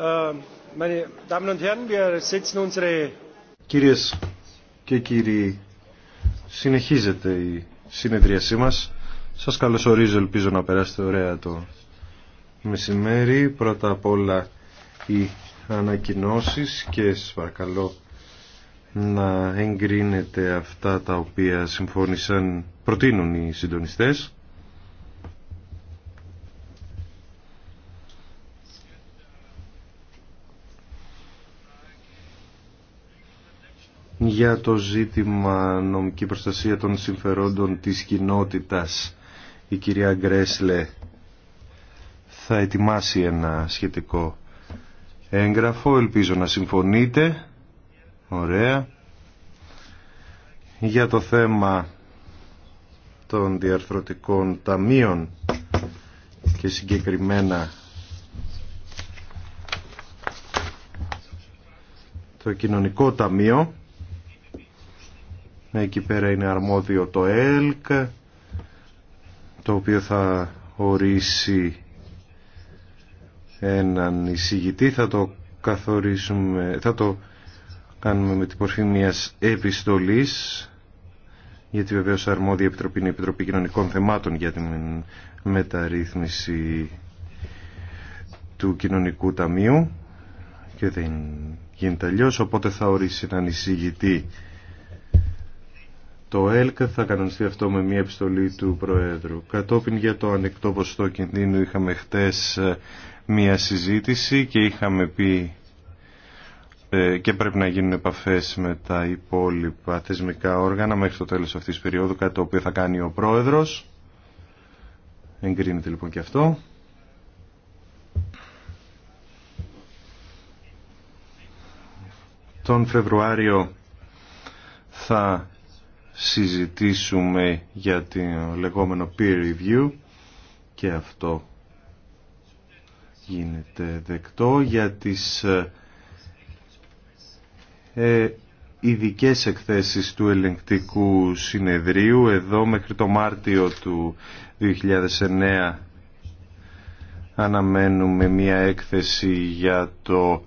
Äh, Κυρίες και κύριοι, συνεχίζεται η συνεδρίασή μας. Σας καλωσορίζω, ελπίζω να περάσετε ωραία το μεσημέρι. Πρώτα απ' όλα οι ανακοινώσεις και σας παρακαλώ να εγκρίνετε αυτά τα οποία συμφώνησαν, προτείνουν οι συντονιστές. για το ζήτημα νομική προστασία των συμφερόντων της κοινότητας. Η κυρία Γκρέσλε θα ετοιμάσει ένα σχετικό έγγραφο. Ελπίζω να συμφωνείτε. Ωραία. Για το θέμα των διαρθρωτικών ταμείων και συγκεκριμένα το κοινωνικό ταμείο ναι, εκεί πέρα είναι αρμόδιο το ΕΛΚ, το οποίο θα ορίσει έναν εισηγητή. Θα το καθορίσουμε, θα το κάνουμε με την πορφή μιας επιστολής γιατί βεβαίω αρμόδια επιτροπή είναι η Επιτροπή Κοινωνικών Θεμάτων για την μεταρρύθμιση του Κοινωνικού Ταμείου και δεν γίνεται αλλιώ, οπότε θα ορίσει έναν εισηγητή το ΕΛΚ θα κανονιστεί αυτό με μια επιστολή του Προέδρου. Κατόπιν για το ανεκτό ποστό κινδύνου είχαμε χτες ε, μια συζήτηση και είχαμε πει ε, και πρέπει να γίνουν επαφές με τα υπόλοιπα θεσμικά όργανα μέχρι το τέλος αυτής της περίοδου, κάτι το οποίο θα κάνει ο Πρόεδρος. Εγκρίνεται λοιπόν και αυτό. Τον Φεβρουάριο θα συζητήσουμε για το λεγόμενο peer review και αυτό γίνεται δεκτό για τις ε, ε, ειδικέ εκθέσεις του ελεγκτικού συνεδρίου εδώ μέχρι το Μάρτιο του 2009 αναμένουμε μια έκθεση για το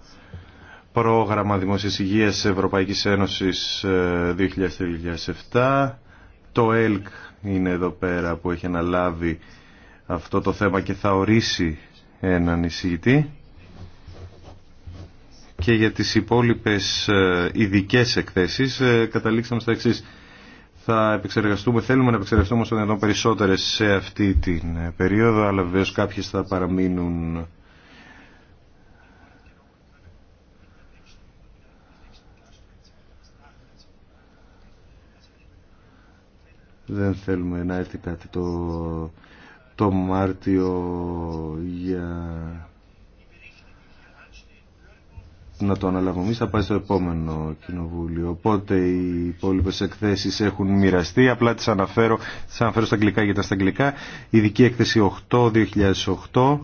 πρόγραμμα δημόσιας υγείας Ευρωπαϊκής Ένωσης 2007. Ε, το ΕΛΚ είναι εδώ πέρα που έχει αναλάβει αυτό το θέμα και θα ορίσει έναν εισηγητή. Και για τις υπόλοιπες ε, ειδικέ εκθέσεις ε, καταλήξαμε στα εξής. Θα επεξεργαστούμε, θέλουμε να επεξεργαστούμε όσο δυνατόν περισσότερες σε αυτή την περίοδο, αλλά βεβαίως κάποιες θα παραμείνουν Δεν θέλουμε να έρθει κάτι το, το Μάρτιο για να το αναλάβουμε θα πάει στο επόμενο κοινοβούλιο οπότε οι υπόλοιπε εκθέσεις έχουν μοιραστεί απλά τις αναφέρω, τις αναφέρω στα αγγλικά γιατί στα αγγλικά ειδική έκθεση 8-2008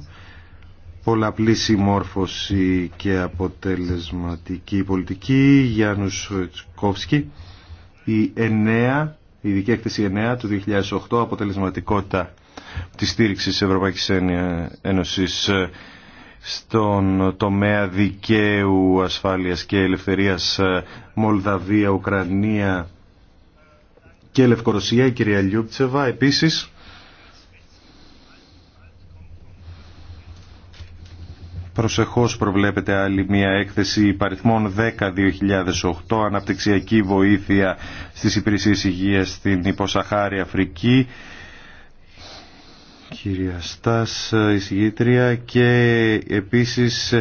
πολλαπλή συμμόρφωση και αποτελεσματική πολιτική Γιάννου Σοτσκόφσκι. η 9 η ειδική έκθεση 9 του 2008 αποτελεσματικότητα της στήριξης της Ευρωπαϊκής Ένωσης ε, στον τομέα δικαίου, ασφάλειας και ελευθερίας ε, Μολδαβία, Ουκρανία και Λευκορωσία, η κυρία Λιούπτσεβα. Επίσης, Προσεχώς προβλέπεται άλλη μια έκθεση υπαριθμών 10-2008 αναπτυξιακή βοήθεια στις υπηρεσίες υγείας στην υποσαχάρη Αφρική. Κυρία Στάς, εισηγήτρια και επίσης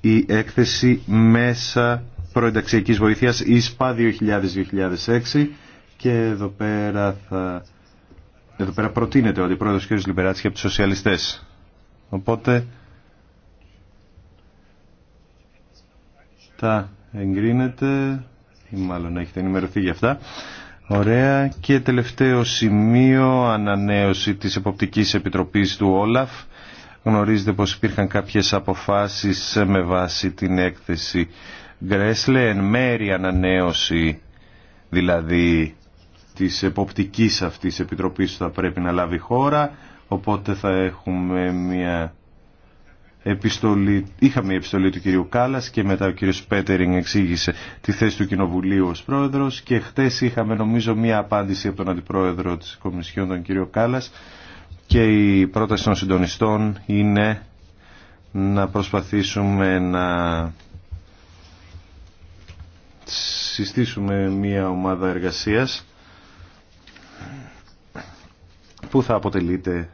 η έκθεση μέσα προενταξιακής βοήθειας ΙΣΠΑ 2000-2006 και εδώ πέρα θα... Εδώ πέρα προτείνεται ο αντιπρόεδρος κ. Λιμπεράτσι από τους σοσιαλιστές. Οπότε Τα εγκρίνεται ή μάλλον έχετε ενημερωθεί για αυτά. Ωραία. Και τελευταίο σημείο, ανανέωση της Εποπτικής Επιτροπής του Όλαφ. Γνωρίζετε πως υπήρχαν κάποιες αποφάσεις με βάση την έκθεση Γκρέσλε, εν μέρη ανανέωση δηλαδή της εποπτικής αυτής επιτροπής που θα πρέπει να λάβει χώρα, οπότε θα έχουμε μια επιστολή, είχαμε η επιστολή του κυρίου Κάλλας και μετά ο κύριος Πέτερινγκ εξήγησε τη θέση του Κοινοβουλίου ως πρόεδρος και χτες είχαμε νομίζω μία απάντηση από τον αντιπρόεδρο της Κομισιόν τον κύριο Κάλλας και η πρόταση των συντονιστών είναι να προσπαθήσουμε να συστήσουμε μία ομάδα εργασίας που θα αποτελείται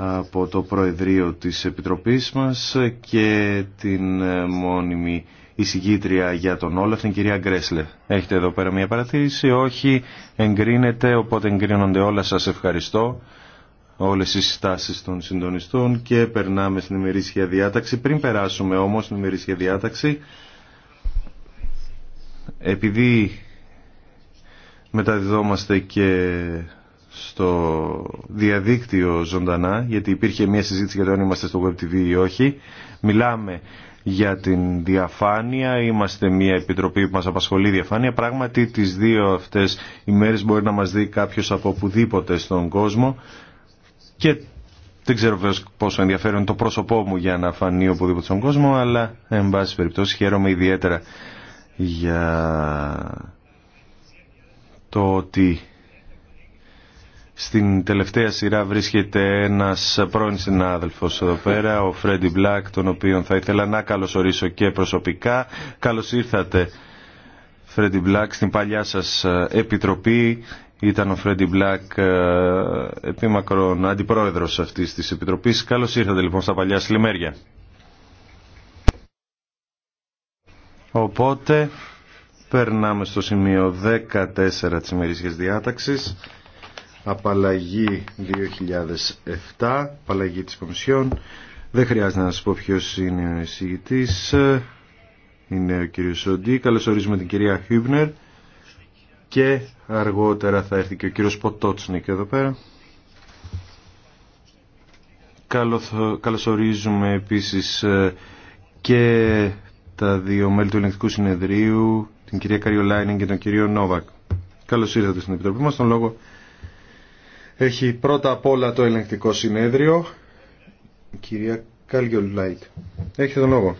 από το Προεδρείο της Επιτροπής μας και την μόνιμη εισηγήτρια για τον Όλαφ, την κυρία Γκρέσλε. Έχετε εδώ πέρα μια παρατήρηση, όχι, εγκρίνεται, οπότε εγκρίνονται όλα. Σας ευχαριστώ όλες οι συστάσεις των συντονιστών και περνάμε στην ημερήσια διάταξη. Πριν περάσουμε όμως στην ημερήσια διάταξη, επειδή μεταδιδόμαστε και στο διαδίκτυο ζωντανά, γιατί υπήρχε μια συζήτηση για το αν είμαστε στο Web TV ή όχι. Μιλάμε για την διαφάνεια, είμαστε μια επιτροπή που μας απασχολεί διαφάνεια. Πράγματι τις δύο αυτές ημέρες μπορεί να μας δει κάποιος από οπουδήποτε στον κόσμο και δεν ξέρω πόσο ενδιαφέρον το πρόσωπό μου για να φανεί οπουδήποτε στον κόσμο, αλλά εν πάση περιπτώσει χαίρομαι ιδιαίτερα για το ότι στην τελευταία σειρά βρίσκεται ένας πρώην συνάδελφος εδώ πέρα, ο Φρέντι Μπλακ, τον οποίον θα ήθελα να καλωσορίσω και προσωπικά. Καλώς ήρθατε, Φρέντι Μπλακ, στην παλιά σας ε, επιτροπή. Ήταν ο Φρέντι Μπλακ ε, επίμακρον αντιπρόεδρος αυτής της επιτροπής. Καλώς ήρθατε λοιπόν στα παλιά σλιμέρια. Οπότε περνάμε στο σημείο 14 της ημερήσιας διάταξης απαλλαγή 2007, απαλλαγή της Κομισιόν. Δεν χρειάζεται να σας πω ποιος είναι ο εισηγητής. Είναι ο κύριος Σοντή. Καλώς ορίζουμε την κυρία Χίμπνερ. Και αργότερα θα έρθει και ο κύριος Ποτότσνικ εδώ πέρα. Καλώς ορίζουμε επίσης ε, και τα δύο μέλη του Ελεγκτικού Συνεδρίου, την κυρία Καριολάινιν και τον κύριο Νόβακ. Καλώς ήρθατε στην Επιτροπή μας. Τον λόγο έχει πρώτα απ' όλα το ελεγκτικό συνέδριο. Κυρία Καλγιολουλάιτ, Έχετε τον λόγο.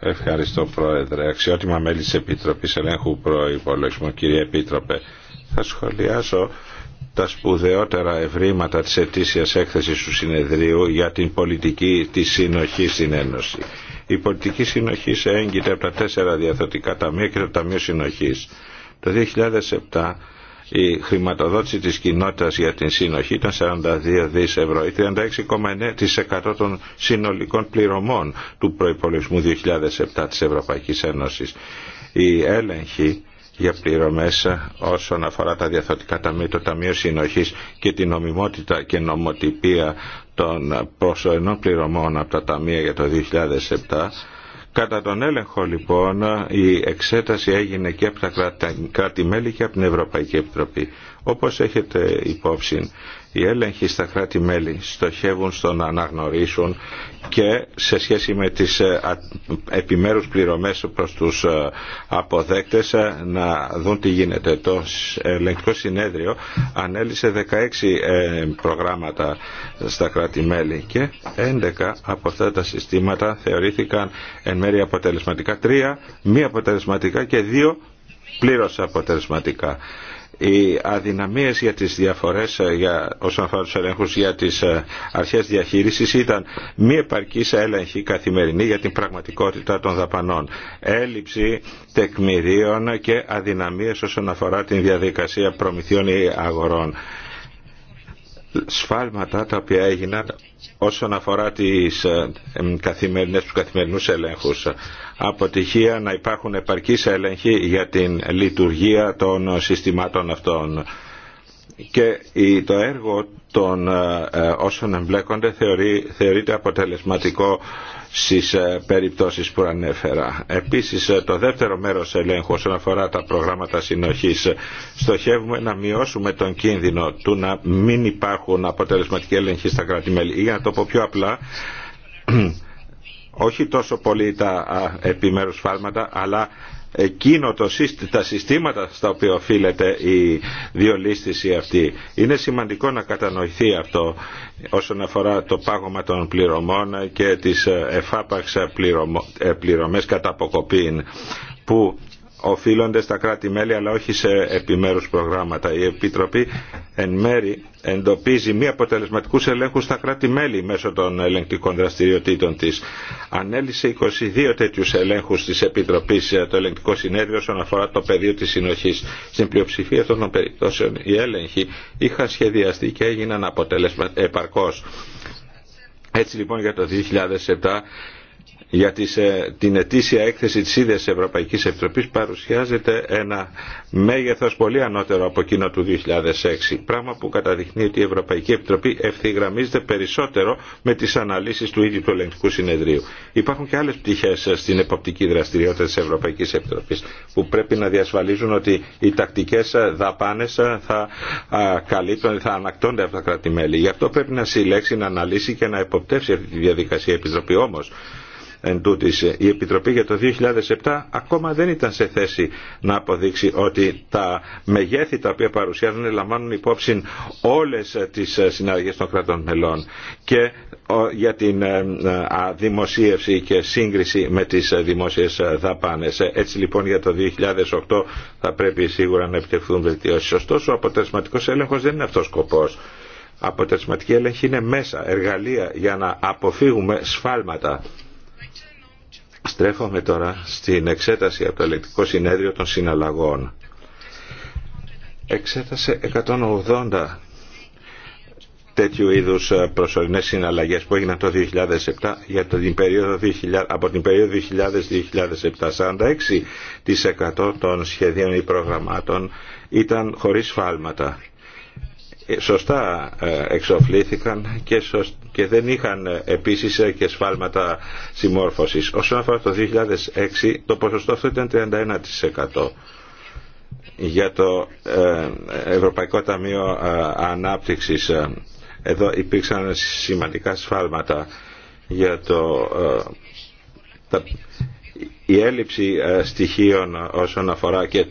Ευχαριστώ Πρόεδρε. Αξιότιμα μέλη της Επιτροπής Ελέγχου Προϋπολογισμού, κύριε Επίτροπε, θα σχολιάσω τα σπουδαιότερα ευρήματα της ετήσιας έκθεσης του συνεδρίου για την πολιτική της συνοχής στην Ένωση. Η πολιτική συνοχή έγκυται από τα τέσσερα διαθετικά ταμεία και το Ταμείο Συνοχή. Το 2007 η χρηματοδότηση της κοινότητας για την συνοχή ήταν 42 δις ευρώ ή 36,9% των συνολικών πληρωμών του προϋπολογισμού 2007 της Ευρωπαϊκής Ένωσης. Η έλεγχη για πληρωμές όσον αφορά τα διαθωτικά ταμεία, το Ταμείο Συνοχής και την νομιμότητα και νομοτυπία των προσωρινών πληρωμών από τα ταμεία για το 2007. Κατά τον έλεγχο λοιπόν η εξέταση έγινε και από τα κράτη-μέλη και από την Ευρωπαϊκή Επιτροπή. Όπως έχετε υπόψη οι έλεγχοι στα κράτη-μέλη στοχεύουν στο να αναγνωρίσουν και σε σχέση με τις ε, επιμέρους πληρωμές προς τους ε, αποδέκτες ε, να δουν τι γίνεται. Το ελεγκτικό συνέδριο ανέλησε 16 προγράμματα στα κράτη-μέλη και 11 από αυτά τα συστήματα θεωρήθηκαν εν μέρει αποτελεσματικά, τρία μη αποτελεσματικά και δύο πλήρως αποτελεσματικά οι αδυναμίες για τις διαφορές ε, για, όσον αφορά τους για τις ε, αρχές διαχείρισης ήταν μη επαρκής έλεγχη καθημερινή για την πραγματικότητα των δαπανών. Έλλειψη τεκμηρίων και αδυναμίες όσον αφορά την διαδικασία προμηθειών ή αγορών σφάλματα τα οποία έγιναν όσον αφορά τις ε, καθημερινές, τους καθημερινούς ελέγχους. Αποτυχία να υπάρχουν επαρκείς έλεγχοι για την λειτουργία των συστημάτων αυτών. Και το έργο των ε, ε, όσων εμπλέκονται θεωρείται αποτελεσματικό στις ε, περιπτώσεις που ανέφερα. Επίσης ε, το δεύτερο μέρος ελέγχου όσον αφορά τα προγράμματα συνοχής ε, στοχεύουμε να μειώσουμε τον κίνδυνο του να μην υπάρχουν αποτελεσματικοί έλεγχοι στα κράτη-μέλη. Για να το πω πιο απλά, όχι τόσο πολύ τα επιμέρους φάρματα αλλά εκείνο το, τα συστήματα στα οποία οφείλεται η διολίστηση αυτή. Είναι σημαντικό να κατανοηθεί αυτό όσον αφορά το πάγωμα των πληρωμών και τις ε, εφάπαξ ε, πληρωμές κατά αποκοπή που οφείλονται στα κράτη-μέλη αλλά όχι σε επιμέρους προγράμματα. Η Επιτροπή εν μέρη εντοπίζει μη αποτελεσματικού ελέγχου στα κράτη-μέλη μέσω των ελεγκτικών δραστηριοτήτων τη. Ανέλησε 22 τέτοιου ελέγχου τη Επιτροπής ε, το Ελεγκτικό Συνέδριο όσον αφορά το πεδίο τη συνοχή. Στην πλειοψηφία αυτών των περιπτώσεων οι έλεγχοι είχαν σχεδιαστεί και έγιναν αποτελεσμα... επαρκώ. Έτσι λοιπόν για το 2007 για ε, την ετήσια έκθεση της ίδιας Ευρωπαϊκής Επιτροπής παρουσιάζεται ένα μέγεθος πολύ ανώτερο από εκείνο του 2006, πράγμα που καταδεικνύει ότι η Ευρωπαϊκή Επιτροπή ευθυγραμμίζεται περισσότερο με τις αναλύσεις του ίδιου του ελεγκτικού συνεδρίου. Υπάρχουν και άλλες πτυχές στην εποπτική δραστηριότητα της Ευρωπαϊκής Επιτροπής που πρέπει να διασφαλίζουν ότι οι τακτικές δαπάνες θα καλύπτουν, θα ανακτώνται από τα κράτη-μέλη. Γι' αυτό πρέπει να συλλέξει, να αναλύσει και να εποπτεύσει αυτή τη διαδικασία Επιτροπή. Όμως, εν η Επιτροπή για το 2007 ακόμα δεν ήταν σε θέση να αποδείξει ότι τα μεγέθη τα οποία παρουσιάζουν λαμβάνουν υπόψη όλες τις συναλλαγές των κρατών μελών και για την ε, ε, δημοσίευση και σύγκριση με τις δημόσιες δαπάνες. Έτσι λοιπόν για το 2008 θα πρέπει σίγουρα να επιτευχθούν βελτιώσεις. Ωστόσο ο αποτελεσματικός έλεγχος δεν είναι αυτός ο σκοπός. Αποτελεσματική έλεγχη είναι μέσα, εργαλεία για να αποφύγουμε σφάλματα Στρέφομαι τώρα στην εξέταση από το ελεκτικό συνέδριο των συναλλαγών. Εξέτασε 180 τέτοιου είδους ε, προσωρινές συναλλαγές που έγιναν το 2007 για την περίοδο 2000, από την περίοδο 2000-2007 46% των σχεδίων ή προγραμμάτων ήταν χωρίς φάλματα ε, σωστά ε, εξοφλήθηκαν και, και δεν είχαν ε, επίσης και σφάλματα συμμόρφωσης. Όσον αφορά το 2006 το ποσοστό αυτό ήταν 31% για το Ευρωπαϊκό Ταμείο Ανάπτυξης. Εδώ υπήρξαν σημαντικά σφάλματα για το, η έλλειψη στοιχείων όσον αφορά και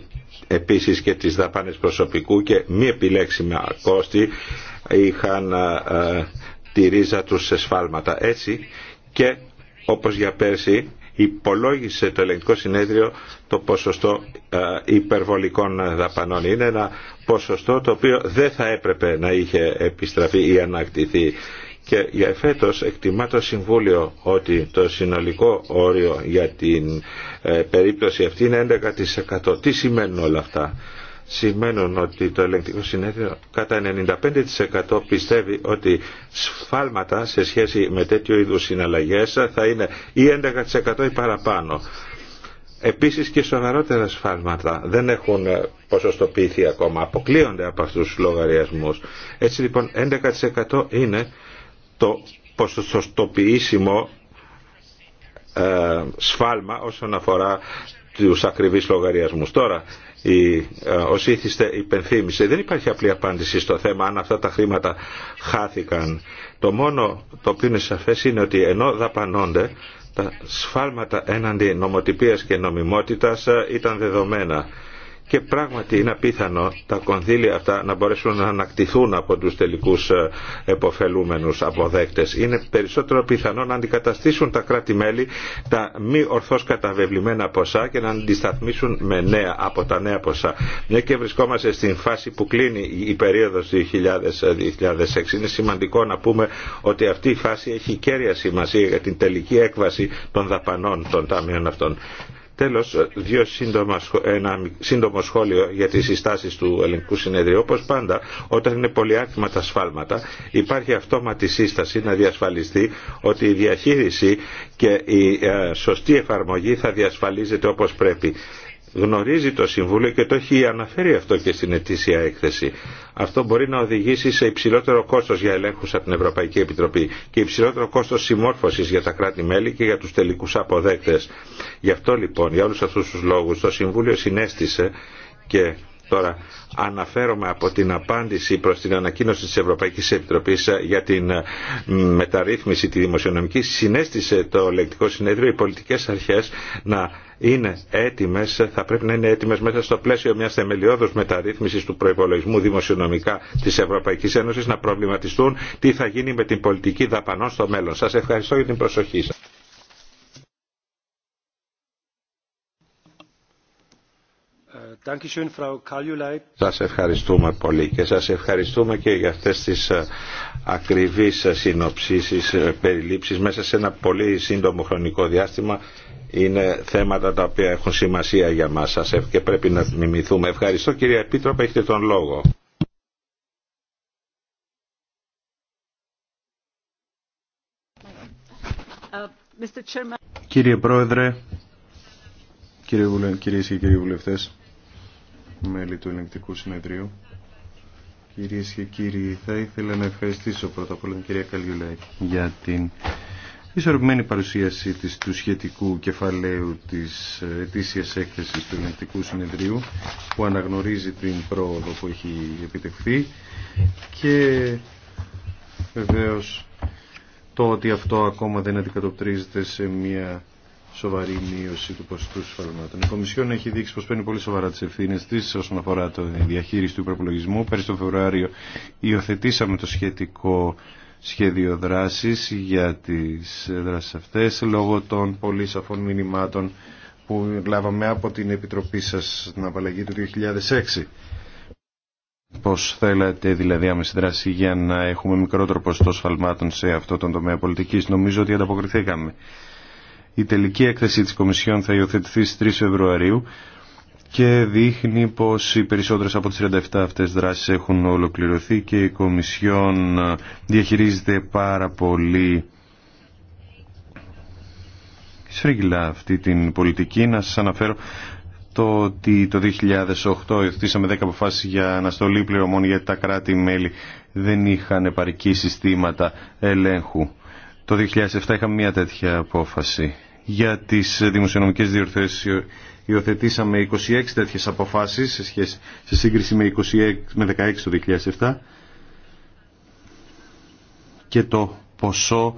επίσης και τις δαπάνες προσωπικού και μη επιλέξιμα κόστη είχαν ε, ε, τη ρίζα τους σε σφάλματα. Έτσι και όπως για πέρσι υπολόγισε το ελεγκτικό συνέδριο το ποσοστό ε, υπερβολικών δαπανών. Είναι ένα ποσοστό το οποίο δεν θα έπρεπε να είχε επιστραφεί ή ανακτηθεί. Και για φέτος εκτιμά το Συμβούλιο ότι το συνολικό όριο για την ε, περίπτωση αυτή είναι 11%. Τι σημαίνουν όλα αυτά. Σημαίνουν ότι το ελεγκτικό συνέδριο κατά 95% πιστεύει ότι σφάλματα σε σχέση με τέτοιου είδους συναλλαγές θα είναι ή 11% ή παραπάνω. Επίσης και σοβαρότερα σφάλματα δεν έχουν ε, ποσοστοποιηθεί ακόμα, αποκλείονται από αυτούς τους λογαριασμούς. Έτσι λοιπόν 11% είναι το ποσοστοποιήσιμο ε, σφάλμα όσον αφορά τους ακριβείς λογαριασμούς. Τώρα, η, ε, ως ήθιστε υπενθύμησε, δεν υπάρχει απλή απάντηση στο θέμα αν αυτά τα χρήματα χάθηκαν. Το μόνο το οποίο είναι σαφές είναι ότι ενώ δαπανώνται, τα σφάλματα έναντι νομοτυπίας και νομιμότητας ε, ήταν δεδομένα και πράγματι είναι απίθανο τα κονδύλια αυτά να μπορέσουν να ανακτηθούν από τους τελικούς ε, εποφελούμενους αποδέκτες. Είναι περισσότερο πιθανό να αντικαταστήσουν τα κράτη-μέλη τα μη ορθώς καταβεβλημένα ποσά και να αντισταθμίσουν με νέα από τα νέα ποσά. Μια και βρισκόμαστε στην φάση που κλείνει η περίοδος 2000-2006 ε, είναι σημαντικό να πούμε ότι αυτή η φάση έχει κέρια σημασία για την τελική έκβαση των δαπανών των ταμείων αυτών. Τέλος, δύο σύντομα, ένα σύντομο σχόλιο για τις συστάσεις του ελληνικού συνεδρίου. Όπως πάντα, όταν είναι άκρημα τα σφάλματα, υπάρχει αυτόματη σύσταση να διασφαλιστεί ότι η διαχείριση και η ε, σωστή εφαρμογή θα διασφαλίζεται όπως πρέπει γνωρίζει το Συμβούλιο και το έχει αναφέρει αυτό και στην ετήσια έκθεση. Αυτό μπορεί να οδηγήσει σε υψηλότερο κόστος για ελέγχους από την Ευρωπαϊκή Επιτροπή και υψηλότερο κόστος συμμόρφωσης για τα κράτη-μέλη και για τους τελικούς αποδέκτες. Γι' αυτό λοιπόν, για όλους αυτούς τους λόγους, το Συμβούλιο συνέστησε και Τώρα, αναφέρομαι από την απάντηση προς την ανακοίνωση της Ευρωπαϊκής Επιτροπής ε, για την ε, μεταρρύθμιση τη δημοσιονομική συνέστησε το λεκτικό συνέδριο οι πολιτικές αρχές να είναι έτοιμες, θα πρέπει να είναι έτοιμες μέσα στο πλαίσιο μιας θεμελιώδους μεταρρύθμισης του προϋπολογισμού δημοσιονομικά της Ευρωπαϊκής Ένωσης να προβληματιστούν τι θα γίνει με την πολιτική δαπανών στο μέλλον. Σας ευχαριστώ για την προσοχή σας. Σας ευχαριστούμε πολύ και σας ευχαριστούμε και για αυτές τις ε, ακριβείς ε, συνοψίσεις, ε, περιλήψεις μέσα σε ένα πολύ σύντομο χρονικό διάστημα είναι θέματα τα οποία έχουν σημασία για μας σας και πρέπει να μιμηθούμε. Ευχαριστώ κυρία Επίτροπε, έχετε τον λόγο. Κύριε Πρόεδρε, κύριε, κυρίες και κύριοι βουλευτές, μέλη του Ελεγκτικού Συνεδρίου. Κυρίες και κύριοι, θα ήθελα να ευχαριστήσω πρώτα απ' όλα την κυρία Καλιουλάκη για την ισορροπημένη παρουσίαση της, του σχετικού κεφαλαίου της ε, ετήσιας έκθεσης του Ελεγκτικού Συνεδρίου που αναγνωρίζει την πρόοδο που έχει επιτευχθεί και βεβαίως το ότι αυτό ακόμα δεν αντικατοπτρίζεται σε μια σοβαρή μείωση του ποσοστού σφαλμάτων. Η Κομισιόν έχει δείξει πω παίρνει πολύ σοβαρά τι ευθύνε τη όσον αφορά τη διαχείριση του υπερπολογισμού. Πέρυσι τον Φεβρουάριο υιοθετήσαμε το σχετικό σχέδιο δράση για τι δράσει αυτέ λόγω των πολύ σαφών μηνυμάτων που λάβαμε από την Επιτροπή σα στην απαλλαγή του 2006. Πώς θέλατε δηλαδή άμεση δράση για να έχουμε μικρότερο ποσοστό σφαλμάτων σε αυτό τον τομέα πολιτικής. Νομίζω ότι ανταποκριθήκαμε. Η τελική έκθεση της Κομισιόν θα υιοθετηθεί στις 3 Φεβρουαρίου και δείχνει πως οι περισσότερες από τις 37 αυτές δράσεις έχουν ολοκληρωθεί και η Κομισιόν ε, διαχειρίζεται πάρα πολύ σφρίγγυλα αυτή την πολιτική. Να σας αναφέρω το ότι το 2008 υιοθετήσαμε 10 αποφάσεις για αναστολή πληρωμών γιατί τα κράτη-μέλη δεν είχαν επαρκή συστήματα ελέγχου. Το 2007 είχαμε μια τέτοια απόφαση. Για τις δημοσιονομικές διορθώσεις υιοθετήσαμε 26 τέτοιε αποφάσει σε, σχέση, σε σύγκριση με, 26, με 16 το 2007 και το ποσό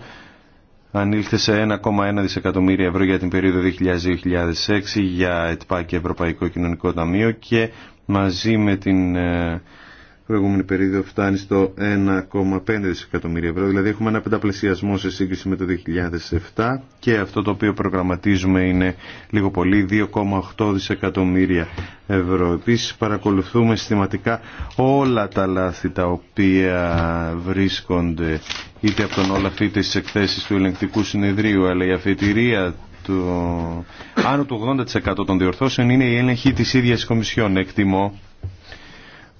ανήλθε σε 1,1 δισεκατομμύρια ευρώ για την περίοδο 2000-2006 για ΕΤΠΑ και Ευρωπαϊκό Κοινωνικό Ταμείο και μαζί με την ε, προηγούμενη περίοδο φτάνει στο 1,5 δισεκατομμύρια ευρώ. Δηλαδή έχουμε ένα πενταπλασιασμό σε σύγκριση με το 2007 και αυτό το οποίο προγραμματίζουμε είναι λίγο πολύ 2,8 δισεκατομμύρια ευρώ. Επίσης παρακολουθούμε συστηματικά όλα τα λάθη τα οποία βρίσκονται είτε από τον όλα αυτή στις εκθέσεις του ελεγκτικού συνεδρίου αλλά η αφετηρία του... άνω του 80% των διορθώσεων είναι η έλεγχη της ίδιας Κομισιόν. Εκτιμώ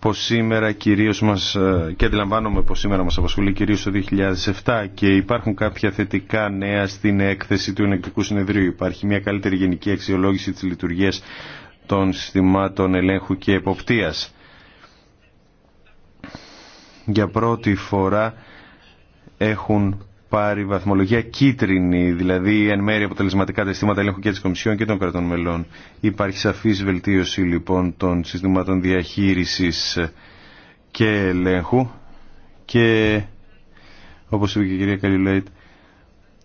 πως σήμερα κυρίως μας, ε, και αντιλαμβάνομαι πως σήμερα μας απασχολεί κυρίως το 2007 και υπάρχουν κάποια θετικά νέα στην έκθεση του Ενεκτικού Συνεδρίου. Υπάρχει μια καλύτερη γενική αξιολόγηση της λειτουργίας των συστημάτων ελέγχου και εποπτείας. Για πρώτη φορά έχουν πάρει βαθμολογία κίτρινη, δηλαδή εν μέρει αποτελεσματικά τα συστήματα ελέγχου και της Κομισιόν και των κρατών μελών. Υπάρχει σαφή βελτίωση λοιπόν των συστήματων διαχείρισης και ελέγχου και όπως είπε και η κυρία Καλιλέιτ,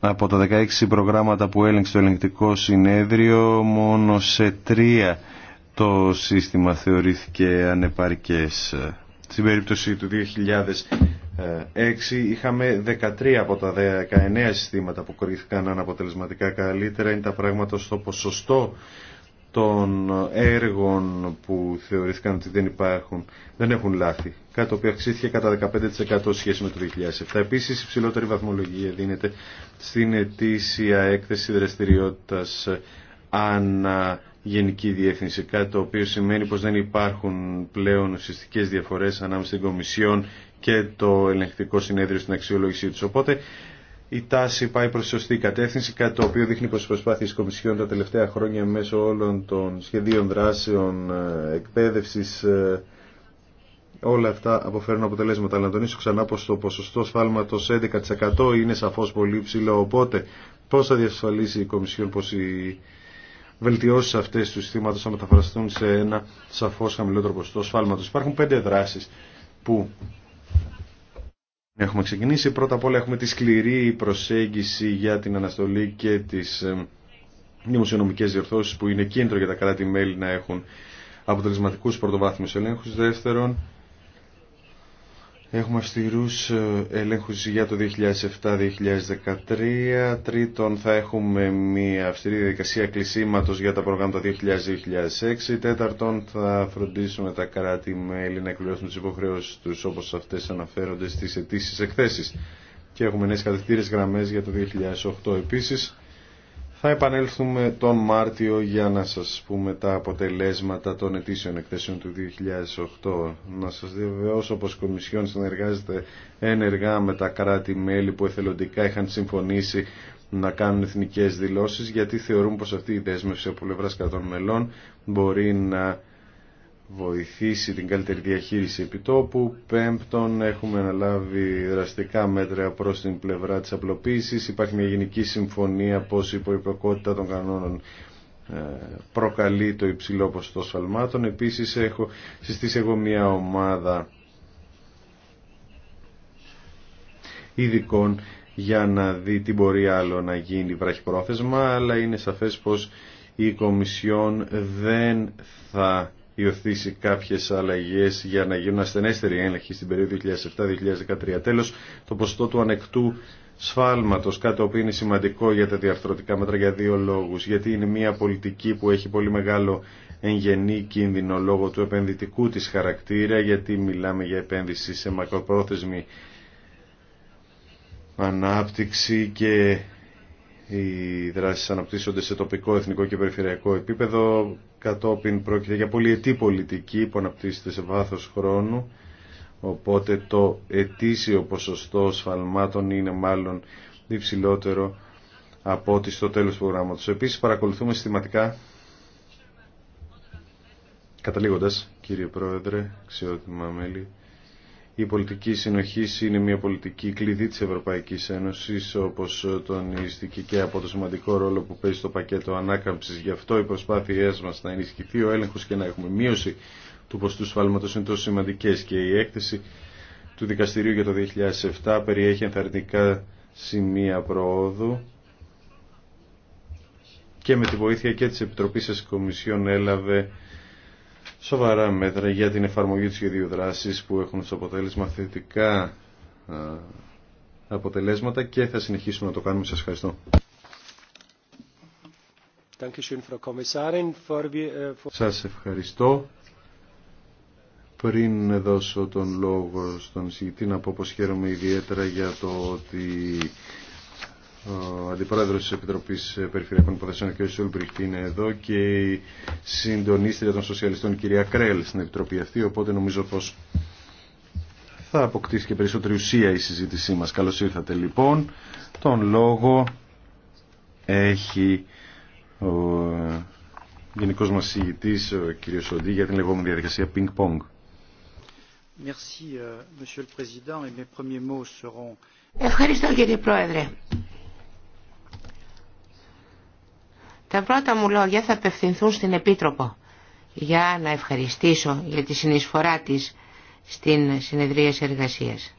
από τα 16 προγράμματα που έλεγξε το ελεγκτικό συνέδριο, μόνο σε τρία το σύστημα θεωρήθηκε ανεπαρκές. Στην περίπτωση του 6 είχαμε 13 από τα 19 συστήματα που κορυφθήκαν αναποτελεσματικά καλύτερα είναι τα πράγματα στο ποσοστό των έργων που θεωρήθηκαν ότι δεν υπάρχουν, δεν έχουν λάθη. Κάτι το οποίο αυξήθηκε κατά 15% σχέση με το 2007. Επίσης, ψηλότερη βαθμολογία δίνεται στην ετήσια έκθεση δραστηριότητας ανα γενική διεύθυνση. Κάτι το οποίο σημαίνει πως δεν υπάρχουν πλέον ουσιαστικές διαφορές ανάμεσα στην Κομισιόν και το ελεγκτικό συνέδριο στην αξιολόγησή του. Οπότε η τάση πάει προ σωστή κατεύθυνση, κάτι το οποίο δείχνει πω οι τη Κομισιόν τα τελευταία χρόνια μέσω όλων των σχεδίων δράσεων, ε, εκπαίδευση, ε, όλα αυτά αποφέρουν αποτελέσματα. Αλλά να τονίσω ξανά πω το ποσοστό σφάλματο 11% είναι σαφώ πολύ ψηλό. Οπότε πώ θα διασφαλίσει η Κομισιόν πώ οι βελτιώσει αυτέ του συστήματο θα μεταφραστούν σε ένα σαφώ χαμηλότερο ποσοστό σφάλματο. Υπάρχουν πέντε δράσει που Έχουμε ξεκινήσει. Πρώτα απ' όλα έχουμε τη σκληρή προσέγγιση για την αναστολή και τις ε, δημοσιονομικέ διορθώσεις που είναι κίνητρο για τα κράτη-μέλη να έχουν αποτελεσματικούς πρωτοβάθμιους ελέγχους. Δεύτερον, Έχουμε αυστηρούς ε, ελέγχους για το 2007-2013. Τρίτον, θα έχουμε μια αυστηρή διαδικασία κλεισίματος για τα προγράμματα 2000-2006. Τέταρτον, θα φροντίσουμε τα κράτη-μέλη να εκπληρώσουν τις υποχρεώσεις τους όπως αυτές αναφέρονται στις αιτήσει εκθέσεις. Και έχουμε νέες κατευθύνες γραμμές για το 2008 επίσης θα επανέλθουμε τον Μάρτιο για να σας πούμε τα αποτελέσματα των ετήσιων εκθέσεων του 2008. Να σας διαβεβαιώσω πως η Κομισιόν συνεργάζεται ενεργά με τα κράτη-μέλη που εθελοντικά είχαν συμφωνήσει να κάνουν εθνικές δηλώσεις γιατί θεωρούν πως αυτή η δέσμευση από πλευράς κρατών μελών μπορεί να βοηθήσει την καλύτερη διαχείριση επιτόπου. Πέμπτον, έχουμε αναλάβει δραστικά μέτρα προς την πλευρά της απλοποίησης. Υπάρχει μια γενική συμφωνία πως η υποϋποκότητα των κανόνων ε, προκαλεί το υψηλό ποσοστό σφαλμάτων. Επίσης, έχω συστήσει εγώ μια ομάδα ειδικών για να δει τι μπορεί άλλο να γίνει βραχυπρόθεσμα, αλλά είναι σαφές πως η Κομισιόν δεν θα υιοθήσει κάποιες αλλαγές για να γίνουν ασθενέστεροι έλεγχοι στην περίοδο 2007-2013. Τέλος, το ποσοστό του ανεκτού σφάλματος, κάτι που είναι σημαντικό για τα διαρθρωτικά μέτρα για δύο λόγους. Γιατί είναι μια πολιτική που έχει πολύ μεγάλο εγγενή κίνδυνο λόγω του επενδυτικού της χαρακτήρα, γιατί μιλάμε για επένδυση σε μακροπρόθεσμη ανάπτυξη και οι δράσει αναπτύσσονται σε τοπικό, εθνικό και περιφερειακό επίπεδο. Κατόπιν πρόκειται για πολυετή πολιτική που αναπτύσσεται σε βάθος χρόνου. Οπότε το ετήσιο ποσοστό σφαλμάτων είναι μάλλον υψηλότερο από ό,τι στο τέλος του προγράμματος. Επίσης παρακολουθούμε συστηματικά, καταλήγοντας κύριε Πρόεδρε, αξιότιμα μέλη, η πολιτική συνοχή είναι μια πολιτική κλειδί της Ευρωπαϊκής Ένωσης, όπως τονίστηκε και από το σημαντικό ρόλο που παίζει το πακέτο ανάκαμψης. Γι' αυτό οι προσπάθειέ μα να ενισχυθεί ο έλεγχο και να έχουμε μείωση του ποστού σφάλματος είναι τόσο σημαντικέ. και η έκθεση του Δικαστηρίου για το 2007 περιέχει ενθαρρυντικά σημεία προόδου και με τη βοήθεια και της Επιτροπής σας Κομισιόν έλαβε σοβαρά μέτρα για την εφαρμογή της σχεδίου δράσης που έχουν στο αποτέλεσμα θετικά αποτελέσματα και θα συνεχίσουμε να το κάνουμε. Σας ευχαριστώ. Äh, Σας ευχαριστώ. Πριν δώσω τον λόγο στον συγκεκριτή να πω πως χαίρομαι ιδιαίτερα για το ότι ο Αντιπρόεδρος της Επιτροπής Περιφερειακών Υποθέσεων κ. Σούλμπριχτ είναι εδώ και η συντονίστρια των Σοσιαλιστών κυρία Κρέλ στην Επιτροπή αυτή, οπότε νομίζω πως θα αποκτήσει και περισσότερη ουσία η συζήτησή μας. Καλώς ήρθατε λοιπόν. Τον λόγο έχει ο γενικός μας συγητής, ο κ. Σοντή, για την λεγόμενη διαδικασία ping-pong. Euh, Ευχαριστώ κύριε Πρόεδρε. Τα πρώτα μου λόγια θα απευθυνθούν στην Επίτροπο για να ευχαριστήσω για τη συνεισφορά της στην συνεδρία εργασίας.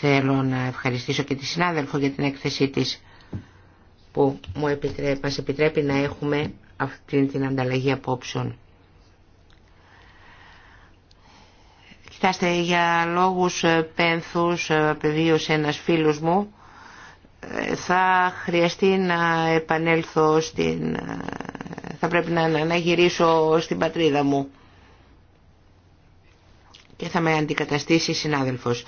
Θέλω να ευχαριστήσω και τη συνάδελφο για την έκθεσή της που μου επιτρέπει, μας επιτρέπει να έχουμε αυτή την ανταλλαγή απόψεων. Κοιτάστε, για λόγους ε, πένθους ε, σε ένας φίλος μου θα χρειαστεί να επανέλθω στην... θα πρέπει να, να γυρίσω στην πατρίδα μου και θα με αντικαταστήσει συνάδελφος.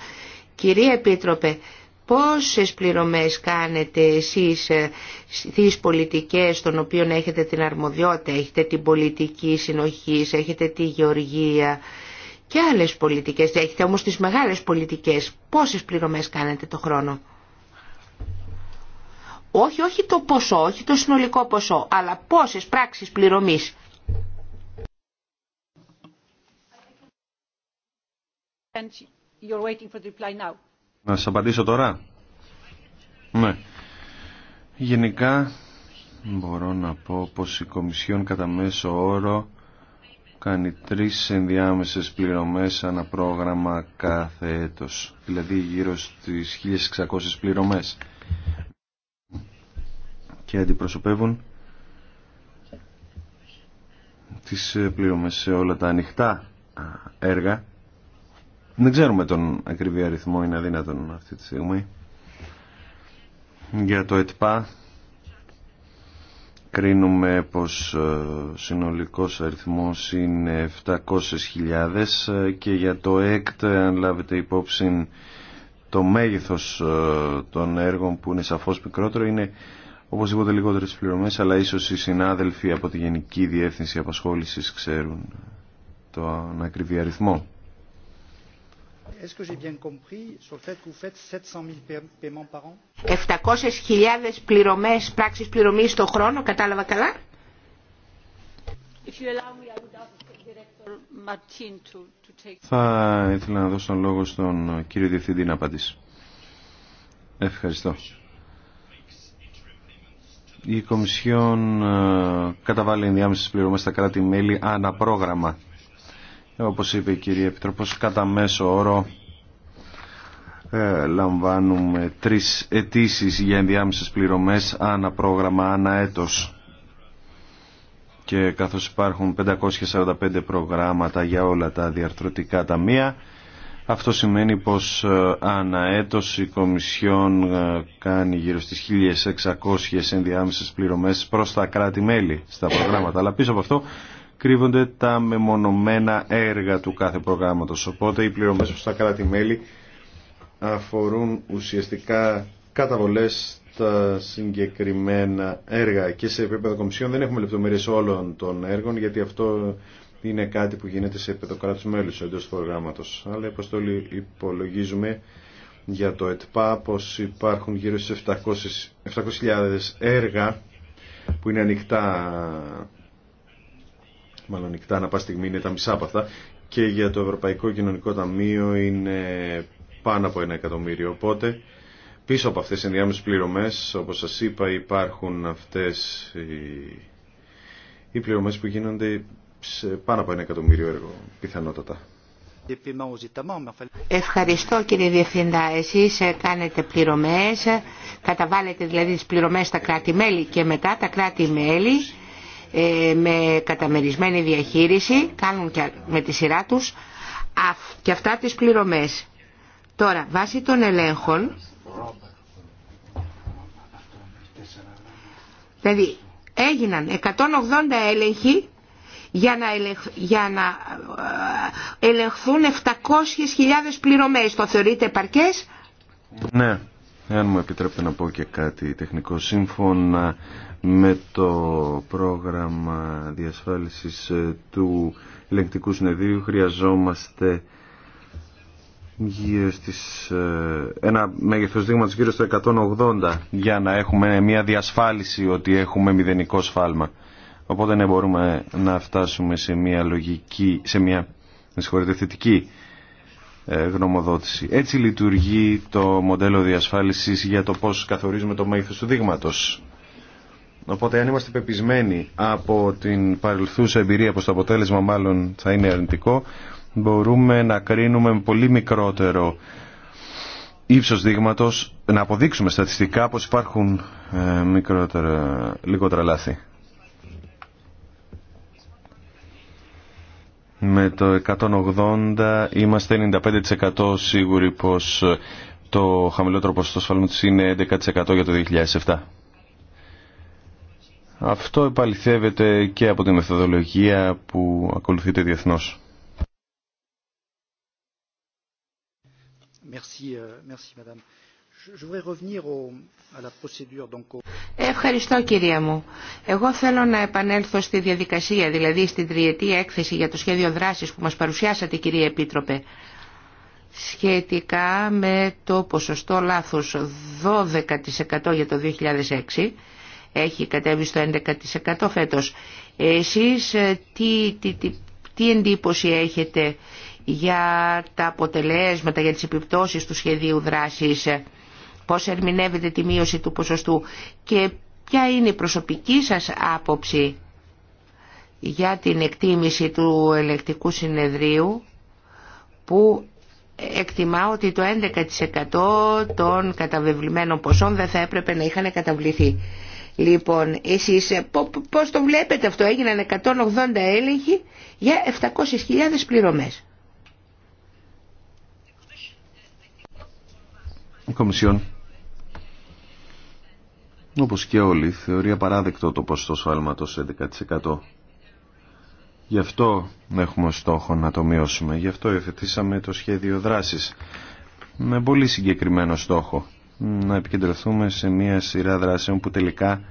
Κυρία Επίτροπε, πόσες πληρωμές κάνετε εσείς ε, στις πολιτικές των οποίων έχετε την αρμοδιότητα, έχετε την πολιτική συνοχή, έχετε τη γεωργία και άλλες πολιτικές, έχετε όμως τις μεγάλες πολιτικές, πόσες πληρωμές κάνετε το χρόνο όχι, όχι το ποσό, όχι το συνολικό ποσό, αλλά πόσες πράξεις πληρωμής. Να σας απαντήσω τώρα. Ναι. Γενικά μπορώ να πω πως η Κομισιόν κατά μέσο όρο κάνει τρεις ενδιάμεσες πληρωμές ανά πρόγραμμα κάθε έτος, δηλαδή γύρω στις 1600 πληρωμές και αντιπροσωπεύουν τις ε, πλήρωμες σε όλα τα ανοιχτά έργα. Δεν ξέρουμε τον ακριβή αριθμό, είναι αδύνατον αυτή τη στιγμή. Για το ΕΤΠΑ κρίνουμε πως ε, συνολικός αριθμός είναι 700.000 ε, και για το ΕΚΤ αν λάβετε υπόψη το μέγεθος των έργων που είναι σαφώς μικρότερο είναι οπωσδήποτε λιγότερε πληρωμέ, αλλά ίσω οι συνάδελφοι από τη Γενική Διεύθυνση Απασχόληση ξέρουν τον ακριβή αριθμό. Εφτακόσες χιλιάδες πληρωμές, πράξεις πληρωμής το χρόνο, κατάλαβα καλά. Θα ήθελα να δώσω τον λόγο στον κύριο Διευθυντή να απαντήσει. Ευχαριστώ η Κομισιόν ε, καταβάλει ενδιάμεσε πληρωμές στα κράτη-μέλη αναπρόγραμμα. πρόγραμμα. Όπως είπε η κυρία Επιτροπός, κατά μέσο όρο ε, λαμβάνουμε τρει αιτήσει για ενδιάμεσε πληρωμές αναπρόγραμμα, πρόγραμμα, ανά έτος. Και καθώς υπάρχουν 545 προγράμματα για όλα τα διαρθρωτικά ταμεία, αυτό σημαίνει πως ε, αναέτος η Κομισιόν ε, κάνει γύρω στις 1.600 ενδιάμεσες πληρωμές προς τα κράτη-μέλη στα προγράμματα. Αλλά πίσω από αυτό κρύβονται τα μεμονωμένα έργα του κάθε προγράμματος. Οπότε οι πληρωμές προς τα κράτη-μέλη αφορούν ουσιαστικά καταβολές στα συγκεκριμένα έργα και σε επίπεδο Κομισιόν δεν έχουμε λεπτομέρειες όλων των έργων γιατί αυτό είναι κάτι που γίνεται σε επίπεδο κράτους μέλους εντός του προγράμματος. Αλλά Αποστολή υπολογίζουμε για το ΕΤΠΑ πως υπάρχουν γύρω στις 700.000 έργα που είναι ανοιχτά μάλλον ανοιχτά να πάει στιγμή είναι τα μισά από αυτά και για το Ευρωπαϊκό Κοινωνικό Ταμείο είναι πάνω από ένα εκατομμύριο οπότε πίσω από αυτές οι ενδιάμεσες πληρωμές όπως σας είπα υπάρχουν αυτές οι, οι πληρωμές που γίνονται σε πάνω από ένα εκατομμύριο έργο, πιθανότατα. Ευχαριστώ κύριε Διευθυντά. Εσείς ε, κάνετε πληρωμές, ε, καταβάλλετε δηλαδή τις πληρωμές στα κράτη-μέλη και μετά τα κράτη-μέλη ε, με καταμερισμένη διαχείριση κάνουν και με τη σειρά τους και αυτά τις πληρωμές. Τώρα, βάσει των ελέγχων, δηλαδή έγιναν 180 έλεγχοι για να, ελεγχ, για να ε, ελεγχθούν 700.000 πληρωμές. Το θεωρείτε επαρκές? Ναι. αν μου επιτρέπετε να πω και κάτι τεχνικό, σύμφωνα με το πρόγραμμα διασφάλισης ε, του ελεγκτικού συνεδρίου χρειαζόμαστε γύρω στις, ε, ένα μέγεθος δείγματος γύρω στο 180 για να έχουμε μια διασφάλιση ότι έχουμε μηδενικό σφάλμα. Οπότε ναι, μπορούμε να φτάσουμε σε μια λογική, σε μια θετική ε, γνωμοδότηση. Έτσι λειτουργεί το μοντέλο διασφάλισης για το πώς καθορίζουμε το μέγεθος του δείγματος. Οπότε αν είμαστε πεπισμένοι από την παρελθούσα εμπειρία πως το αποτέλεσμα μάλλον θα είναι αρνητικό, μπορούμε να κρίνουμε με πολύ μικρότερο ύψος δείγματος, να αποδείξουμε στατιστικά πως υπάρχουν ε, μικρότερα, λιγότερα λάθη. με το 180 είμαστε 95% σίγουροι πως το χαμηλότερο ποσοστό σφάλματος είναι 11% για το 2007. Αυτό επαληθεύεται και από τη μεθοδολογία που ακολουθείται διεθνώς. Merci, euh, merci, madame. Ευχαριστώ κυρία μου. Εγώ θέλω να επανέλθω στη διαδικασία, δηλαδή στην τριετή έκθεση για το σχέδιο δράσης που μας παρουσιάσατε κυρία Επίτροπε σχετικά με το ποσοστό λάθος 12% για το 2006 έχει κατέβει στο 11% φέτος. Εσείς ε, τι, τι, τι, τι εντύπωση έχετε για τα αποτελέσματα, για τις επιπτώσεις του σχεδίου δράσης ε, πώς ερμηνεύετε τη μείωση του ποσοστού και ποια είναι η προσωπική σας άποψη για την εκτίμηση του ελεκτικού συνεδρίου που εκτιμά ότι το 11% των καταβεβλημένων ποσών δεν θα έπρεπε να είχαν καταβληθεί. Λοιπόν, εσείς πώς το βλέπετε αυτό, έγιναν 180 έλεγχοι για 700.000 πληρωμές. Η Κομισιόν όπως και όλοι, θεωρεί απαράδεκτο το ποσοστό σφάλματος 11%. Γι' αυτό έχουμε στόχο να το μειώσουμε. Γι' αυτό υιοθετήσαμε το σχέδιο δράσης με πολύ συγκεκριμένο στόχο. Να επικεντρωθούμε σε μια σειρά δράσεων που τελικά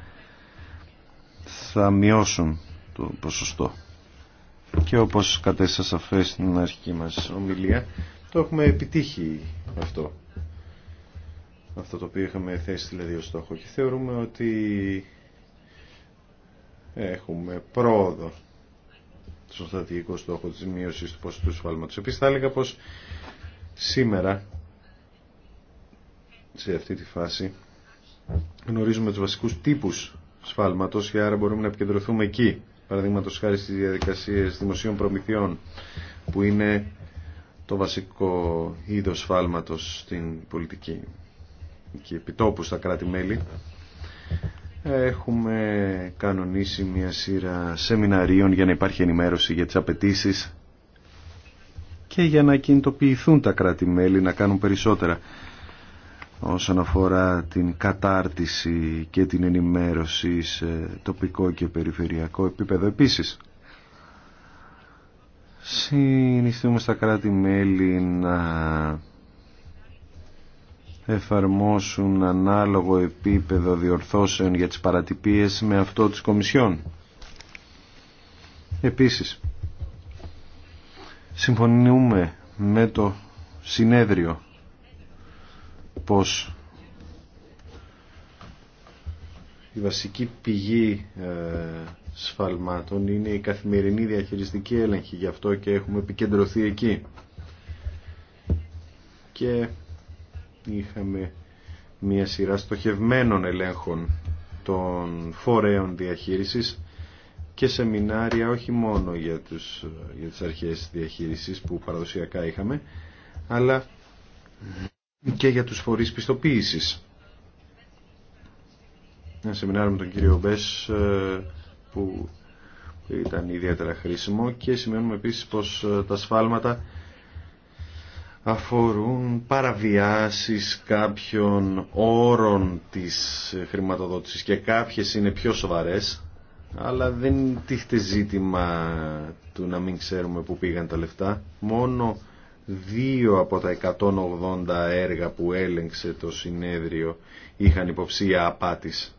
θα μειώσουν το ποσοστό. Και όπως κατέστησα σαφές στην αρχική μας ομιλία, το έχουμε επιτύχει αυτό αυτό το οποίο είχαμε θέσει δηλαδή ως στόχο και θεωρούμε ότι έχουμε πρόοδο στον στρατηγικό στόχο της μείωσης του ποσοστού σφάλματος. Επίσης θα έλεγα πως σήμερα σε αυτή τη φάση γνωρίζουμε τους βασικούς τύπους σφάλματος και άρα μπορούμε να επικεντρωθούμε εκεί. Παραδείγματο χάρη στις διαδικασίες δημοσίων προμηθειών που είναι το βασικό είδος σφάλματος στην πολιτική και επιτόπου στα κράτη-μέλη έχουμε κανονίσει μια σειρά σεμιναρίων για να υπάρχει ενημέρωση για τις απαιτήσει και για να κινητοποιηθούν τα κράτη-μέλη να κάνουν περισσότερα όσον αφορά την κατάρτιση και την ενημέρωση σε τοπικό και περιφερειακό επίπεδο επίσης. Συνιστούμε στα κράτη-μέλη να εφαρμόσουν ανάλογο επίπεδο διορθώσεων για τις παρατυπίες με αυτό της Κομισιόν. Επίσης, συμφωνούμε με το συνέδριο πως η βασική πηγή ε, σφαλμάτων είναι η καθημερινή διαχειριστική έλεγχη γι' αυτό και έχουμε επικεντρωθεί εκεί και είχαμε μια σειρά στοχευμένων ελέγχων των φορέων διαχείρισης και σεμινάρια όχι μόνο για, τους, για τις αρχές διαχείρισης που παραδοσιακά είχαμε, αλλά και για τους φορείς πιστοποίησης. Ένα σεμινάριο με τον κύριο Μπες ε, που ήταν ιδιαίτερα χρήσιμο και σημαίνουμε επίσης πως ε, τα σφάλματα αφορούν παραβιάσεις κάποιων όρων της χρηματοδότησης και κάποιες είναι πιο σοβαρές αλλά δεν τίχτε ζήτημα του να μην ξέρουμε που πήγαν τα λεφτά μόνο δύο από τα 180 έργα που έλεγξε το συνέδριο είχαν υποψία απάτης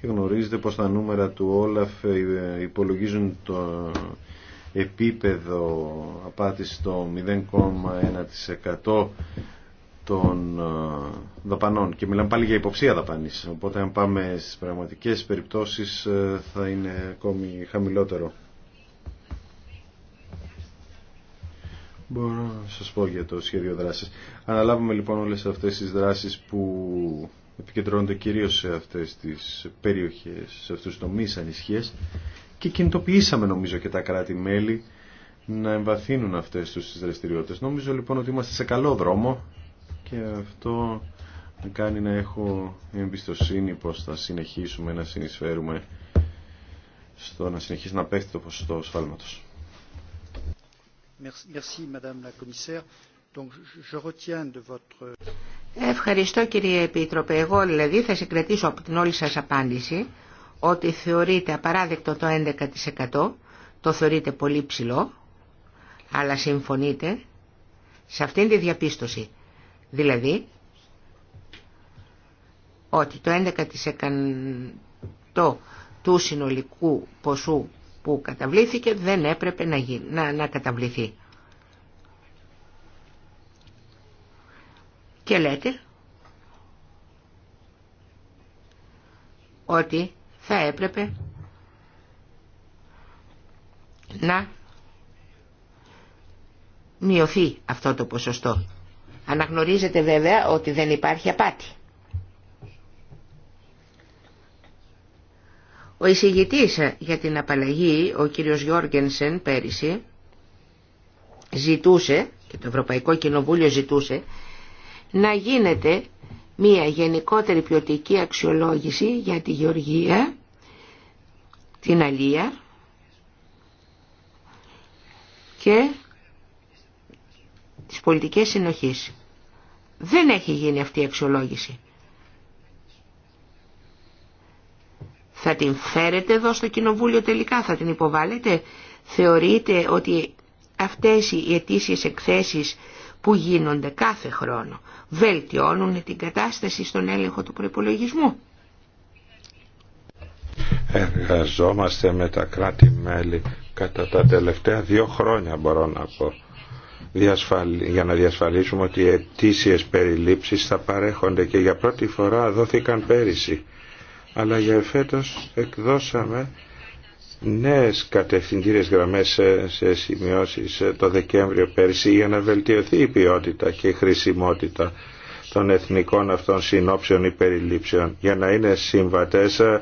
και γνωρίζετε πως τα νούμερα του Όλαφ ε, υπολογίζουν το επίπεδο απάτηση στο 0,1% των ε, δαπανών και μιλάμε πάλι για υποψία δαπανής οπότε αν πάμε στις πραγματικές περιπτώσεις ε, θα είναι ακόμη χαμηλότερο Μπορώ να σας πω για το σχέδιο δράσης. Αναλάβουμε λοιπόν όλες αυτές τις δράσεις που επικεντρώνονται κυρίως σε αυτές τις περιοχές, σε αυτούς τομείς ανισχύες και κινητοποιήσαμε νομίζω και τα κράτη-μέλη να εμβαθύνουν αυτές τις δραστηριότητες. Νομίζω λοιπόν ότι είμαστε σε καλό δρόμο και αυτό με κάνει να έχω εμπιστοσύνη πως θα συνεχίσουμε να συνεισφέρουμε στο να συνεχίσει να πέφτει το ποσοστό σφάλματος. Ευχαριστώ κύριε Επίτροπε. Εγώ δηλαδή θα συγκρατήσω από την όλη σας απάντηση ότι θεωρείται απαράδεκτο το 11%, το θεωρείται πολύ ψηλό, αλλά συμφωνείτε σε αυτήν τη διαπίστωση. Δηλαδή, ότι το 11% του συνολικού ποσού που καταβλήθηκε δεν έπρεπε να, γίνει, να, να καταβληθεί. Και λέτε ότι θα έπρεπε να μειωθεί αυτό το ποσοστό. Αναγνωρίζετε βέβαια ότι δεν υπάρχει απάτη. Ο εισηγητής για την απαλλαγή, ο κύριος Γιώργενσεν, πέρυσι, ζητούσε, και το Ευρωπαϊκό Κοινοβούλιο ζητούσε, να γίνεται μία γενικότερη ποιοτική αξιολόγηση για τη γεωργία, την αλία και τις πολιτικές συνοχής. Δεν έχει γίνει αυτή η αξιολόγηση. Θα την φέρετε εδώ στο κοινοβούλιο τελικά, θα την υποβάλλετε. Θεωρείτε ότι αυτές οι αιτήσιες εκθέσεις που γίνονται κάθε χρόνο βελτιώνουν την κατάσταση στον έλεγχο του προπολογισμού. Εργαζόμαστε με τα κράτη-μέλη κατά τα τελευταία δύο χρόνια μπορώ να πω για να διασφαλίσουμε ότι οι ετήσιες περιλήψεις θα παρέχονται και για πρώτη φορά δόθηκαν πέρυσι αλλά για εφέτος εκδώσαμε νέες κατευθυντήρες γραμμές σε σημειώσεις ε, το Δεκέμβριο πέρσι για να βελτιωθεί η ποιότητα και η χρησιμότητα των εθνικών αυτών συνόψεων ή περιλήψεων για να είναι συμβατές ε,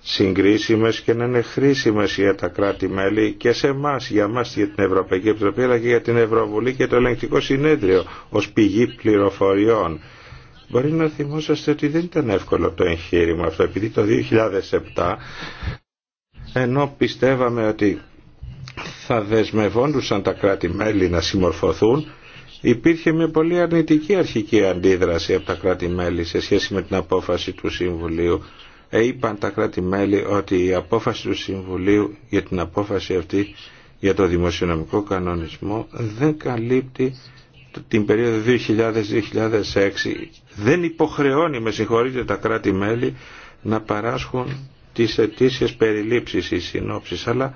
συγκρίσιμες και να είναι χρήσιμες για τα κράτη-μέλη και σε εμά, για εμά για την Ευρωπαϊκή Επιτροπή αλλά και για την Ευρωβουλή και το Ελεγκτικό Συνέδριο ως πηγή πληροφοριών. Μπορεί να θυμόσαστε ότι δεν ήταν εύκολο το εγχείρημα αυτό επειδή το 2007 ενώ πιστεύαμε ότι θα δεσμευόντουσαν τα κράτη-μέλη να συμμορφωθούν, υπήρχε μια πολύ αρνητική αρχική αντίδραση από τα κράτη-μέλη σε σχέση με την απόφαση του Συμβουλίου. Ε, είπαν τα κράτη-μέλη ότι η απόφαση του Συμβουλίου για την απόφαση αυτή για το δημοσιονομικό κανονισμό δεν καλύπτει την περίοδο 2000-2006. Δεν υποχρεώνει, με συγχωρείτε, τα κράτη-μέλη να παράσχουν τις ετήσιες περιλήψεις ή συνόψεις, αλλά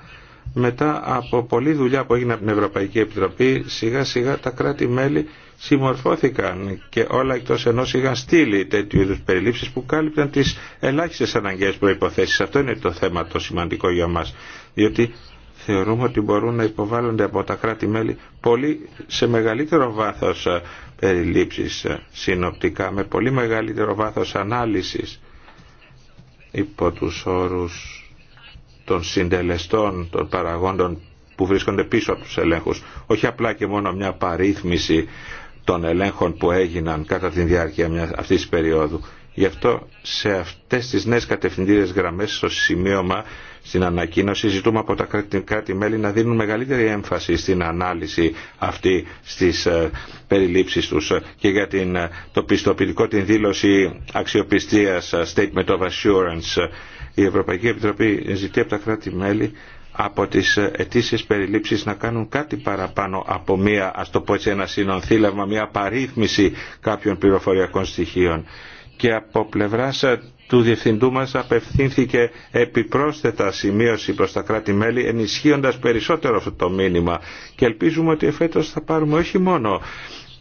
μετά από πολλή δουλειά που έγινε από την Ευρωπαϊκή Επιτροπή, σιγά σιγά τα κράτη-μέλη συμμορφώθηκαν και όλα εκτός ενός είχαν στείλει τέτοιου είδους περιλήψεις που κάλυπταν τις ελάχιστες αναγκαίες προϋποθέσεις. Αυτό είναι το θέμα το σημαντικό για μας, διότι θεωρούμε ότι μπορούν να υποβάλλονται από τα κράτη-μέλη πολύ σε μεγαλύτερο βάθος ε, περιλήψεις ε, συνοπτικά, με πολύ μεγαλύτερο βάθος ανάλυσης υπό τους όρους των συντελεστών των παραγόντων που βρίσκονται πίσω από τους ελέγχους. Όχι απλά και μόνο μια παρήθμιση των ελέγχων που έγιναν κατά τη διάρκεια αυτής της περίοδου. Γι' αυτό σε αυτές τις νέες κατευθυντήρες γραμμές στο σημείωμα στην ανακοίνωση ζητούμε από τα κράτη-μέλη να δίνουν μεγαλύτερη έμφαση στην ανάλυση αυτή στις ε, περιλήψεις τους και για την, ε, το πιστοποιητικό την δήλωση αξιοπιστίας ε, Statement of Assurance. Η Ευρωπαϊκή Επιτροπή ζητεί από τα κράτη-μέλη από τις αιτήσει περιλήψεις να κάνουν κάτι παραπάνω από μία, ας το πω έτσι, ένα συνονθήλευμα, μία παρήθμιση κάποιων πληροφοριακών στοιχείων. Και από πλευράς του Διευθυντού μας απευθύνθηκε επιπρόσθετα σημείωση προς τα κράτη-μέλη ενισχύοντας περισσότερο αυτό το μήνυμα και ελπίζουμε ότι εφέτος θα πάρουμε όχι μόνο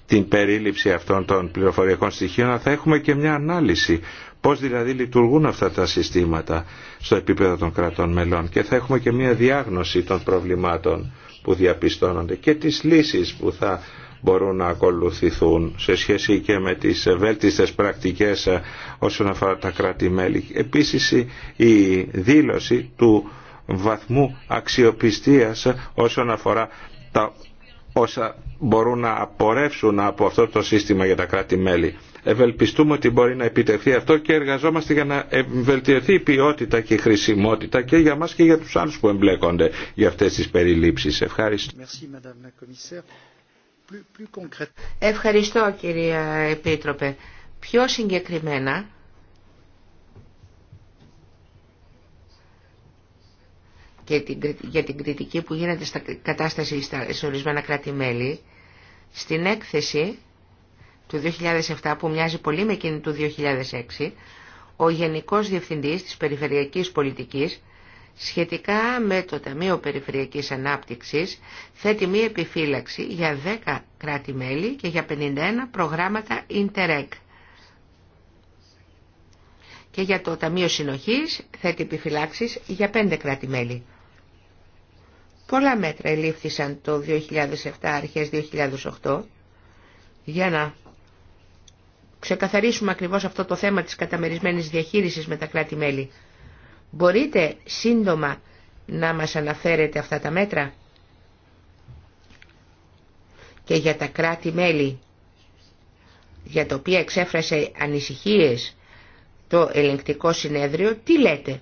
την περίληψη αυτών των πληροφοριακών στοιχείων, αλλά θα έχουμε και μια ανάλυση πώς δηλαδή λειτουργούν αυτά τα συστήματα στο επίπεδο των κρατών μελών και θα έχουμε και μια διάγνωση των προβλημάτων που διαπιστώνονται και τις λύσεις που θα μπορούν να ακολουθηθούν σε σχέση και με τις ευέλτιστες πρακτικές ε, όσον αφορά τα κράτη-μέλη. Επίσης η δήλωση του βαθμού αξιοπιστίας ε, όσον αφορά τα όσα μπορούν να απορρεύσουν από αυτό το σύστημα για τα κράτη-μέλη. Ευελπιστούμε ότι μπορεί να επιτευχθεί αυτό και εργαζόμαστε για να βελτιωθεί η ποιότητα και η χρησιμότητα και για μας και για τους άλλους που εμπλέκονται για αυτές τις περιλήψεις. Ευχαριστώ. Ευχαριστώ κυρία Επίτροπε. Πιο συγκεκριμένα και για την κριτική που γίνεται στα κατάσταση στα, σε ορισμένα κράτη-μέλη, στην έκθεση του 2007 που μοιάζει πολύ με εκείνη του 2006, ο Γενικός Διευθυντής της Περιφερειακής Πολιτικής σχετικά με το Ταμείο Περιφερειακής Ανάπτυξης θέτει μία επιφύλαξη για 10 κράτη-μέλη και για 51 προγράμματα Interreg. Και για το Ταμείο Συνοχής θέτει επιφυλάξεις για 5 κράτη-μέλη. Πολλά μέτρα ελήφθησαν το 2007 2008 για να ξεκαθαρίσουμε ακριβώς αυτό το θέμα της καταμερισμένης διαχείρισης με τα κράτη-μέλη. Μπορείτε σύντομα να μας αναφέρετε αυτά τα μέτρα και για τα κράτη-μέλη για τα οποία εξέφρασε ανησυχίες το ελεγκτικό συνέδριο, τι λέτε.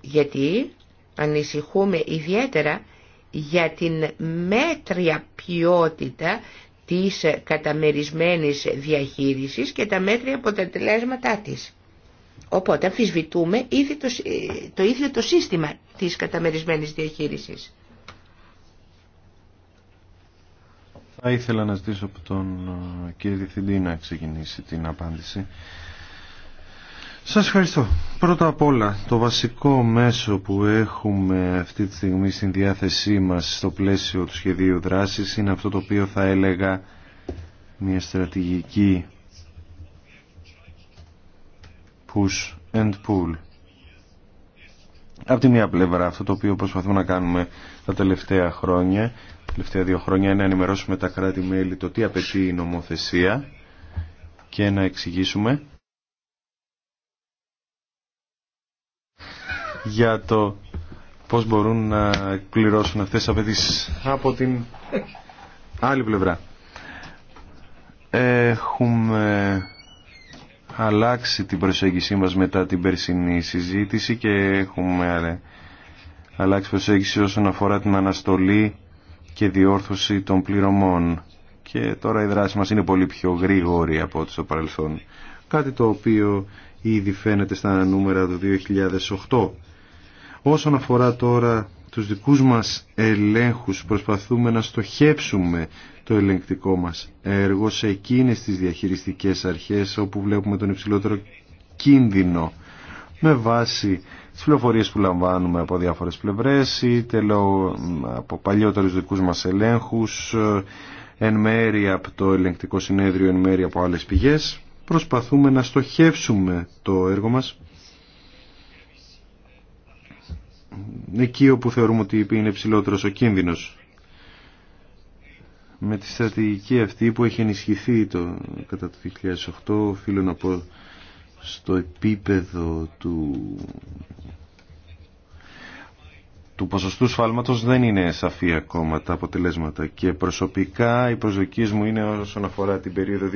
Γιατί ανησυχούμε ιδιαίτερα για την μέτρια ποιότητα της καταμερισμένης διαχείρισης και τα μέτρια αποτελέσματά της. Οπότε αμφισβητούμε ήδη το, ε, το ίδιο το σύστημα της καταμερισμένης διαχείρισης. Θα ήθελα να ζητήσω από τον ε, κύριο Διευθυντή να ξεκινήσει την απάντηση. Σας ευχαριστώ. Πρώτα απ' όλα, το βασικό μέσο που έχουμε αυτή τη στιγμή στην διάθεσή μας στο πλαίσιο του σχεδίου δράσης είναι αυτό το οποίο θα έλεγα μια στρατηγική push and pull. Από τη μία πλευρά αυτό το οποίο προσπαθούμε να κάνουμε τα τελευταία χρόνια, τα τελευταία δύο χρόνια είναι να ενημερώσουμε τα κράτη-μέλη το τι απαιτεί η νομοθεσία και να εξηγήσουμε για το πώς μπορούν να εκπληρώσουν αυτές τις απαιτήσει από την άλλη πλευρά. Έχουμε αλλάξει την προσέγγιση μας μετά την περσινή συζήτηση και έχουμε αλλάξει προσέγγιση όσον αφορά την αναστολή και διόρθωση των πληρωμών. Και τώρα η δράση μας είναι πολύ πιο γρήγορη από ό,τι στο παρελθόν. Κάτι το οποίο ήδη φαίνεται στα νούμερα του 2008. Όσον αφορά τώρα τους δικούς μας ελέγχους προσπαθούμε να στοχεύσουμε το ελεγκτικό μας έργο σε εκείνες τις διαχειριστικές αρχές όπου βλέπουμε τον υψηλότερο κίνδυνο με βάση τις πληροφορίες που λαμβάνουμε από διάφορες πλευρές είτε από παλιότερους δικούς μας ελέγχους εν μέρη από το ελεγκτικό συνέδριο εν μέρη από άλλες πηγές προσπαθούμε να στοχεύσουμε το έργο μας εκεί όπου θεωρούμε ότι είναι ψηλότερος ο κίνδυνος. Με τη στρατηγική αυτή που έχει ενισχυθεί το, κατά το 2008, οφείλω να πω στο επίπεδο του, του ποσοστού σφάλματος δεν είναι σαφή ακόμα τα αποτελέσματα και προσωπικά οι προσδοκίες μου είναι όσον αφορά την περίοδο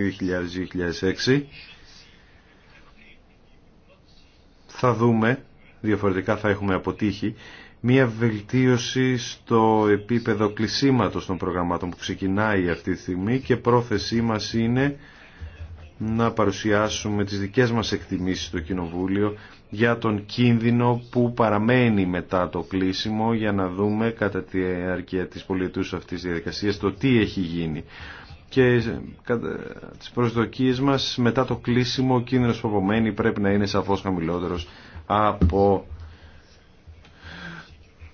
2000-2006 θα δούμε διαφορετικά θα έχουμε αποτύχει, μία βελτίωση στο επίπεδο κλεισίματος των προγραμμάτων που ξεκινάει αυτή τη στιγμή και πρόθεσή μας είναι να παρουσιάσουμε τις δικές μας εκτιμήσεις στο Κοινοβούλιο για τον κίνδυνο που παραμένει μετά το κλείσιμο για να δούμε κατά τη διάρκεια της πολιτούς αυτής της διαδικασίας το τι έχει γίνει. Και τις προσδοκίες μας μετά το κλείσιμο ο κίνδυνος που απομένει πρέπει να είναι σαφώς χαμηλότερος από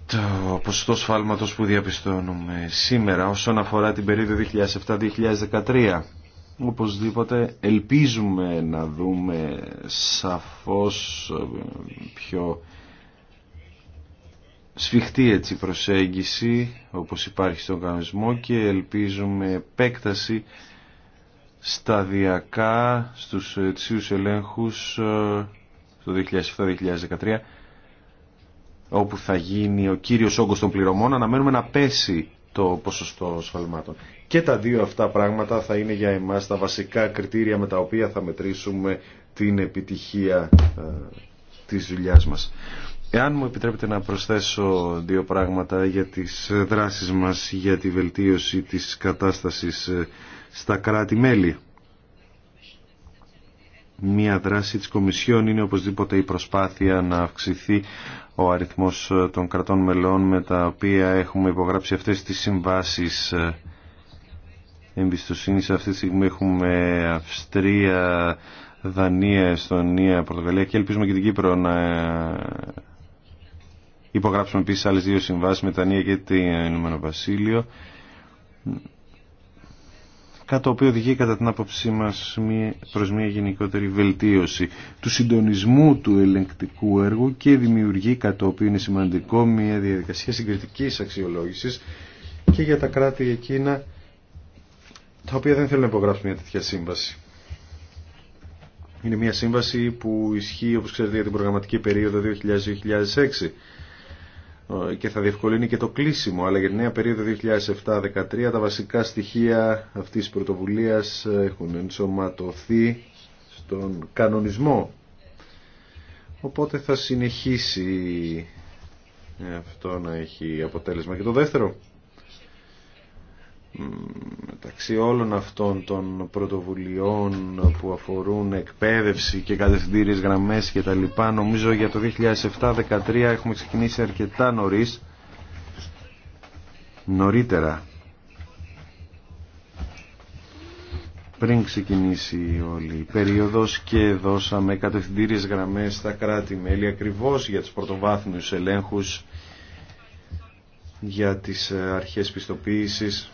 το ποσοστό σφάλματος που διαπιστώνουμε σήμερα όσον αφορά την περίοδο 2007-2013. Οπωσδήποτε ελπίζουμε να δούμε σαφώς ε, πιο σφιχτή έτσι προσέγγιση όπως υπάρχει στον κανονισμό και ελπίζουμε επέκταση σταδιακά στους ετσίους ελέγχους ε, το 2007-2013 όπου θα γίνει ο κύριος όγκος των πληρωμών αναμένουμε να πέσει το ποσοστό σφαλμάτων. Και τα δύο αυτά πράγματα θα είναι για εμάς τα βασικά κριτήρια με τα οποία θα μετρήσουμε την επιτυχία ε, της δουλειά μας. Εάν μου επιτρέπετε να προσθέσω δύο πράγματα για τις δράσεις μας για τη βελτίωση της κατάστασης ε, στα κράτη-μέλη μία δράση της Κομισιόν είναι οπωσδήποτε η προσπάθεια να αυξηθεί ο αριθμός των κρατών μελών με τα οποία έχουμε υπογράψει αυτές τις συμβάσεις ε, εμπιστοσύνη. Σε αυτή τη στιγμή έχουμε Αυστρία, Δανία, Εστονία, Πορτογαλία και ελπίζουμε και την Κύπρο να ε, υπογράψουμε επίσης άλλες δύο συμβάσεις με Δανία και την Ηνωμένο Βασίλειο Κάτι το οποίο οδηγεί κατά την άποψή μας προς μια γενικότερη βελτίωση του συντονισμού του ελεγκτικού έργου και δημιουργεί κάτι το οποίο είναι σημαντικό μια διαδικασία συγκριτικής αξιολόγησης και για τα κράτη εκείνα τα οποία δεν θέλουν να υπογράψουν μια τέτοια σύμβαση. Είναι μια σύμβαση που ισχύει όπως ξέρετε για την προγραμματική περίοδο 2000-2006 και θα διευκολύνει και το κλείσιμο, αλλά για την νέα περίοδο 2007-2013 τα βασικά στοιχεία αυτής της πρωτοβουλίας έχουν ενσωματωθεί στον κανονισμό. Οπότε θα συνεχίσει αυτό να έχει αποτέλεσμα. Και το δεύτερο μεταξύ όλων αυτών των πρωτοβουλειών που αφορούν εκπαίδευση και κατευθυντήριες γραμμές και τα λοιπά νομίζω για το 2007-2013 έχουμε ξεκινήσει αρκετά νωρίς νωρίτερα πριν ξεκινήσει όλη η περίοδος και δώσαμε κατευθυντήριες γραμμές στα κράτη-μέλη ακριβώς για τους πρωτοβάθμιους ελέγχους για τις αρχές πιστοποίησης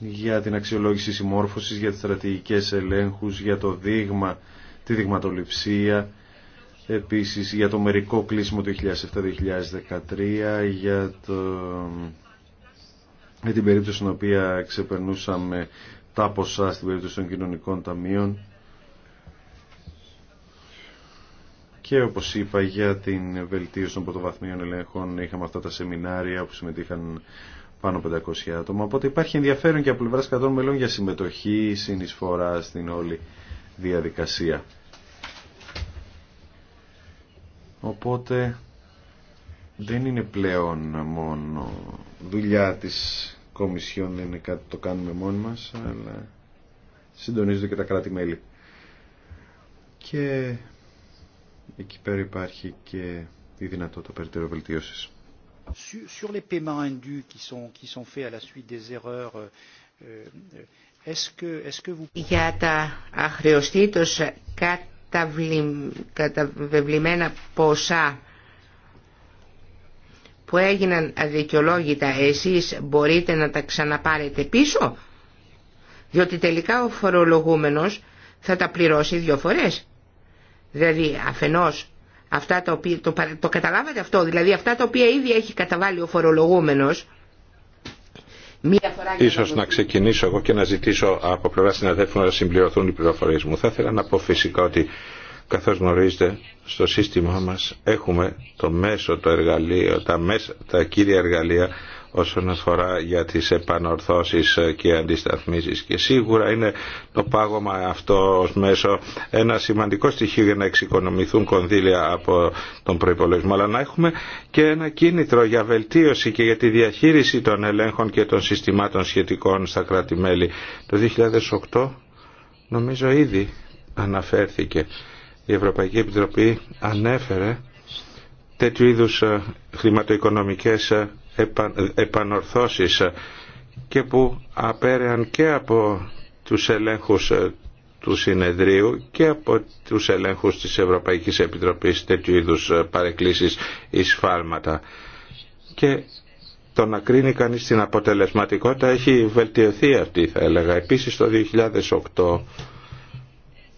για την αξιολόγηση συμμόρφωσης, για τις στρατηγικές ελέγχους, για το δείγμα, τη δειγματοληψία, επίσης για το μερικό κλείσιμο του 2007-2013, για, το... την περίπτωση στην οποία ξεπερνούσαμε τα ποσά στην περίπτωση των κοινωνικών ταμείων και όπως είπα για την βελτίωση των πρωτοβαθμίων ελέγχων είχαμε αυτά τα σεμινάρια που συμμετείχαν πάνω 500 άτομα. Οπότε υπάρχει ενδιαφέρον και από πλευρά κρατών μελών για συμμετοχή, συνεισφορά στην όλη διαδικασία. Οπότε δεν είναι πλέον μόνο δουλειά της Κομισιόν, δεν είναι κάτι το κάνουμε μόνοι μας, αλλά συντονίζονται και τα κράτη-μέλη. Και εκεί πέρα υπάρχει και η δυνατότητα περαιτέρω βελτίωσης. Sur les paiements qui sont, faits à la suite des erreurs, euh, euh, Για τα αχρεωστήτως καταβεβλημένα ποσά που έγιναν αδικαιολόγητα εσείς μπορείτε να τα ξαναπάρετε πίσω διότι τελικά ο φορολογούμενος θα τα πληρώσει δύο φορές δηλαδή αφενός Αυτά τα οποία, το, το καταλάβατε αυτό, δηλαδή αυτά τα οποία ήδη έχει καταβάλει ο φορολογούμενος, Μία Ίσως να ξεκινήσω εγώ και να ζητήσω από πλευρά συναδέλφων να συμπληρωθούν οι πληροφορίες μου. Θα ήθελα να πω φυσικά ότι καθώς γνωρίζετε στο σύστημά μας έχουμε το μέσο, το εργαλείο, τα, μέσα, τα κύρια εργαλεία όσον αφορά για τις επανορθώσεις και αντισταθμίσεις και σίγουρα είναι το πάγωμα αυτό ως μέσο ένα σημαντικό στοιχείο για να εξοικονομηθούν κονδύλια από τον προϋπολογισμό αλλά να έχουμε και ένα κίνητρο για βελτίωση και για τη διαχείριση των ελέγχων και των συστημάτων σχετικών στα κράτη-μέλη. Το 2008 νομίζω ήδη αναφέρθηκε η Ευρωπαϊκή Επιτροπή ανέφερε τέτοιου είδους ε, χρηματοοικονομικές ε, επανορθώσεις ε, και που απέρεαν και από τους ελέγχους ε, του συνεδρίου και από τους ελέγχους της Ευρωπαϊκής Επιτροπής τέτοιου είδους ε, παρεκκλήσεις ή σφάλματα. Και το να κρίνει κανείς την αποτελεσματικότητα έχει βελτιωθεί αυτή θα έλεγα. Επίσης το 2008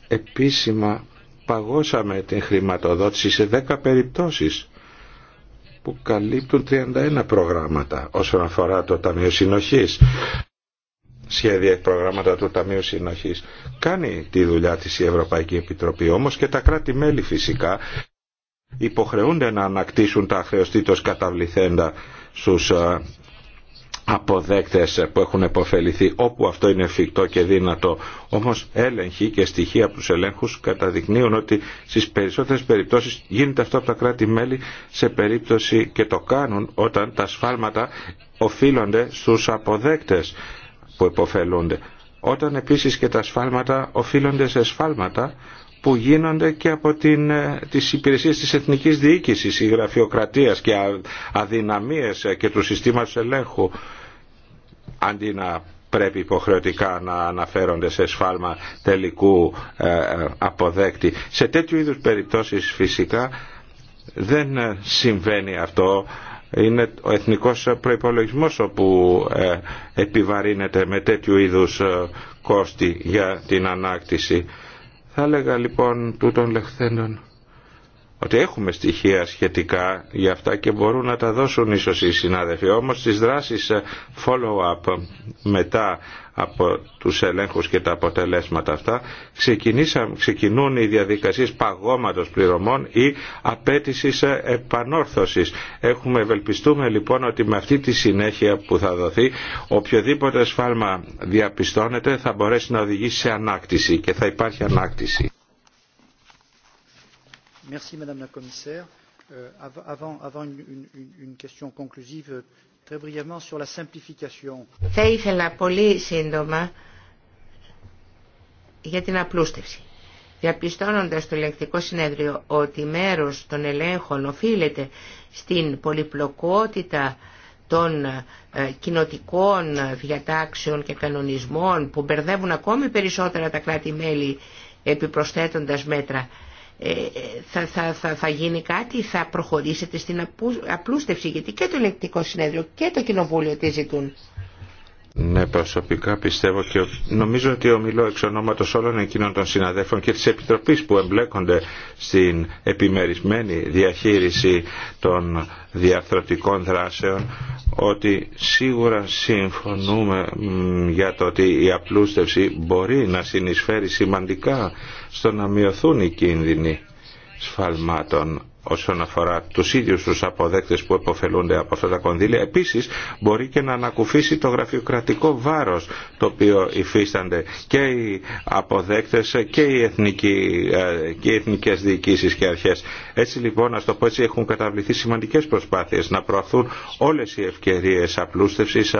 επίσημα παγώσαμε την χρηματοδότηση σε 10 περιπτώσεις που καλύπτουν 31 προγράμματα όσον αφορά το Ταμείο Συνοχής σχέδια προγράμματα του Ταμείου Συνοχής. Κάνει τη δουλειά της η Ευρωπαϊκή Επιτροπή όμως και τα κράτη-μέλη φυσικά υποχρεούνται να ανακτήσουν τα χρεωστήτως καταβληθέντα στους αποδέκτες που έχουν επωφεληθεί όπου αυτό είναι εφικτό και δυνατό. Όμως έλεγχοι και στοιχεία από τους ελέγχους καταδεικνύουν ότι στις περισσότερες περιπτώσεις γίνεται αυτό από τα κράτη-μέλη σε περίπτωση και το κάνουν όταν τα σφάλματα οφείλονται στους αποδέκτες που επωφελούνται. Όταν επίσης και τα σφάλματα οφείλονται σε σφάλματα που γίνονται και από την, ε, τις υπηρεσίες της εθνικής διοίκησης, η γραφειοκρατίας και αδυναμίες ε, και του συστήματος ελέγχου αντί να πρέπει υποχρεωτικά να αναφέρονται σε σφάλμα τελικού ε, αποδέκτη. Σε τέτοιου είδους περιπτώσεις φυσικά δεν συμβαίνει αυτό. Είναι ο εθνικός προϋπολογισμός όπου επιβαρύνεται με τέτοιου είδους κόστη για την ανάκτηση. Θα έλεγα λοιπόν τούτων λεχθέντων ότι έχουμε στοιχεία σχετικά για αυτά και μπορούν να τα δώσουν ίσως οι συνάδελφοι. Όμως τις δράσεις ε, follow-up μετά από τους ελέγχους και τα αποτελέσματα αυτά ξεκινούν οι διαδικασίες παγώματος πληρωμών ή απέτησης ε, επανόρθωσης. Έχουμε ευελπιστούμε λοιπόν ότι με αυτή τη συνέχεια που θα δοθεί οποιοδήποτε σφάλμα διαπιστώνεται θα μπορέσει να οδηγήσει σε ανάκτηση και θα υπάρχει ανάκτηση. Merci, Madame la Commissaire. Euh, avant une question conclusive, euh, très la simplification. πολύ σύντομα για την απλούστευση. Διαπιστώνοντας το ελεγκτικό συνέδριο ότι μέρος των ελέγχων οφείλεται στην πολυπλοκότητα των ε, κοινοτικών διατάξεων και κανονισμών που μπερδεύουν ακόμη περισσότερα τα κράτη-μέλη επιπροσθέτοντας μέτρα ε, θα, θα, θα, γίνει κάτι, θα προχωρήσετε στην απλούστευση, γιατί και το ελεκτικό συνέδριο και το κοινοβούλιο τη ζητούν. Ναι, προσωπικά πιστεύω και νομίζω ότι ομιλώ εξ ονόματος όλων εκείνων των συναδέλφων και της Επιτροπής που εμπλέκονται στην επιμερισμένη διαχείριση των διαρθρωτικών δράσεων ότι σίγουρα συμφωνούμε για το ότι η απλούστευση μπορεί να συνεισφέρει σημαντικά στο να μειωθούν οι κίνδυνοι σφαλμάτων όσον αφορά τους ίδιους τους αποδέκτες που επωφελούνται από αυτά τα κονδύλια. Επίσης μπορεί και να ανακουφίσει το γραφειοκρατικό βάρος το οποίο υφίστανται και οι αποδέκτες και οι, εθνικοί, ε, και εθνικές διοικήσεις και αρχές. Έτσι λοιπόν, ας το πω έτσι, έχουν καταβληθεί σημαντικές προσπάθειες να προαθούν όλες οι ευκαιρίες απλούστευσης,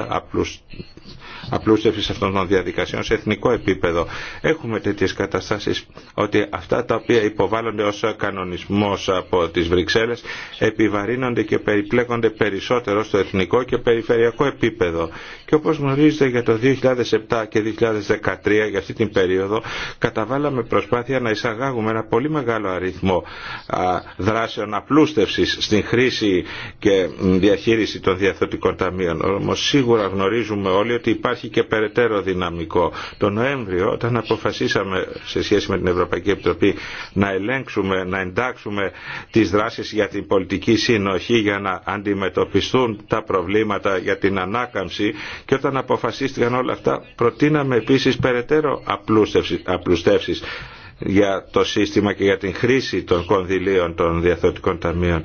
Απλούστευση αυτών των διαδικασιών σε εθνικό επίπεδο. Έχουμε τέτοιε καταστάσει ότι αυτά τα οποία υποβάλλονται ω κανονισμό από τι Βρυξέλλε επιβαρύνονται και περιπλέκονται περισσότερο στο εθνικό και περιφερειακό επίπεδο. Και όπω γνωρίζετε για το 2007 και 2013 για αυτή την περίοδο καταβάλαμε προσπάθεια να εισαγάγουμε ένα πολύ μεγάλο αριθμό δράσεων απλούστευση στην χρήση και διαχείριση των διαθετικών ταμείων. Όμω σίγουρα γνωρίζουμε όλοι ότι υπάρχει υπάρχει και περαιτέρω δυναμικό. Το Νοέμβριο όταν αποφασίσαμε σε σχέση με την Ευρωπαϊκή Επιτροπή να ελέγξουμε, να εντάξουμε τις δράσεις για την πολιτική συνοχή για να αντιμετωπιστούν τα προβλήματα για την ανάκαμψη και όταν αποφασίστηκαν όλα αυτά προτείναμε επίσης περαιτέρω απλούστευση για το σύστημα και για την χρήση των κονδυλίων των διαθωτικών ταμείων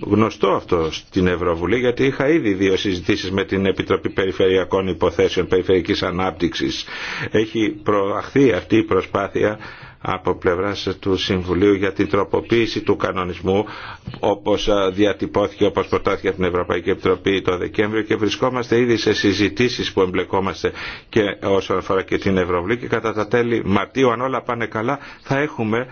γνωστό αυτό στην Ευρωβουλή γιατί είχα ήδη δύο συζητήσεις με την Επιτροπή Περιφερειακών Υποθέσεων Περιφερειακής Ανάπτυξης. Έχει προαχθεί αυτή η προσπάθεια από πλευράς του Συμβουλίου για την τροποποίηση του κανονισμού όπως διατυπώθηκε, όπως προτάθηκε από την Ευρωπαϊκή Επιτροπή το Δεκέμβριο και βρισκόμαστε ήδη σε συζητήσεις που εμπλεκόμαστε και όσον αφορά και την Ευρωβουλή και κατά τα τέλη Μαρτίου αν όλα πάνε καλά θα έχουμε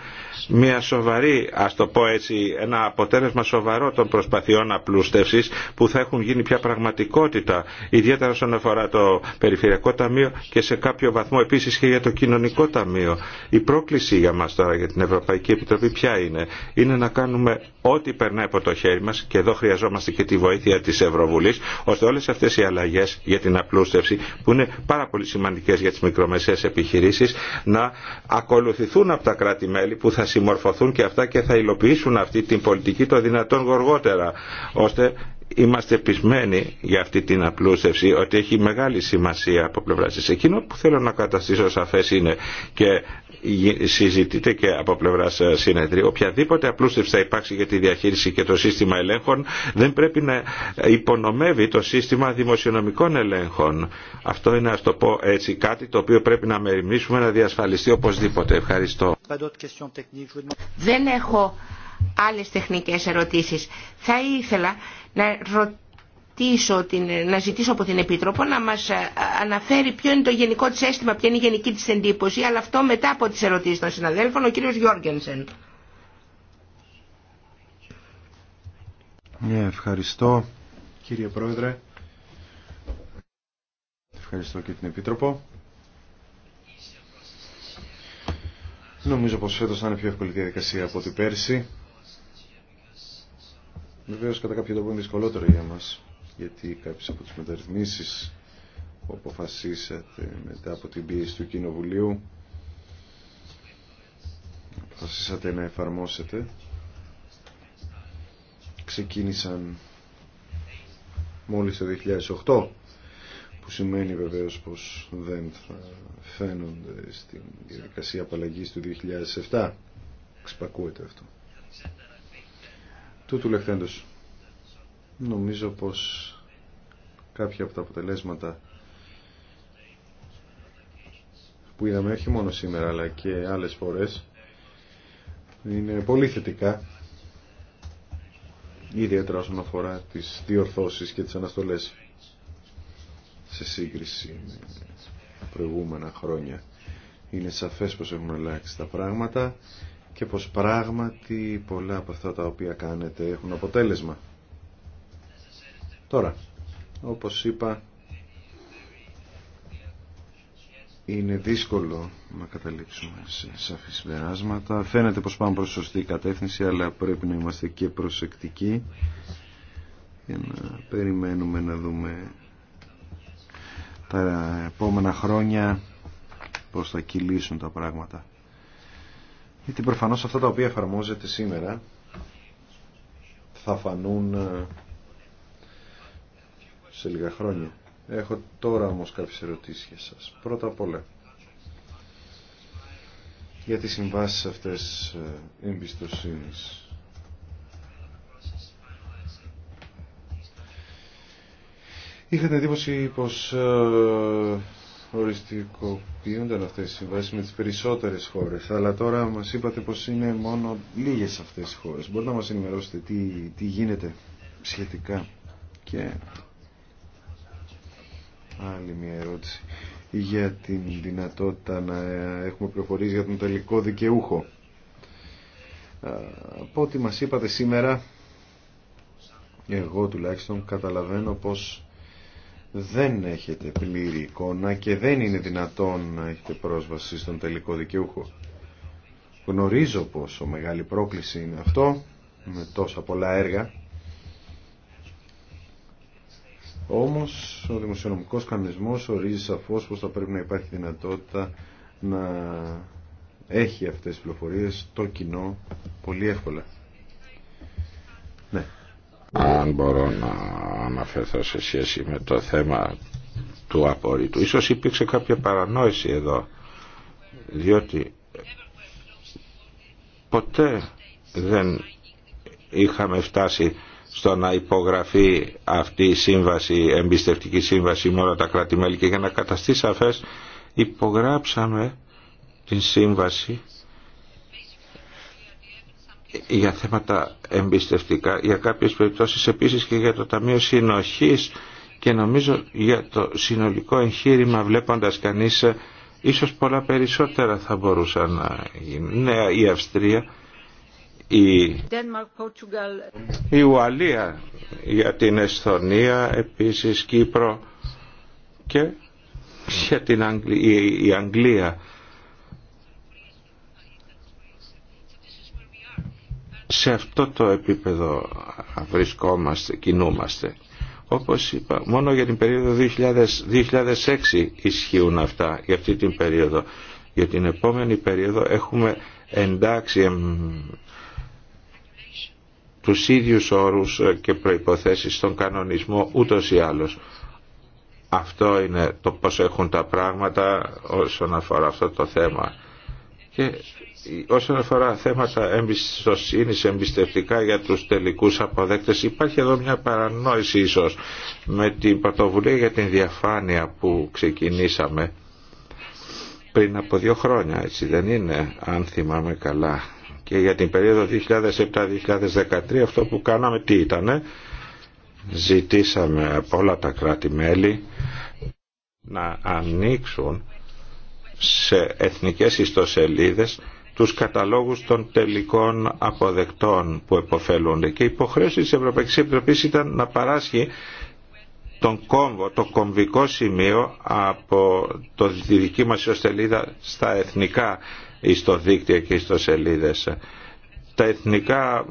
μια σοβαρή, ας το πω έτσι, ένα αποτέλεσμα σοβαρό των προσπαθειών απλούστευσης που θα έχουν γίνει πια πραγματικότητα, ιδιαίτερα όσον αφορά το Περιφερειακό Ταμείο και σε κάποιο βαθμό επίσης και για το Κοινωνικό Ταμείο. Η πρόκληση για μας τώρα για την Ευρωπαϊκή Επιτροπή ποια είναι. Είναι να κάνουμε ό,τι περνάει από το χέρι μας και εδώ χρειαζόμαστε και τη βοήθεια της Ευρωβουλής ώστε όλες αυτές οι αλλαγές για την απλούστευση που είναι πάρα πολύ σημαντικέ για τις μικρομεσαίες επιχειρήσεις να ακολουθηθούν από τα κράτη-μέλη που συμμορφωθούν και αυτά και θα υλοποιήσουν αυτή την πολιτική το δυνατόν γοργότερα, ώστε είμαστε πεισμένοι για αυτή την απλούστευση ότι έχει μεγάλη σημασία από πλευρά της. Εκείνο που θέλω να καταστήσω σαφές είναι και συζητείται και από πλευρά ε, συνεδρίου. Οποιαδήποτε απλούστευση θα υπάρξει για τη διαχείριση και το σύστημα ελέγχων δεν πρέπει να υπονομεύει το σύστημα δημοσιονομικών ελέγχων. Αυτό είναι, ας το πω έτσι, κάτι το οποίο πρέπει να μεριμνήσουμε να διασφαλιστεί οπωσδήποτε. Ευχαριστώ άλλες τεχνικές ερωτήσεις. Θα ήθελα να, ρωτήσω, να ζητήσω από την Επίτροπο να μας ε, αναφέρει ποιο είναι το γενικό της αίσθημα, ποια είναι η γενική της εντύπωση, αλλά αυτό μετά από τις ερωτήσεις των συναδέλφων, ο κύριος Ναι, Ευχαριστώ κύριε Πρόεδρε. Ευχαριστώ και την Επίτροπο. Νομίζω πως φέτος θα είναι πιο εύκολη διαδικασία από την πέρσι. Βεβαίω κατά κάποιο τρόπο είναι δυσκολότερο για μας, γιατί κάποιες από τις μεταρρυθμίσεις που αποφασίσατε μετά από την πίεση του Κοινοβουλίου αποφασίσατε να εφαρμόσετε ξεκίνησαν μόλις το 2008 που σημαίνει βεβαίως πως δεν θα φαίνονται στην διαδικασία απαλλαγής του 2007 ξυπακούεται αυτό Τούτου λεχθέντος. Νομίζω πως κάποια από τα αποτελέσματα που είδαμε όχι μόνο σήμερα αλλά και άλλες φορές είναι πολύ θετικά ιδιαίτερα όσον αφορά τις διορθώσεις και τις αναστολές σε σύγκριση με προηγούμενα χρόνια. Είναι σαφές πως έχουν αλλάξει τα πράγματα και πως πράγματι πολλά από αυτά τα οποία κάνετε έχουν αποτέλεσμα. Τώρα, όπως είπα, είναι δύσκολο να καταλήξουμε σε σαφή συμπεράσματα. Φαίνεται πως πάμε προς σωστή κατεύθυνση, αλλά πρέπει να είμαστε και προσεκτικοί για να περιμένουμε να δούμε τα επόμενα χρόνια πώς θα κυλήσουν τα πράγματα γιατί προφανώς αυτά τα οποία εφαρμόζεται σήμερα θα φανούν ε, σε λίγα χρόνια. Έχω τώρα όμως κάποιες ερωτήσεις για σας. Πρώτα απ' όλα, για τις συμβάσεις αυτές ε, εμπιστοσύνης. Είχατε εντύπωση πως ε, οριστικοποιούνταν αυτές οι συμβάσεις με τις περισσότερες χώρες αλλά τώρα μας είπατε πως είναι μόνο λίγες αυτές οι χώρες μπορείτε να μας ενημερώσετε τι, τι γίνεται σχετικά και άλλη μια ερώτηση για την δυνατότητα να έχουμε προχωρήσει για τον τελικό δικαιούχο από ό,τι μας είπατε σήμερα εγώ τουλάχιστον καταλαβαίνω πως δεν έχετε πλήρη εικόνα και δεν είναι δυνατόν να έχετε πρόσβαση στον τελικό δικαιούχο. Γνωρίζω πόσο μεγάλη πρόκληση είναι αυτό, με τόσα πολλά έργα. Όμως ο δημοσιονομικός κανονισμός ορίζει σαφώς πως θα πρέπει να υπάρχει δυνατότητα να έχει αυτές τις πληροφορίες το κοινό πολύ εύκολα. Ναι, αν μπορώ να αναφερθώ σε σχέση με το θέμα του απορρίτου. Ίσως υπήρξε κάποια παρανόηση εδώ, διότι ποτέ δεν είχαμε φτάσει στο να υπογραφεί αυτή η σύμβαση, εμπιστευτική σύμβαση με όλα τα κράτη-μέλη και για να καταστεί σαφές υπογράψαμε την σύμβαση για θέματα εμπιστευτικά, για κάποιες περιπτώσεις επίσης και για το Ταμείο Συνοχής και νομίζω για το συνολικό εγχείρημα βλέποντας κανείς ε, ίσως πολλά περισσότερα θα μπορούσαν να γίνουν. Ναι, η Αυστρία, η, η Ουαλία για την Εσθονία, επίσης Κύπρο και για την η Αγγλία Σε αυτό το επίπεδο βρισκόμαστε, κινούμαστε. Όπως είπα, μόνο για την περίοδο 2000, 2006 ισχύουν αυτά, για αυτή την περίοδο. Για την επόμενη περίοδο έχουμε εντάξει εμ, τους ίδιους όρους και προϋποθέσεις στον κανονισμό ούτως ή άλλως. Αυτό είναι το πώς έχουν τα πράγματα όσον αφορά αυτό το θέμα. Και όσον αφορά θέματα εμπιστοσύνης εμπιστευτικά για τους τελικούς αποδέκτες υπάρχει εδώ μια παρανόηση ίσως με την πρωτοβουλία για την διαφάνεια που ξεκινήσαμε πριν από δύο χρόνια έτσι δεν είναι αν θυμάμαι καλά και για την περίοδο 2007-2013 αυτό που κάναμε τι ήτανε ζητήσαμε από όλα τα κράτη-μέλη να ανοίξουν σε εθνικές ιστοσελίδες τους καταλόγους των τελικών αποδεκτών που εποφελούνται. Και η υποχρέωση της Ευρωπαϊκής Επιτροπής ήταν να παράσχει τον κόμβο, το κομβικό σημείο από το, τη δική μας ιστοσελίδα στα εθνικά ιστοδίκτυα και ιστοσελίδες τα εθνικά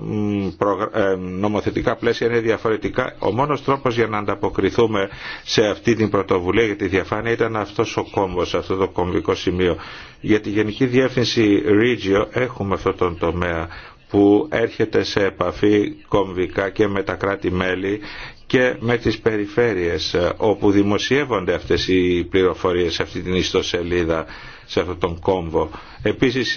ε, νομοθετικά πλαίσια είναι διαφορετικά. Ο μόνος τρόπος για να ανταποκριθούμε σε αυτή την πρωτοβουλία για τη διαφάνεια ήταν αυτός ο κόμβος, αυτό το κομβικό σημείο. Για τη Γενική Διεύθυνση Regio έχουμε αυτόν τον τομέα που έρχεται σε επαφή κομβικά και με τα κράτη-μέλη και με τις περιφέρειες ε, όπου δημοσιεύονται αυτές οι πληροφορίες σε αυτή την ιστοσελίδα, σε αυτόν τον κόμβο. Επίσης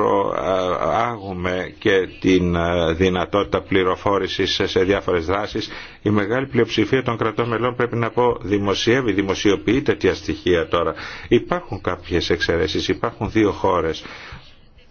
προάγουμε και την ε, δυνατότητα πληροφόρησης σε διάφορες δράσεις. Η μεγάλη πλειοψηφία των κρατών μελών πρέπει να πω δημοσιεύει, δημοσιοποιεί τέτοια στοιχεία τώρα. Υπάρχουν κάποιες εξαιρέσεις, υπάρχουν δύο χώρες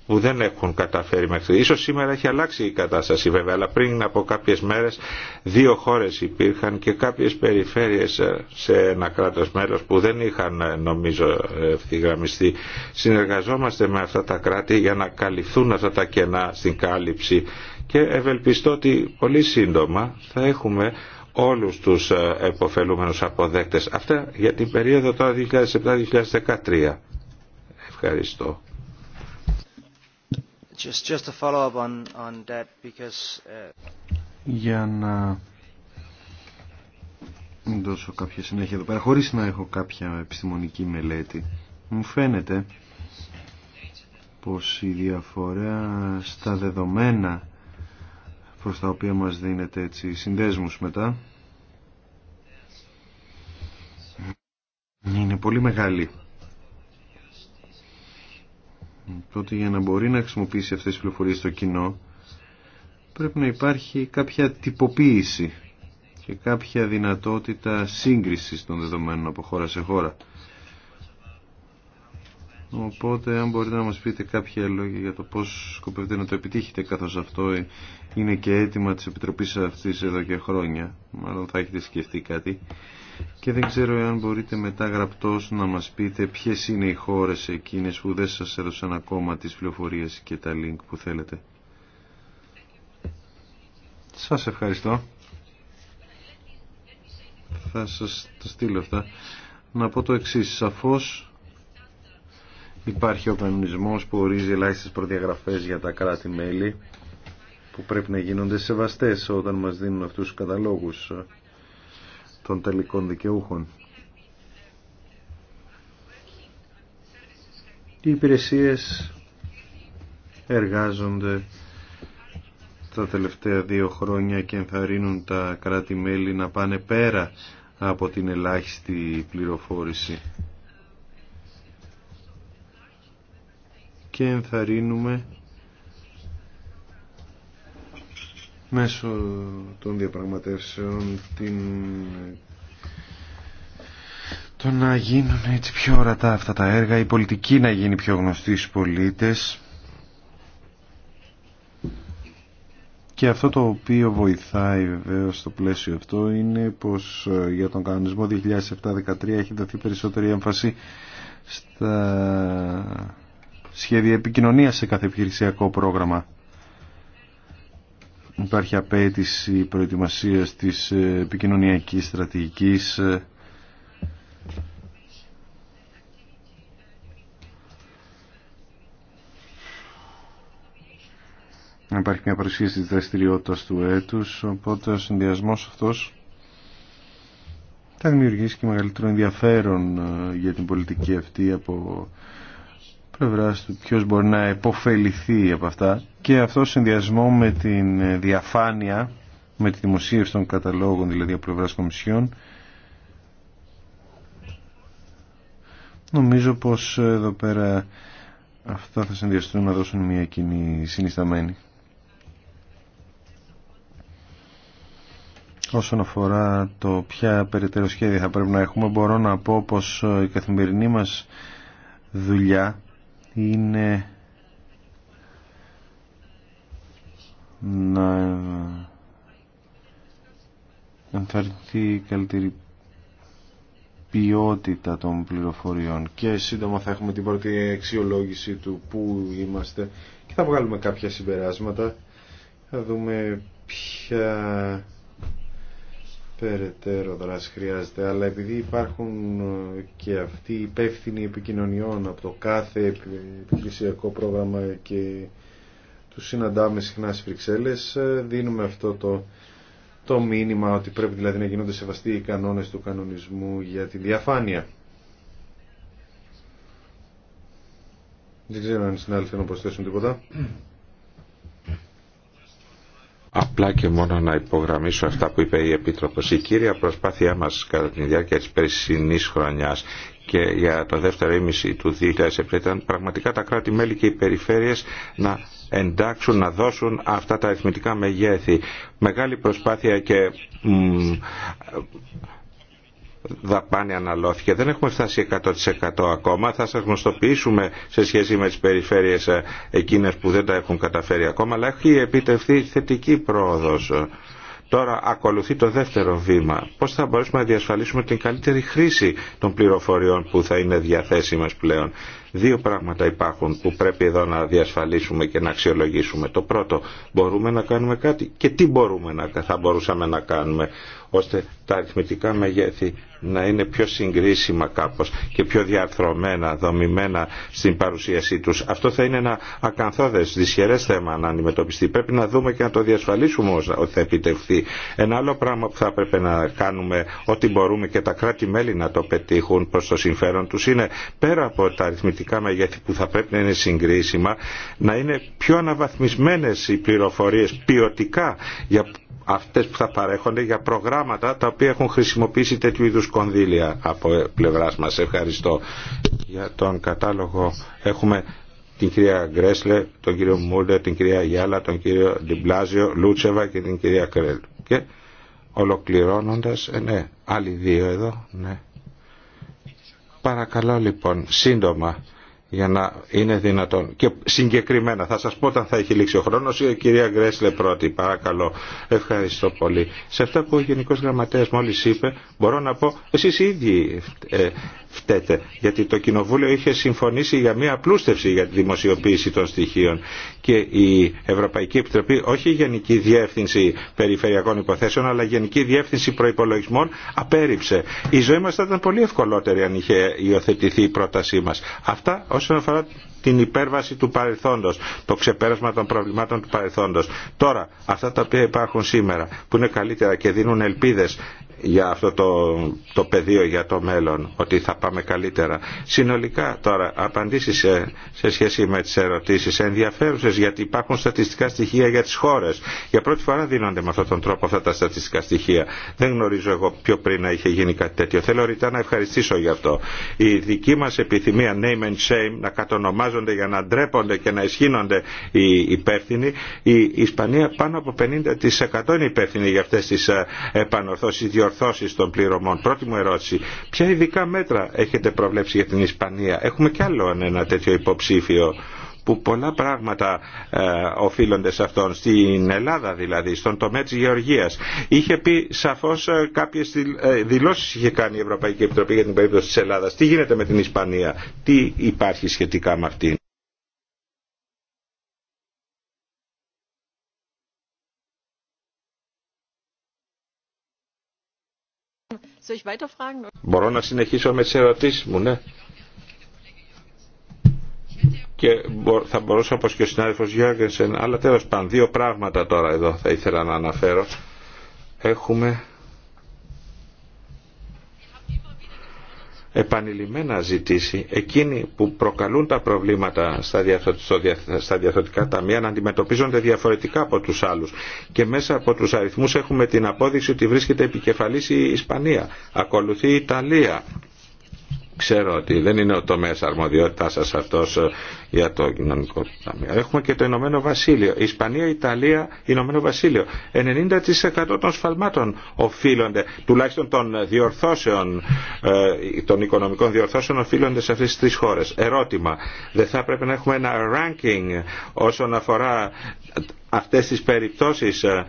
που δεν έχουν καταφέρει μέχρι τώρα. Ίσως σήμερα έχει αλλάξει η κατάσταση βέβαια, αλλά πριν από κάποιες μέρες δύο χώρες υπήρχαν και κάποιες περιφέρειες σε ένα κράτος μέλος που δεν είχαν ε, νομίζω ευθυγραμμιστεί. Συνεργαζόμαστε με αυτά τα κράτη για να καλυφθούν αυτά τα κενά στην κάλυψη και ευελπιστώ ότι πολύ σύντομα θα έχουμε όλους τους ε, εποφελούμενους αποδέκτες. Αυτά για την περίοδο τώρα 2007-2013. Ευχαριστώ. Για να δώσω κάποια συνέχεια εδώ πέρα, χωρίς να έχω κάποια επιστημονική μελέτη, μου φαίνεται πως η διαφορά στα δεδομένα προς τα οποία μας δίνεται έτσι συνδέσμους μετά είναι πολύ μεγάλη τότε για να μπορεί να χρησιμοποιήσει αυτές τις πληροφορίες στο κοινό πρέπει να υπάρχει κάποια τυποποίηση και κάποια δυνατότητα σύγκρισης των δεδομένων από χώρα σε χώρα. Οπότε αν μπορείτε να μας πείτε κάποια λόγια για το πώς σκοπεύετε να το επιτύχετε καθώς αυτό είναι και αίτημα της Επιτροπής αυτής εδώ και χρόνια μάλλον θα έχετε σκεφτεί κάτι και δεν ξέρω εάν μπορείτε μετά γραπτός να μας πείτε ποιες είναι οι χώρες εκείνες που δεν σας έδωσαν ακόμα τις πληροφορίες και τα link που θέλετε. Σας ευχαριστώ. Θα σας τα στείλω αυτά. Να πω το εξής. Σαφώς υπάρχει ο κανονισμός που ορίζει ελάχιστες προδιαγραφές για τα κράτη-μέλη που πρέπει να γίνονται σεβαστές όταν μας δίνουν αυτούς τους καταλόγους των τελικών δικαιούχων. Οι υπηρεσίες εργάζονται τα τελευταία δύο χρόνια και ενθαρρύνουν τα κράτη-μέλη να πάνε πέρα από την ελάχιστη πληροφόρηση. Και ενθαρρύνουμε μέσω των διαπραγματεύσεων την... το να γίνουν έτσι πιο ορατά αυτά τα έργα, η πολιτική να γίνει πιο γνωστή στους πολίτες και αυτό το οποίο βοηθάει βεβαίω στο πλαίσιο αυτό είναι πως ε, για τον κανονισμο 2017 2017-2013 έχει δοθεί περισσότερη έμφαση στα σχέδια επικοινωνίας σε κάθε επιχειρησιακό πρόγραμμα υπάρχει απέτηση προετοιμασίας της ε, επικοινωνιακής στρατηγικής ε, υπάρχει μια παρουσίαση της δραστηριότητας του έτους οπότε ο συνδυασμός αυτός θα δημιουργήσει και μεγαλύτερο ενδιαφέρον ε, για την πολιτική αυτή από πλευράς του ποιος μπορεί να υποφεληθεί από αυτά και αυτό συνδυασμό με την διαφάνεια, με τη δημοσίευση των καταλόγων δηλαδή από πλευράς κομισιών νομίζω πως εδώ πέρα αυτά θα συνδυαστούν να δώσουν μια κοινή συνισταμένη. Όσον αφορά το ποια περαιτέρω σχέδια θα πρέπει να έχουμε, μπορώ να πω πως η καθημερινή μας δουλειά είναι να ενθαρρυνθεί η καλύτερη ποιότητα των πληροφοριών και σύντομα θα έχουμε την πρώτη αξιολόγηση του που είμαστε και θα βγάλουμε κάποια συμπεράσματα θα δούμε ποια περαιτέρω δράση χρειάζεται, αλλά επειδή υπάρχουν ε, και αυτοί οι υπεύθυνοι επικοινωνιών από το κάθε επιχειρησιακό πρόγραμμα και του συναντάμε συχνά στι, Βρυξέλλες, ε, δίνουμε αυτό το, το μήνυμα ότι πρέπει δηλαδή να γίνονται σεβαστοί οι κανόνες του κανονισμού για τη διαφάνεια. Δεν ξέρω αν οι συνάδελφοι να προσθέσουν τίποτα. Απλά και μόνο να υπογραμμίσω αυτά που είπε η Επίτροπος. Η κύρια προσπάθειά μας κατά τη διάρκεια της περσινής χρονιάς και για το δεύτερο ήμιση του 2007 ήταν πραγματικά τα κράτη-μέλη και οι περιφέρειες να εντάξουν, να δώσουν αυτά τα αριθμητικά μεγέθη. Μεγάλη προσπάθεια και δαπάνη αναλώθηκε. Δεν έχουμε φτάσει 100% ακόμα. Θα σας γνωστοποιήσουμε σε σχέση με τις περιφέρειες ε, εκείνες που δεν τα έχουν καταφέρει ακόμα, αλλά έχει επιτευχθεί θετική πρόοδος. Τώρα ακολουθεί το δεύτερο βήμα. Πώς θα μπορέσουμε να διασφαλίσουμε την καλύτερη χρήση των πληροφοριών που θα είναι διαθέσιμες πλέον. Δύο πράγματα υπάρχουν που πρέπει εδώ να διασφαλίσουμε και να αξιολογήσουμε. Το πρώτο, μπορούμε να κάνουμε κάτι και τι μπορούμε να, θα μπορούσαμε να κάνουμε ώστε τα αριθμητικά μεγέθη να είναι πιο συγκρίσιμα κάπως και πιο διαρθρωμένα, δομημένα στην παρουσίασή τους. Αυτό θα είναι ένα ακαθόδες, δυσχερές θέμα να αντιμετωπιστεί. Πρέπει να δούμε και να το διασφαλίσουμε ότι θα επιτευχθεί. Ένα άλλο πράγμα που θα έπρεπε να κάνουμε ό,τι μπορούμε και τα κράτη-μέλη να το πετύχουν προς το συμφέρον τους είναι πέρα από τα αριθμητικά μεγέθη που θα πρέπει να είναι συγκρίσιμα να είναι πιο αναβαθμισμένες οι πληροφορίες ποιοτικά για αυτές που θα παρέχονται για προγράμματα τα οποία έχουν χρησιμοποιήσει τέτοιου είδους κονδύλια από πλευράς μας. Ευχαριστώ. Για τον κατάλογο έχουμε την κυρία Γκρέσλε, τον κύριο Μούλτερ, την κυρία Γιάλα, τον κύριο Ντιμπλάζιο, Λούτσεβα και την κυρία Κρέλ. Και ολοκληρώνοντας, ε, ναι, άλλοι δύο εδώ, ναι. Παρακαλώ λοιπόν, σύντομα για να είναι δυνατόν. Και συγκεκριμένα, θα σας πω όταν θα έχει λήξει ο χρόνος, η κυρία Γκρέσλε πρώτη, παρακαλώ. Ευχαριστώ πολύ. Σε αυτά που ο Γενικός Γραμματέας μόλις είπε, μπορώ να πω, εσείς οι ίδιοι ε, φταίτε. Γιατί το Κοινοβούλιο είχε συμφωνήσει για μια απλούστευση για τη δημοσιοποίηση των στοιχείων και η Ευρωπαϊκή Επιτροπή, όχι η Γενική Διεύθυνση Περιφερειακών Υποθέσεων, αλλά η Γενική Διεύθυνση Προπολογισμών, απέρριψε. Η ζωή μα θα ήταν πολύ ευκολότερη αν είχε υιοθετηθεί η πρότασή μα. Αυτά όσον αφορά την υπέρβαση του παρελθόντο, το ξεπέρασμα των προβλημάτων του παρελθόντο. Τώρα, αυτά τα οποία υπάρχουν σήμερα, που είναι καλύτερα και δίνουν ελπίδε για αυτό το, το πεδίο για το μέλλον, ότι θα πάμε καλύτερα. Συνολικά τώρα, απαντήσεις σε, σε σχέση με τις ερωτήσεις ενδιαφέρουσες, γιατί υπάρχουν στατιστικά στοιχεία για τις χώρες. Για πρώτη φορά δίνονται με αυτόν τον τρόπο αυτά τα στατιστικά στοιχεία. Δεν γνωρίζω εγώ πιο πριν να είχε γίνει κάτι τέτοιο. Θέλω ρητά να ευχαριστήσω γι' αυτό. Η δική μας επιθυμία name and shame, να κατονομάζονται για να ντρέπονται και να ισχύνονται οι υπεύθυνοι. Η Ισπανία πάνω από 50% είναι υπεύθυνη για αυτές τις ε, επανορθώσεις, διορθώσεις των πληρωμών. Πρώτη μου ερώτηση. Ποια ειδικά μέτρα έχετε προβλέψει για την Ισπανία. Έχουμε κι άλλο ένα τέτοιο υποψήφιο που πολλά πράγματα ε, οφείλονται σε αυτόν, στην Ελλάδα δηλαδή, στον τομέα της γεωργίας. Είχε πει σαφώς ε, κάποιες ε, δηλώσεις είχε κάνει η Ευρωπαϊκή Επιτροπή για την περίπτωση της Ελλάδας. Τι γίνεται με την Ισπανία, τι υπάρχει σχετικά με αυτήν. Μπορώ να συνεχίσω με τι ερωτήσει μου, ναι. Και θα μπορούσα όπως και ο συνάδελφος Γιώργενσεν, αλλά τέλος πάντων δύο πράγματα τώρα εδώ θα ήθελα να αναφέρω. Έχουμε επανειλημμένα ζητήσει εκείνοι που προκαλούν τα προβλήματα στα διαθωτικά ταμεία να αντιμετωπίζονται διαφορετικά από τους άλλους και μέσα από τους αριθμούς έχουμε την απόδειξη ότι βρίσκεται επικεφαλής η Ισπανία, ακολουθεί η Ιταλία Ξέρω ότι δεν είναι ο τομέας αρμοδιότητάς σας αυτός ε, για το κοινωνικό ταμείο. Έχουμε και το Ηνωμένο Βασίλειο. Ισπανία, Ιταλία, Ηνωμένο Βασίλειο. 90% των σφαλμάτων οφείλονται, τουλάχιστον των διορθώσεων, ε, των οικονομικών διορθώσεων οφείλονται σε αυτές τις τρεις χώρες. Ερώτημα, δεν θα πρέπει να έχουμε ένα ranking όσον αφορά αυτές τις περιπτώσεις ε,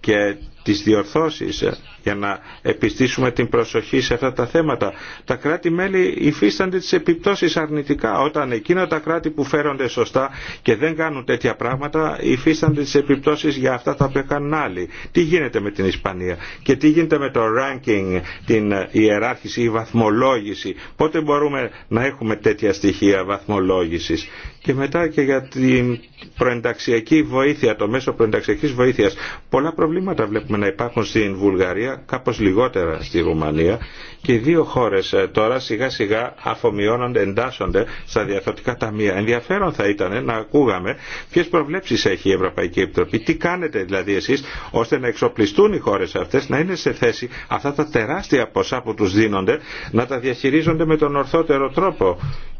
και τις διορθώσεις ε, για να επιστήσουμε την προσοχή σε αυτά τα θέματα. Τα κράτη-μέλη υφίστανται τις επιπτώσεις αρνητικά όταν εκείνα τα κράτη που φέρονται σωστά και δεν κάνουν τέτοια πράγματα υφίστανται τις επιπτώσεις για αυτά τα οποία κάνουν άλλοι. Τι γίνεται με την Ισπανία και τι γίνεται με το ranking, την ε, ιεράρχηση, η βαθμολόγηση. Πότε μπορούμε να έχουμε τέτοια στοιχεία βαθμολόγησης. Και μετά και για την προενταξιακή βοήθεια, το μέσο προενταξιακής βοήθειας. Πολλά προβλήματα βλέπουμε να υπάρχουν στην Βουλγαρία, κάπως λιγότερα στη Ρουμανία και οι δύο χώρες ε, τώρα σιγά σιγά αφομοιώνονται, εντάσσονται στα διαθωτικά ταμεία. Ενδιαφέρον θα ήταν να ακούγαμε ποιε προβλέψεις έχει η Ευρωπαϊκή Επιτροπή, τι κάνετε δηλαδή εσείς ώστε να εξοπλιστούν οι χώρες αυτές, να είναι σε θέση αυτά τα τεράστια ποσά που τους δίνονται να τα διαχειρίζονται με τον ορθότερο τρόπο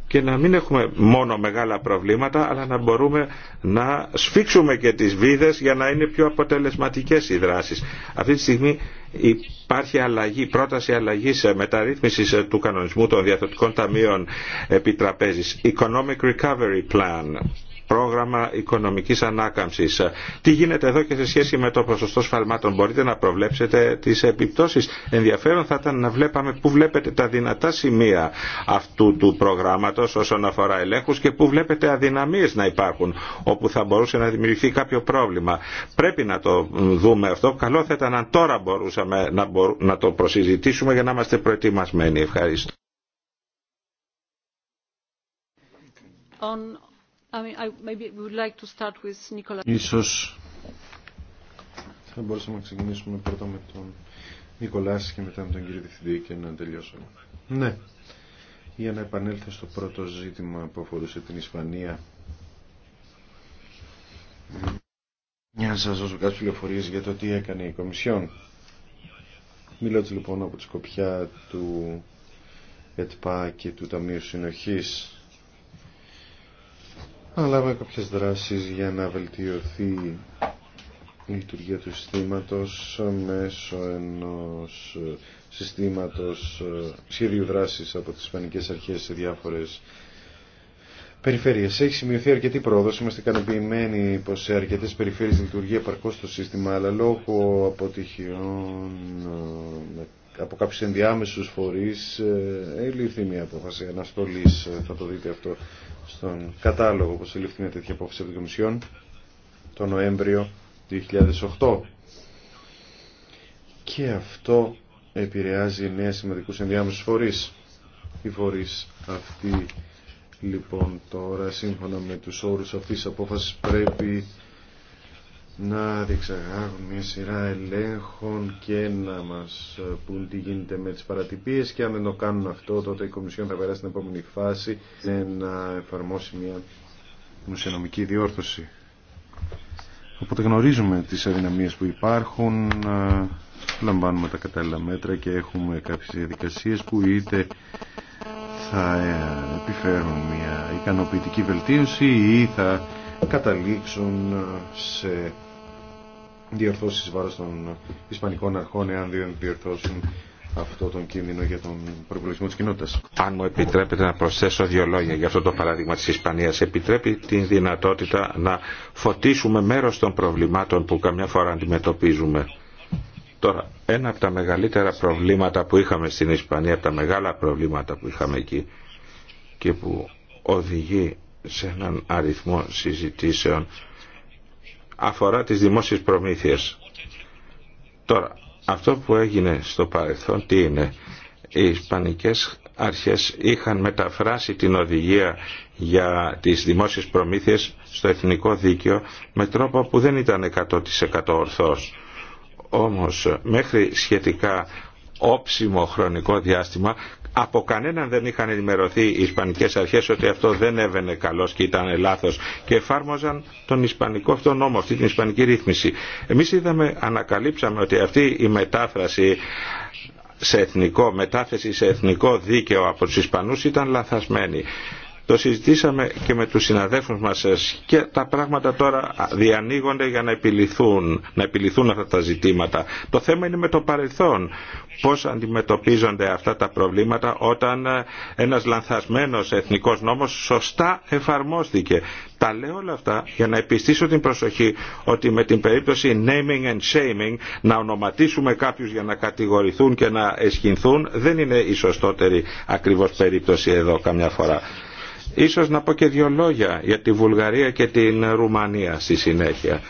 και να μην έχουμε μόνο μεγάλα προβλήματα αλλά να μπορούμε να σφίξουμε και τις βίδες για να είναι πιο αποτελεσματικές οι δράσεις. Αυτή τη στιγμή υπάρχει αλλαγή, πρόταση αλλαγής ε, μεταρρύθμισης ε, του κανονισμού των διαθετικών ταμείων ε, επιτραπέζης. Economic Recovery Plan πρόγραμμα οικονομικής ανάκαμψης. Τι γίνεται εδώ και σε σχέση με το ποσοστό σφαλμάτων. Μπορείτε να προβλέψετε τις επιπτώσεις. Ενδιαφέρον θα ήταν να βλέπαμε πού βλέπετε τα δυνατά σημεία αυτού του προγράμματος όσον αφορά ελέγχους και πού βλέπετε αδυναμίες να υπάρχουν όπου θα μπορούσε να δημιουργηθεί κάποιο πρόβλημα. Πρέπει να το δούμε αυτό. Καλό θα ήταν αν τώρα μπορούσαμε να, να το προσυζητήσουμε για να είμαστε προετοιμασμένοι. Ευχαριστώ. On, Ίσως θα μπορούσαμε να ξεκινήσουμε πρώτα με τον Νικολάς και μετά με τον κύριο Διευθυντή και να τελειώσουμε. Ναι, για να επανέλθω στο πρώτο ζήτημα που αφορούσε την Ισπανία. Για να σας δώσω κάποιες πληροφορίες για το τι έκανε η Κομισιόν. Μιλώ λοιπόν από τη σκοπιά του ΕΤΠΑ και του Ταμείου Συνοχής αναλάβαμε κάποιες δράσεις για να βελτιωθεί η λειτουργία του συστήματος μέσω ενός συστήματος σχεδίου δράσης από τις Ισπανικές Αρχές σε διάφορες περιφέρειες. Έχει σημειωθεί αρκετή πρόοδος, είμαστε ικανοποιημένοι πως σε αρκετές περιφέρειες λειτουργεί επαρκώς το σύστημα, αλλά λόγω αποτυχιών ε, από κάποιους ενδιάμεσους φορείς ελήφθη ε, μια απόφαση αναστολής, ε, θα το δείτε αυτό στον κατάλογο που ελήφθη μια τέτοια απόφαση από την Κομισιόν το Νοέμβριο 2008. Και αυτό επηρεάζει νέα σημαντικούς ενδιάμεσους φορείς. Οι φορείς αυτοί λοιπόν τώρα σύμφωνα με τους όρους αυτής της απόφασης πρέπει να διεξαγάγουν μια σειρά ελέγχων και να μας πούν τι γίνεται με τις παρατυπίες και αν δεν το κάνουν αυτό τότε η Κομισιόν θα περάσει στην επόμενη φάση να εφαρμόσει μια μουσιονομική διόρθωση. Οπότε γνωρίζουμε τις αδυναμίες που υπάρχουν, ε, λαμβάνουμε τα κατάλληλα μέτρα και έχουμε κάποιες διαδικασίες που είτε θα ε, επιφέρουν μια ικανοποιητική βελτίωση ή θα καταλήξουν ε, σε διορθώσει βάρος των Ισπανικών αρχών εάν δεν διορθώσουν αυτό τον κίνδυνο για τον προπολογισμό τη κοινότητα. Αν μου επιτρέπετε να προσθέσω δύο λόγια για αυτό το παράδειγμα τη Ισπανία, Επιτρέπει την δυνατότητα να φωτίσουμε μέρο των προβλημάτων που καμιά φορά αντιμετωπίζουμε. Τώρα, ένα από τα μεγαλύτερα προβλήματα που είχαμε στην Ισπανία, από τα μεγάλα προβλήματα που είχαμε εκεί και που οδηγεί σε έναν αριθμό συζητήσεων αφορά τις δημόσιες προμήθειες. Τώρα, αυτό που έγινε στο παρελθόν τι είναι. Οι ισπανικές αρχές είχαν μεταφράσει την οδηγία για τις δημόσιες προμήθειες στο εθνικό δίκαιο με τρόπο που δεν ήταν 100% ορθός. Όμως μέχρι σχετικά όψιμο χρονικό διάστημα από κανέναν δεν είχαν ενημερωθεί οι Ισπανικές αρχές ότι αυτό δεν έβαινε καλώς και ήταν λάθος και εφάρμοζαν τον Ισπανικό αυτό νόμο, αυτή την Ισπανική ρύθμιση. Εμείς είδαμε, ανακαλύψαμε ότι αυτή η μετάφραση σε εθνικό, μετάθεση σε εθνικό δίκαιο από τους Ισπανούς ήταν λαθασμένη. Το συζητήσαμε και με τους συναδέλφους μας ε, και τα πράγματα τώρα διανοίγονται για να επιληθούν, να επιληθούν αυτά τα ζητήματα. Το θέμα είναι με το παρελθόν. Πώς αντιμετωπίζονται αυτά τα προβλήματα όταν ε, ένας λανθασμένος εθνικός νόμος σωστά εφαρμόστηκε. Τα λέω όλα αυτά για να επιστήσω την προσοχή ότι με την περίπτωση naming and shaming να ονοματίσουμε κάποιους για να κατηγορηθούν και να εσχυνθούν δεν είναι η σωστότερη ακριβώς περίπτωση εδώ καμιά φορά. Ίσως να πω και δύο λόγια για τη Βουλγαρία και την Ρουμανία στη συνέχεια.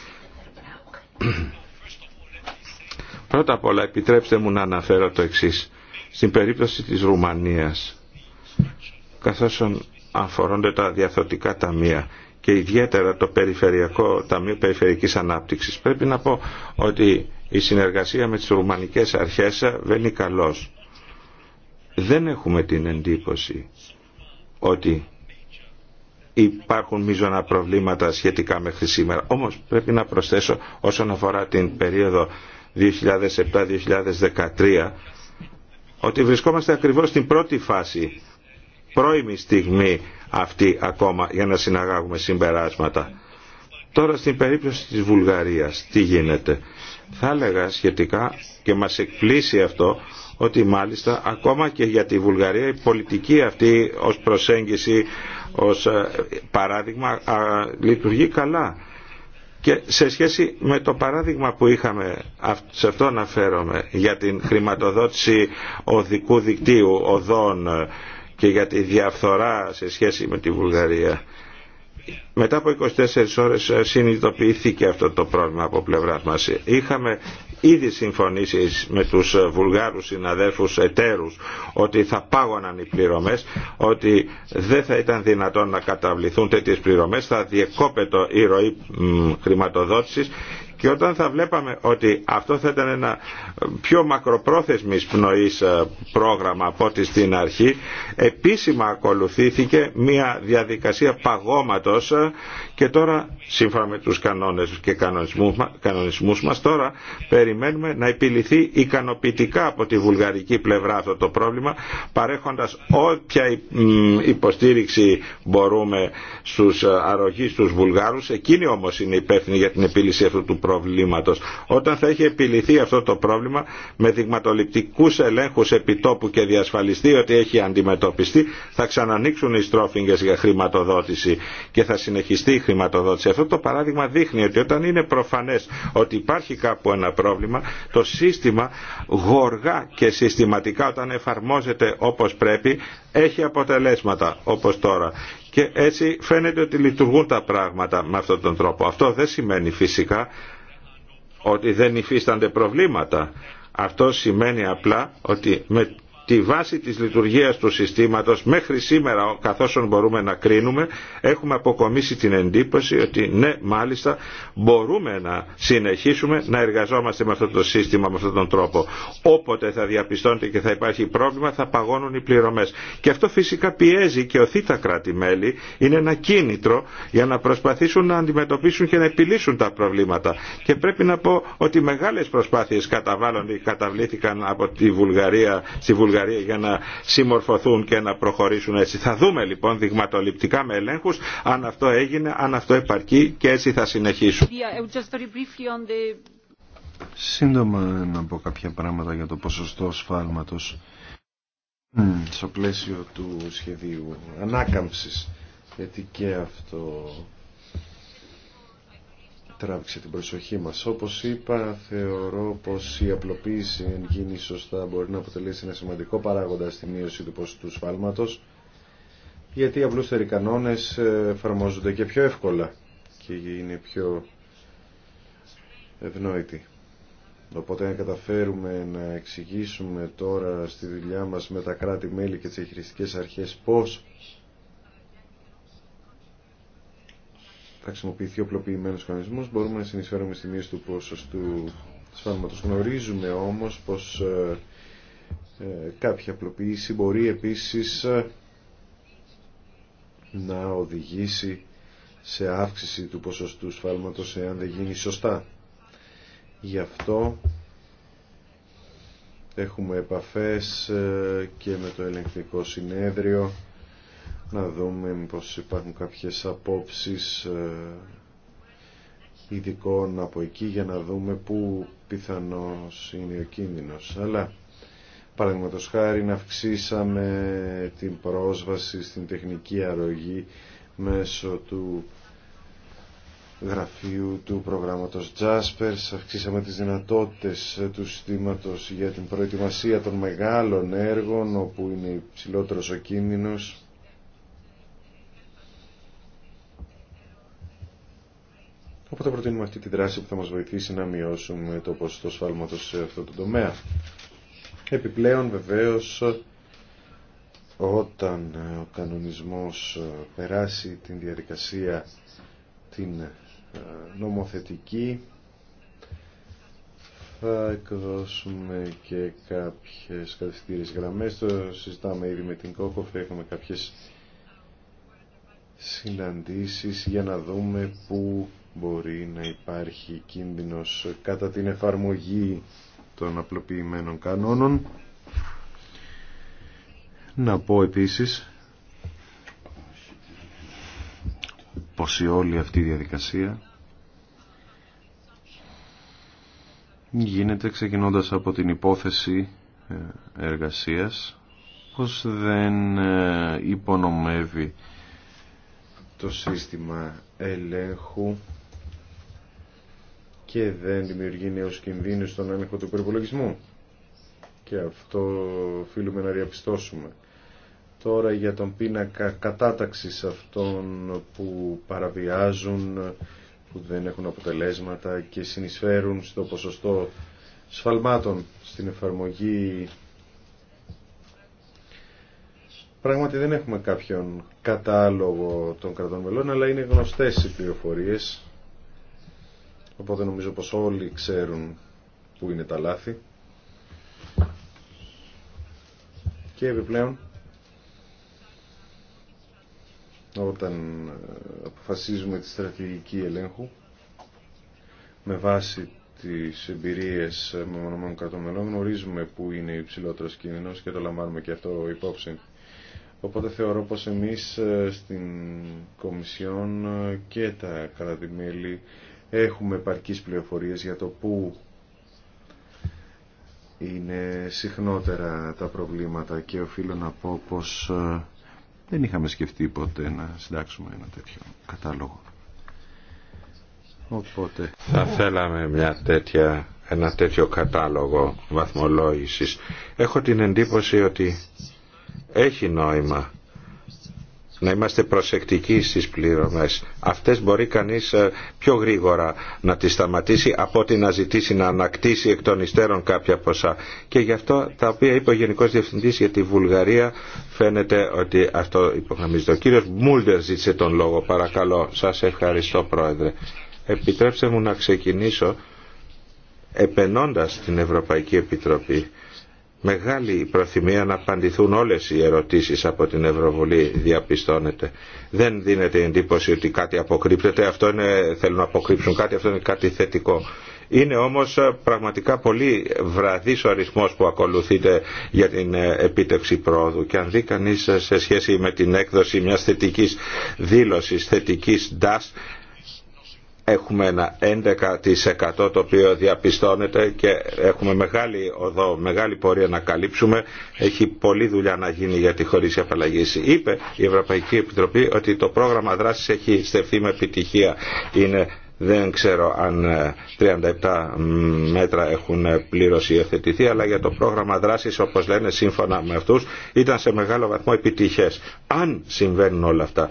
Πρώτα απ' όλα επιτρέψτε μου να αναφέρω το εξής. Στην περίπτωση της Ρουμανίας, καθώς αφορώνται τα διαθωτικά ταμεία και ιδιαίτερα το Περιφερειακό Ταμείο Περιφερειακής Ανάπτυξης, πρέπει να πω ότι η συνεργασία με τις ρουμανικές αρχές βαίνει καλός. Δεν έχουμε την εντύπωση ότι υπάρχουν μείζωνα προβλήματα σχετικά μέχρι σήμερα. Όμως πρέπει να προσθέσω όσον αφορά την περίοδο 2007-2013 ότι βρισκόμαστε ακριβώς στην πρώτη φάση, πρώιμη στιγμή αυτή ακόμα για να συναγάγουμε συμπεράσματα. Τώρα στην περίπτωση της Βουλγαρίας τι γίνεται. Θα έλεγα σχετικά και μας εκπλήσει αυτό ότι μάλιστα ακόμα και για τη Βουλγαρία η πολιτική αυτή ως προσέγγιση ως ε, παράδειγμα λειτουργεί καλά. Και σε σχέση με το παράδειγμα που είχαμε, σε αυτό αναφέρομαι, για την χρηματοδότηση οδικού δικτύου οδών ε, και για τη διαφθορά σε σχέση με τη Βουλγαρία. Μετά από 24 ώρες ε, συνειδητοποιήθηκε αυτό το πρόβλημα από πλευράς μας. Είχαμε ήδη συμφωνήσει με τους Βουλγάρους συναδέλφους εταίρους ότι θα πάγωναν οι πληρωμές, ότι δεν θα ήταν δυνατόν να καταβληθούν τέτοιες πληρωμές, θα διεκόπεται η ροή χρηματοδότησης και όταν θα βλέπαμε ότι αυτό θα ήταν ένα πιο μακροπρόθεσμης πνοής ε, πρόγραμμα από ό,τι στην αρχή, επίσημα ακολουθήθηκε μια διαδικασία παγώματος ε, και τώρα σύμφωνα με τους κανόνες και κανονισμούς μας τώρα περιμένουμε να επιληθεί ικανοποιητικά από τη βουλγαρική πλευρά αυτό το πρόβλημα παρέχοντας όποια υποστήριξη μπορούμε στους ε, αρρωγείς τους Βουλγάρους εκείνοι όμως είναι υπεύθυνοι για την επίλυση αυτού του πρόβλημα προβλήματος. Όταν θα έχει επιληθεί αυτό το πρόβλημα με δειγματοληπτικούς ελέγχους επιτόπου και διασφαλιστεί ότι έχει αντιμετωπιστεί, θα ξανανοίξουν οι στρόφιγγες για χρηματοδότηση και θα συνεχιστεί η χρηματοδότηση. Αυτό το παράδειγμα δείχνει ότι όταν είναι προφανές ότι υπάρχει κάπου ένα πρόβλημα, το σύστημα γοργά και συστηματικά όταν εφαρμόζεται όπως πρέπει, έχει αποτελέσματα όπως τώρα. Και έτσι φαίνεται ότι λειτουργούν τα πράγματα με αυτόν τον τρόπο. Αυτό δεν σημαίνει φυσικά ότι δεν υφίστανται προβλήματα. Αυτό σημαίνει απλά ότι με τη βάση της λειτουργίας του συστήματος μέχρι σήμερα καθώς μπορούμε να κρίνουμε έχουμε αποκομίσει την εντύπωση ότι ναι μάλιστα μπορούμε να συνεχίσουμε να εργαζόμαστε με αυτό το σύστημα, με αυτόν τον τρόπο. Όποτε θα διαπιστώνεται και θα υπάρχει πρόβλημα θα παγώνουν οι πληρωμές. Και αυτό φυσικά πιέζει και οθεί τα κράτη-μέλη, είναι ένα κίνητρο για να προσπαθήσουν να αντιμετωπίσουν και να επιλύσουν τα προβλήματα. Και πρέπει να πω ότι μεγάλες προσπάθειες καταβάλλονται ή καταβλήθηκαν από τη Βουλγαρία, στη Βουλγαρία για να συμμορφωθούν και να προχωρήσουν έτσι. Θα δούμε λοιπόν δειγματοληπτικά με ελέγχου αν αυτό έγινε, αν αυτό επαρκεί και έτσι θα συνεχίσουν. Σύντομα να πω κάποια πράγματα για το ποσοστό σφάλματος στο πλαίσιο του σχεδίου ανάκαμψης γιατί και αυτό τράβηξε την προσοχή μας. Όπως είπα, θεωρώ πως η απλοποίηση εν γίνει σωστά μπορεί να αποτελέσει ένα σημαντικό παράγοντα στη μείωση του ποσοστού σφάλματος, γιατί οι απλούστεροι κανόνες ε, εφαρμόζονται και πιο εύκολα και είναι πιο ευνόητοι. Οπότε αν καταφέρουμε να εξηγήσουμε τώρα στη δουλειά μας με τα κράτη-μέλη και τις εχειριστικές αρχές πώς θα χρησιμοποιηθεί οπλοποιημένος κανονισμός, μπορούμε να συνεισφέρουμε στη μείωση του ποσοστού σφάλματος. Γνωρίζουμε όμως πως ε, ε, κάποια απλοποίηση μπορεί επίσης ε, να οδηγήσει σε αύξηση του ποσοστού σφάλματος εάν δεν γίνει σωστά. Γι' αυτό έχουμε επαφές και με το ελεγκτικό συνέδριο να δούμε πως υπάρχουν κάποιες απόψεις ε, ειδικών από εκεί για να δούμε πού πιθανώς είναι ο κίνδυνος. Αλλά παραδείγματος χάρη να αυξήσαμε την πρόσβαση στην τεχνική αρρωγή μέσω του γραφείου του προγράμματος Jaspers, αυξήσαμε τις δυνατότητες του συστήματος για την προετοιμασία των μεγάλων έργων όπου είναι υψηλότερος ο κίνδυνος Οπότε προτείνουμε αυτή τη δράση που θα μας βοηθήσει να μειώσουμε το ποσοστό σφάλματος σε αυτό το τομέα. Επιπλέον βεβαίως όταν ε, ο κανονισμός ε, περάσει την διαδικασία την ε, νομοθετική θα εκδώσουμε και κάποιες καθυστήριες γραμμές. Το συζητάμε ήδη με την Κόκοφ, έχουμε κάποιες συναντήσεις για να δούμε πού μπορεί να υπάρχει κίνδυνος κατά την εφαρμογή των απλοποιημένων κανόνων. Να πω επίσης πως η όλη αυτή η διαδικασία γίνεται ξεκινώντας από την υπόθεση ε, εργασίας πως δεν ε, υπονομεύει το σύστημα ελέγχου και δεν δημιουργεί νέους κινδύνους στον έλεγχο του προπολογισμού. Και αυτό οφείλουμε να διαπιστώσουμε. Τώρα για τον πίνακα κατάταξης αυτών που παραβιάζουν, που δεν έχουν αποτελέσματα και συνεισφέρουν στο ποσοστό σφαλμάτων στην εφαρμογή. Πράγματι δεν έχουμε κάποιον κατάλογο των κρατών μελών, αλλά είναι γνωστές οι πληροφορίες Οπότε νομίζω πως όλοι ξέρουν που είναι τα λάθη. Και επιπλέον, όταν ε, αποφασίζουμε τη στρατηγική ελέγχου, με βάση τις εμπειρίες ε, μεμονωμένων κρατών μελών, γνωρίζουμε που είναι υψηλότερος κίνδυνος και το λαμβάνουμε και αυτό υπόψη. Οπότε θεωρώ πως εμείς ε, στην Κομισιόν και τα κρατημέλη έχουμε επαρκείς πληροφορίες για το πού είναι συχνότερα τα προβλήματα και οφείλω να πω πως ε, δεν είχαμε σκεφτεί ποτέ να συντάξουμε ένα τέτοιο κατάλογο. Οπότε... Θα θέλαμε μια τέτοια, ένα τέτοιο κατάλογο βαθμολόγησης. Έχω την εντύπωση ότι έχει νόημα να είμαστε προσεκτικοί στις πληρωμές. Αυτές μπορεί κανείς ε, πιο γρήγορα να τις σταματήσει από ότι να ζητήσει να ανακτήσει εκ των υστέρων κάποια ποσά. Και γι' αυτό τα οποία είπε ο Γενικός Διευθυντής για τη Βουλγαρία φαίνεται ότι αυτό υπογραμμίζεται. Ο κύριος Μούλτερ ζήτησε τον λόγο. Παρακαλώ. Σας ευχαριστώ Πρόεδρε. Επιτρέψτε μου να ξεκινήσω επενώντας την Ευρωπαϊκή Επιτροπή Μεγάλη προθυμία να απαντηθούν όλες οι ερωτήσεις από την Ευρωβουλή διαπιστώνεται. Δεν δίνεται εντύπωση ότι κάτι αποκρύπτεται, αυτό είναι, θέλουν να αποκρύψουν κάτι, αυτό είναι κάτι θετικό. Είναι όμως πραγματικά πολύ βραδύς ο αριθμός που ακολουθείται για την επίτευξη πρόοδου και αν δει κανείς σε σχέση με την έκδοση μιας θετικής δήλωσης, θετικής DAS, έχουμε ένα 11% το οποίο διαπιστώνεται και έχουμε μεγάλη οδό, μεγάλη πορεία να καλύψουμε. Έχει πολλή δουλειά να γίνει για τη χωρίς απαλλαγή. Είπε η Ευρωπαϊκή Επιτροπή ότι το πρόγραμμα δράσης έχει στεφθεί με επιτυχία. Είναι δεν ξέρω αν 37 ε, μέτρα έχουν πλήρως υιοθετηθεί, αλλά για το πρόγραμμα δράσης, όπως λένε σύμφωνα με αυτούς, ήταν σε μεγάλο βαθμό επιτυχές. Αν συμβαίνουν όλα αυτά,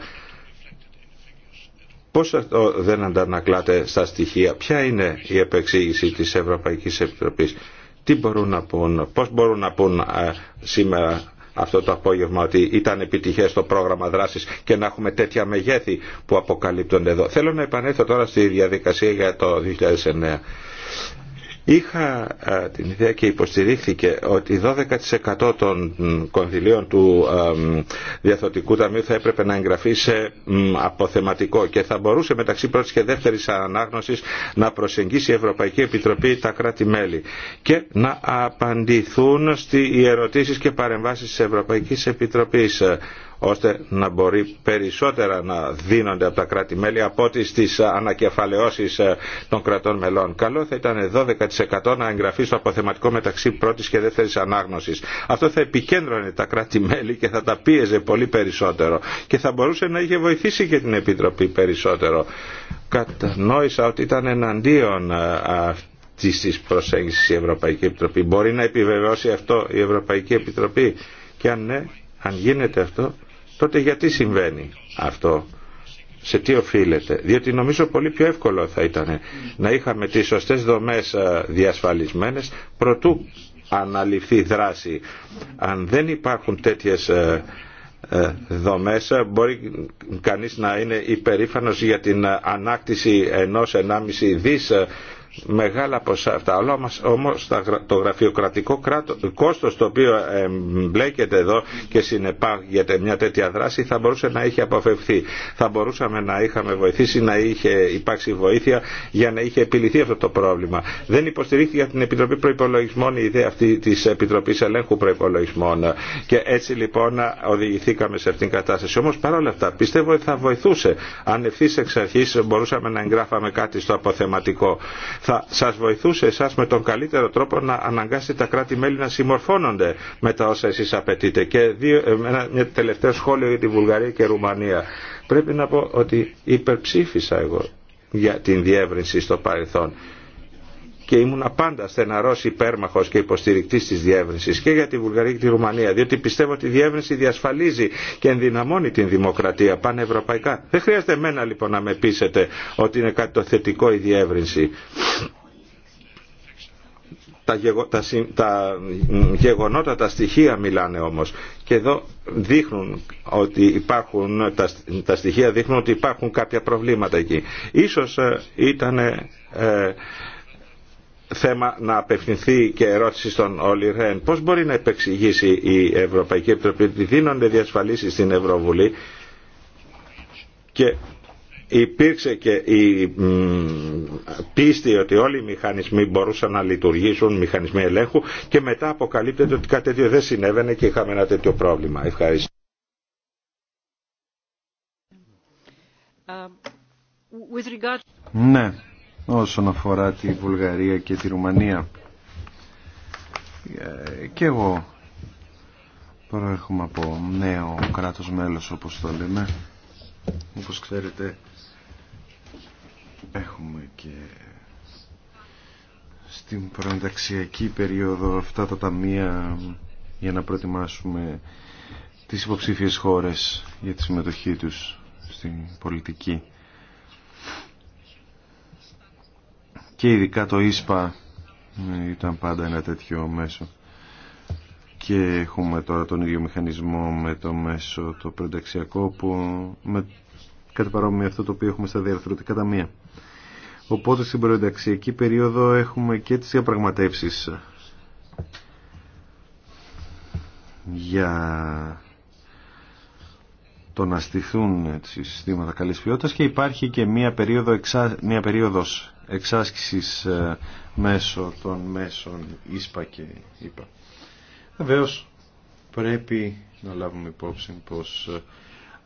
Πώς αυτό δεν αντανακλάται στα στοιχεία. Ποια είναι η επεξήγηση της Ευρωπαϊκής Επιτροπής. Τι μπορούν να πούν, πώς μπορούν να πούν ε, σήμερα αυτό το απόγευμα ότι ήταν επιτυχές το πρόγραμμα δράσης και να έχουμε τέτοια μεγέθη που αποκαλύπτονται εδώ. Θέλω να επανέλθω τώρα στη διαδικασία για το 2009. Είχα ε, την ιδέα και υποστηρίχθηκε ότι 12% των κονδυλίων του ε, Διαθωτικού Ταμείου θα έπρεπε να εγγραφεί σε αποθεματικό και θα μπορούσε μεταξύ πρώτης και δεύτερης ανάγνωσης να προσεγγίσει η Ευρωπαϊκή Επιτροπή τα κράτη-μέλη και να απαντηθούν στις ερωτήσεις και παρεμβάσεις της Ευρωπαϊκής Επιτροπής ώστε να μπορεί περισσότερα να δίνονται από τα κράτη-μέλη από ό,τι στις ανακεφαλαιώσεις ε, των κρατών μελών. Καλό θα ήταν 12% να εγγραφεί στο αποθεματικό μεταξύ πρώτης και δεύτερης ανάγνωσης. Αυτό θα επικέντρωνε τα κράτη-μέλη και θα τα πίεζε πολύ περισσότερο και θα μπορούσε να είχε βοηθήσει και την Επιτροπή περισσότερο. Κατανόησα ότι ήταν εναντίον ε, αυτή τη προσέγγιση η Ευρωπαϊκή Επιτροπή. Μπορεί να επιβεβαιώσει αυτό η Ευρωπαϊκή Επιτροπή και αν ναι, αν γίνεται αυτό τότε γιατί συμβαίνει αυτό. Σε τι οφείλεται. Διότι νομίζω πολύ πιο εύκολο θα ήταν να είχαμε τις σωστές δομές διασφαλισμένες προτού αναλυφθεί δράση. Αν δεν υπάρχουν τέτοιες δομές μπορεί κανείς να είναι υπερήφανος για την ανάκτηση ενός ενάμιση δις μεγάλα ποσά αυτά. Όμως το γραφειοκρατικό κράτο, κόστος το οποίο ε, μπλέκεται εδώ και συνεπάγεται μια τέτοια δράση θα μπορούσε να είχε αποφευθεί. Θα μπορούσαμε να είχαμε βοηθήσει, να είχε υπάρξει βοήθεια για να είχε επιληθεί αυτό το πρόβλημα. Δεν υποστηρίχθηκε από την Επιτροπή Προπολογισμών η ιδέα αυτή τη Επιτροπή Ελέγχου Προπολογισμών. Και έτσι λοιπόν οδηγηθήκαμε σε αυτήν την κατάσταση. Όμω παρόλα αυτά πιστεύω ότι θα βοηθούσε αν ευθύ εξ αρχή μπορούσαμε να εγγράφαμε κάτι στο αποθεματικό θα σας βοηθούσε εσάς με τον καλύτερο τρόπο να αναγκάσετε τα κράτη-μέλη να συμμορφώνονται με τα όσα εσείς απαιτείτε. Και δύο, ε, ένα, μια τελευταίο σχόλιο για τη Βουλγαρία και Ρουμανία. Πρέπει να πω ότι υπερψήφισα εγώ για την διεύρυνση στο παρελθόν και ήμουν πάντα στεναρός υπέρμαχο και υποστηρικτή τη διεύρυνσης και για τη Βουλγαρία και τη Ρουμανία διότι πιστεύω ότι η διεύρυνση διασφαλίζει και ενδυναμώνει την δημοκρατία πανευρωπαϊκά. Δεν χρειάζεται εμένα λοιπόν να με πείσετε ότι είναι κάτι το θετικό η διεύρυνση τα γεγονότα, τα στοιχεία μιλάνε όμως και εδώ δείχνουν ότι υπάρχουν, τα στοιχεία δείχνουν ότι υπάρχουν κάποια προβλήματα εκεί. Ίσως ε, ήταν ε, θέμα να απευθυνθεί και ερώτηση στον Όλυ Ρεν. Πώς μπορεί να επεξηγήσει η Ευρωπαϊκή Επιτροπή ότι δίνονται διασφαλίσεις στην Ευρωβουλή και υπήρξε και η πίστη ότι όλοι οι μηχανισμοί μπορούσαν να λειτουργήσουν, μηχανισμοί ελέγχου και μετά αποκαλύπτεται ότι κάτι τέτοιο δεν συνέβαινε και είχαμε ένα τέτοιο πρόβλημα. Ευχαριστώ. Uh, ναι όσον αφορά τη Βουλγαρία και τη Ρουμανία. Ε, και εγώ προέρχομαι από νέο κράτος μέλος όπως το λέμε. Όπως ξέρετε έχουμε και στην προενταξιακή περίοδο αυτά τα ταμεία για να προετοιμάσουμε τις υποψήφιες χώρες για τη συμμετοχή τους στην πολιτική. και ειδικά το ΙΣΠΑ ήταν πάντα ένα τέτοιο μέσο και έχουμε τώρα τον ίδιο μηχανισμό με το μέσο το πρενταξιακό που με κάτι παρόμοιο αυτό το οποίο έχουμε στα διαρθρωτικά ταμεία. Οπότε στην προενταξιακή περίοδο έχουμε και τις διαπραγματεύσει για το να στηθούν συστήματα καλής ποιότητας και υπάρχει και μία περίοδο, μια περιοδο μια εξάσκησης ε, μέσω των μέσων ΙΣΠΑ και ΙΠΑ. Βεβαίω πρέπει να λάβουμε υπόψη πως ε,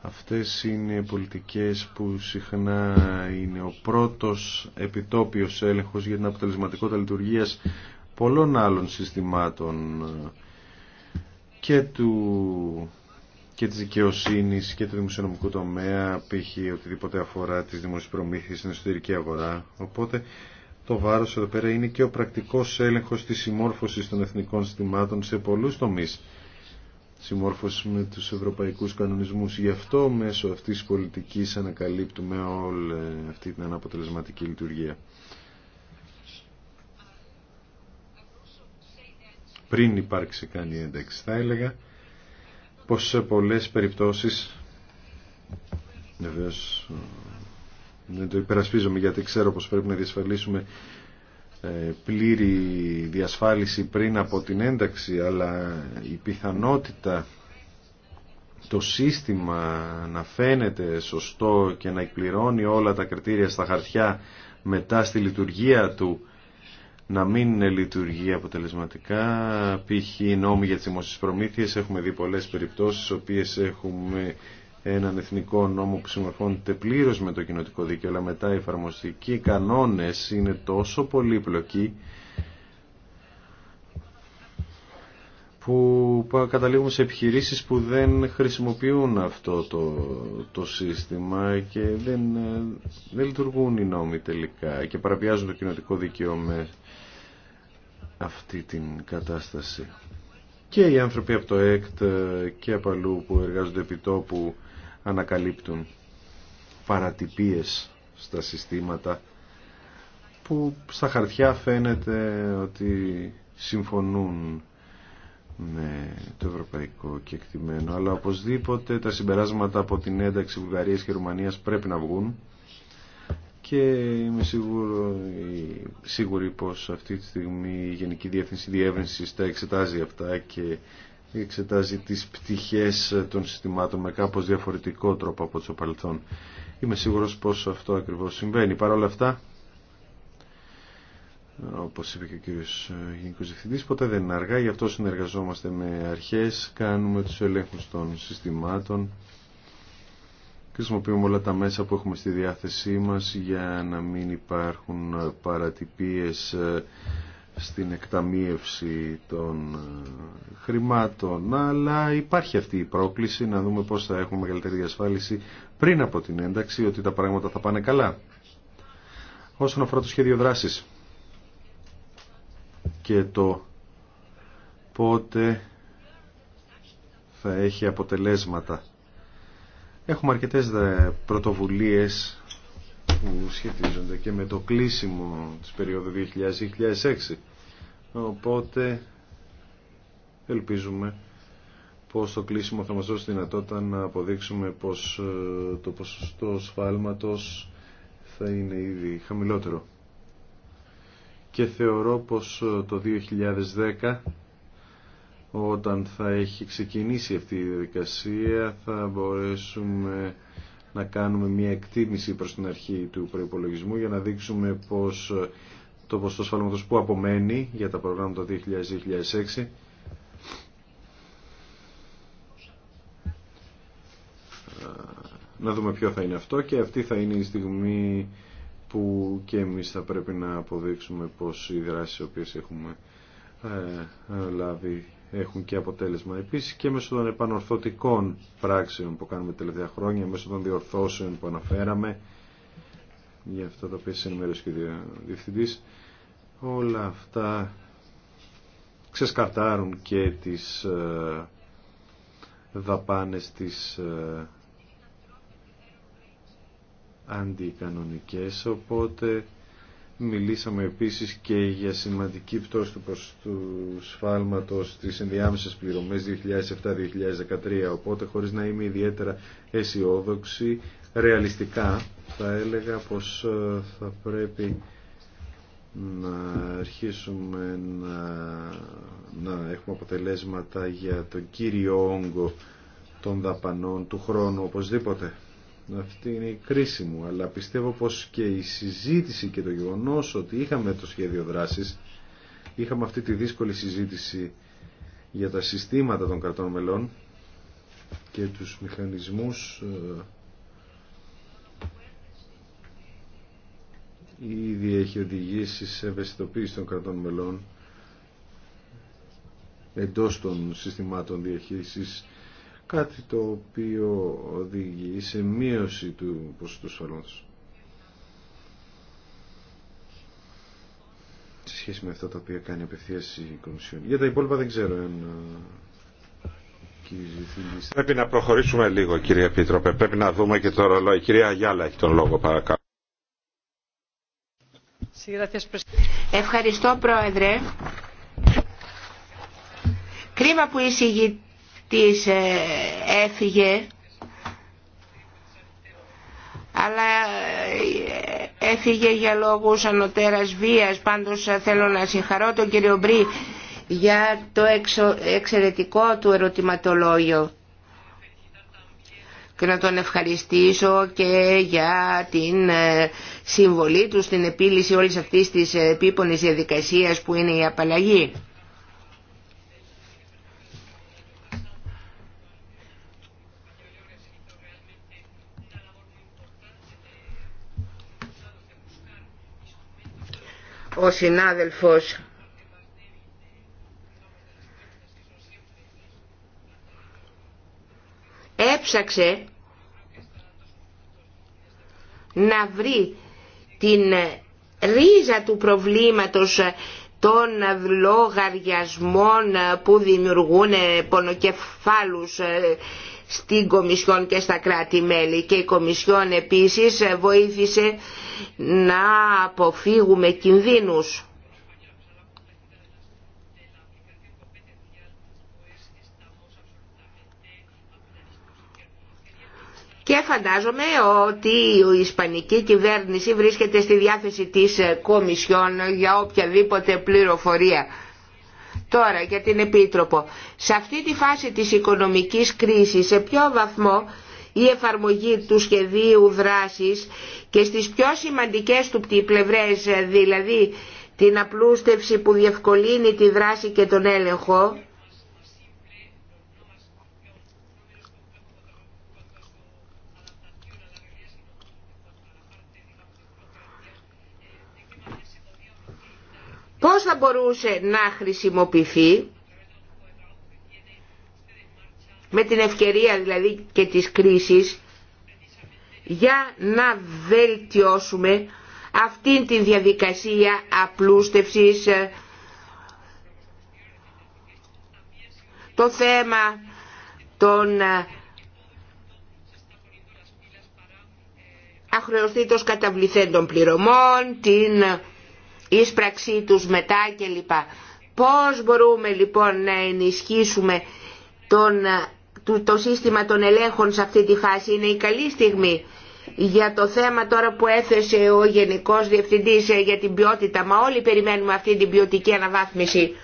αυτές είναι πολιτικές που συχνά είναι ο πρώτος επιτόπιος έλεγχος για την αποτελεσματικότητα λειτουργίας πολλών άλλων συστημάτων ε, και του και της δικαιοσύνη και του δημοσιονομικού τομέα, π.χ. οτιδήποτε αφορά τις δημόσιες προμήθειες στην εσωτερική αγορά. Οπότε το βάρος εδώ πέρα είναι και ο πρακτικός έλεγχος της συμμόρφωσης των εθνικών συστημάτων σε πολλούς τομείς συμμόρφωση με τους ευρωπαϊκούς κανονισμούς. Γι' αυτό μέσω αυτής της πολιτικής ανακαλύπτουμε όλη αυτή την αναποτελεσματική λειτουργία. Πριν υπάρξει καν ένταξη θα έλεγα πως σε πολλές περιπτώσεις βεβαίω, δεν το υπερασπίζομαι γιατί ξέρω πως πρέπει να διασφαλίσουμε ε, πλήρη διασφάλιση πριν από την ένταξη αλλά η πιθανότητα το σύστημα να φαίνεται σωστό και να εκπληρώνει όλα τα κριτήρια στα χαρτιά μετά στη λειτουργία του να μην λειτουργεί αποτελεσματικά. Π.χ. οι νόμοι για τις δημόσιε προμήθειε. έχουμε δει πολλές περιπτώσεις, οποίες έχουμε έναν εθνικό νόμο που συμμορφώνεται πλήρω με το κοινοτικό δίκαιο, αλλά μετά οι εφαρμοστικοί κανόνες είναι τόσο πολύπλοκοι που καταλήγουμε σε επιχειρήσεις που δεν χρησιμοποιούν αυτό το, το σύστημα και δεν, ε, δεν λειτουργούν οι νόμοι τελικά και παραπιάζουν το κοινοτικό δίκαιο αυτή την κατάσταση. Και οι άνθρωποι από το ΕΚΤ ε, και από αλλού που εργάζονται επί τόπου ανακαλύπτουν παρατυπίες στα συστήματα που στα χαρτιά φαίνεται ότι συμφωνούν με το ευρωπαϊκό κεκτημένο αλλά οπωσδήποτε τα συμπεράσματα από την ένταξη Βουλγαρίας και Ρουμανίας πρέπει να βγουν και είμαι σίγουρο, ε, σίγουρη πως αυτή τη στιγμή η Γενική Διεύθυνση Διεύρυνσης τα εξετάζει αυτά και εξετάζει τις πτυχές των συστημάτων με κάπως διαφορετικό τρόπο από το παρελθόν. Είμαι σίγουρο πως αυτό ακριβώς συμβαίνει. Παρ' όλα αυτά όπως είπε και ο κύριος ε, Γενικός Διευθυντής, ποτέ δεν είναι αργά, γι' αυτό συνεργαζόμαστε με αρχές, κάνουμε τους ελέγχους των συστημάτων, χρησιμοποιούμε όλα τα μέσα που έχουμε στη διάθεσή μας για να μην υπάρχουν παρατυπίες ε, στην εκταμείευση των ε, χρημάτων, αλλά υπάρχει αυτή η πρόκληση να δούμε πώς θα έχουμε μεγαλύτερη διασφάλιση πριν από την ένταξη ότι τα πράγματα θα πάνε καλά. Όσον αφορά το σχέδιο δράσης, και το πότε θα έχει αποτελέσματα. Έχουμε αρκετές ε, πρωτοβουλίες που σχετίζονται και με το κλείσιμο της περίοδου 2000-2006. Οπότε ελπίζουμε πως το κλείσιμο θα μας δώσει δυνατότητα να αποδείξουμε πως ε, το ποσοστό σφάλματος θα είναι ήδη χαμηλότερο και θεωρώ πως ε, το 2010 όταν θα έχει ξεκινήσει αυτή η διαδικασία θα μπορέσουμε να κάνουμε μια εκτίμηση προς την αρχή του προϋπολογισμού για να δείξουμε πως ε, το ποσοστό σφάλματος που απομένει για τα προγράμματα 2000-2006 ε, να δούμε ποιο θα είναι αυτό και αυτή θα είναι η στιγμή που και εμείς θα πρέπει να αποδείξουμε πως οι δράσεις οι οποίες έχουμε ε, λάβει έχουν και αποτέλεσμα. Επίσης και μέσω των επανορθωτικών πράξεων που κάνουμε τελευταία χρόνια, μέσω των διορθώσεων που αναφέραμε, για αυτά τα οποία ενημέρωσε και ο Διευθυντής, όλα αυτά ξεσκαρτάρουν και τις ε, δαπάνες της ε, αντικανονικές, οπότε μιλήσαμε επίσης και για σημαντική πτώση του, του σφάλματος στις ενδιάμεσες πληρωμές 2007-2013, οπότε χωρίς να είμαι ιδιαίτερα αισιόδοξη, ρεαλιστικά θα έλεγα πως ε, θα πρέπει να αρχίσουμε να, να έχουμε αποτελέσματα για τον κύριο όγκο των δαπανών του χρόνου οπωσδήποτε. Αυτή είναι η κρίση μου, αλλά πιστεύω πως και η συζήτηση και το γεγονός ότι είχαμε το σχέδιο δράσης, είχαμε αυτή τη δύσκολη συζήτηση για τα συστήματα των κρατών μελών και τους μηχανισμούς ε, ήδη έχει οδηγήσει σε ευαισθητοποίηση των κρατών μελών εντός των συστημάτων διαχείρισης κάτι το οποίο οδηγεί σε μείωση του ποσοστού Σε σχέση με αυτό το οποία κάνει απευθείας η Κομισιόν. Για τα υπόλοιπα δεν ξέρω αν Πρέπει να προχωρήσουμε λίγο κύριε Επίτροπε. Πρέπει να δούμε και το ρολόι. Κυρία Αγιάλα έχει τον λόγο παρακαλώ. Ευχαριστώ Πρόεδρε. Κρίμα που η της ε, έφυγε αλλά ε, έφυγε για λόγους ανωτέρας βίας πάντως ε, θέλω να συγχαρώ τον κύριο Μπρί για το εξαιρετικό του ερωτηματολόγιο και να τον ευχαριστήσω και για την συμβολή του στην επίλυση όλης αυτής της επίπονης διαδικασίας που είναι η απαλλαγή. ο συνάδελφος έψαξε να βρει την ρίζα του προβλήματος των λογαριασμών που δημιουργούν πονοκεφάλους ε, στην Κομισιόν και στα κράτη-μέλη και η Κομισιόν επίσης βοήθησε να αποφύγουμε κινδύνους. Και φαντάζομαι ότι η Ισπανική κυβέρνηση βρίσκεται στη διάθεση της Κομισιόν για οποιαδήποτε πληροφορία. Τώρα για την Επίτροπο. Σε αυτή τη φάση της οικονομικής κρίσης, σε ποιο βαθμό η εφαρμογή του σχεδίου δράσης και στις πιο σημαντικές του πλευρές, δηλαδή την απλούστευση που διευκολύνει τη δράση και τον έλεγχο, πώς θα μπορούσε να χρησιμοποιηθεί με την ευκαιρία δηλαδή και της κρίσης για να βελτιώσουμε αυτήν την διαδικασία απλούστευσης ε, το θέμα των ε, αχρεωστήτως καταβληθέντων πληρωμών, την ίσπραξή τους μετά κλπ. Πώς μπορούμε λοιπόν να ενισχύσουμε τον, το, το σύστημα των ελέγχων σε αυτή τη φάση είναι η καλή στιγμή για το θέμα τώρα που έθεσε ο Γενικός Διευθυντής ε, για την ποιότητα, μα όλοι περιμένουμε αυτή την ποιοτική αναβάθμιση.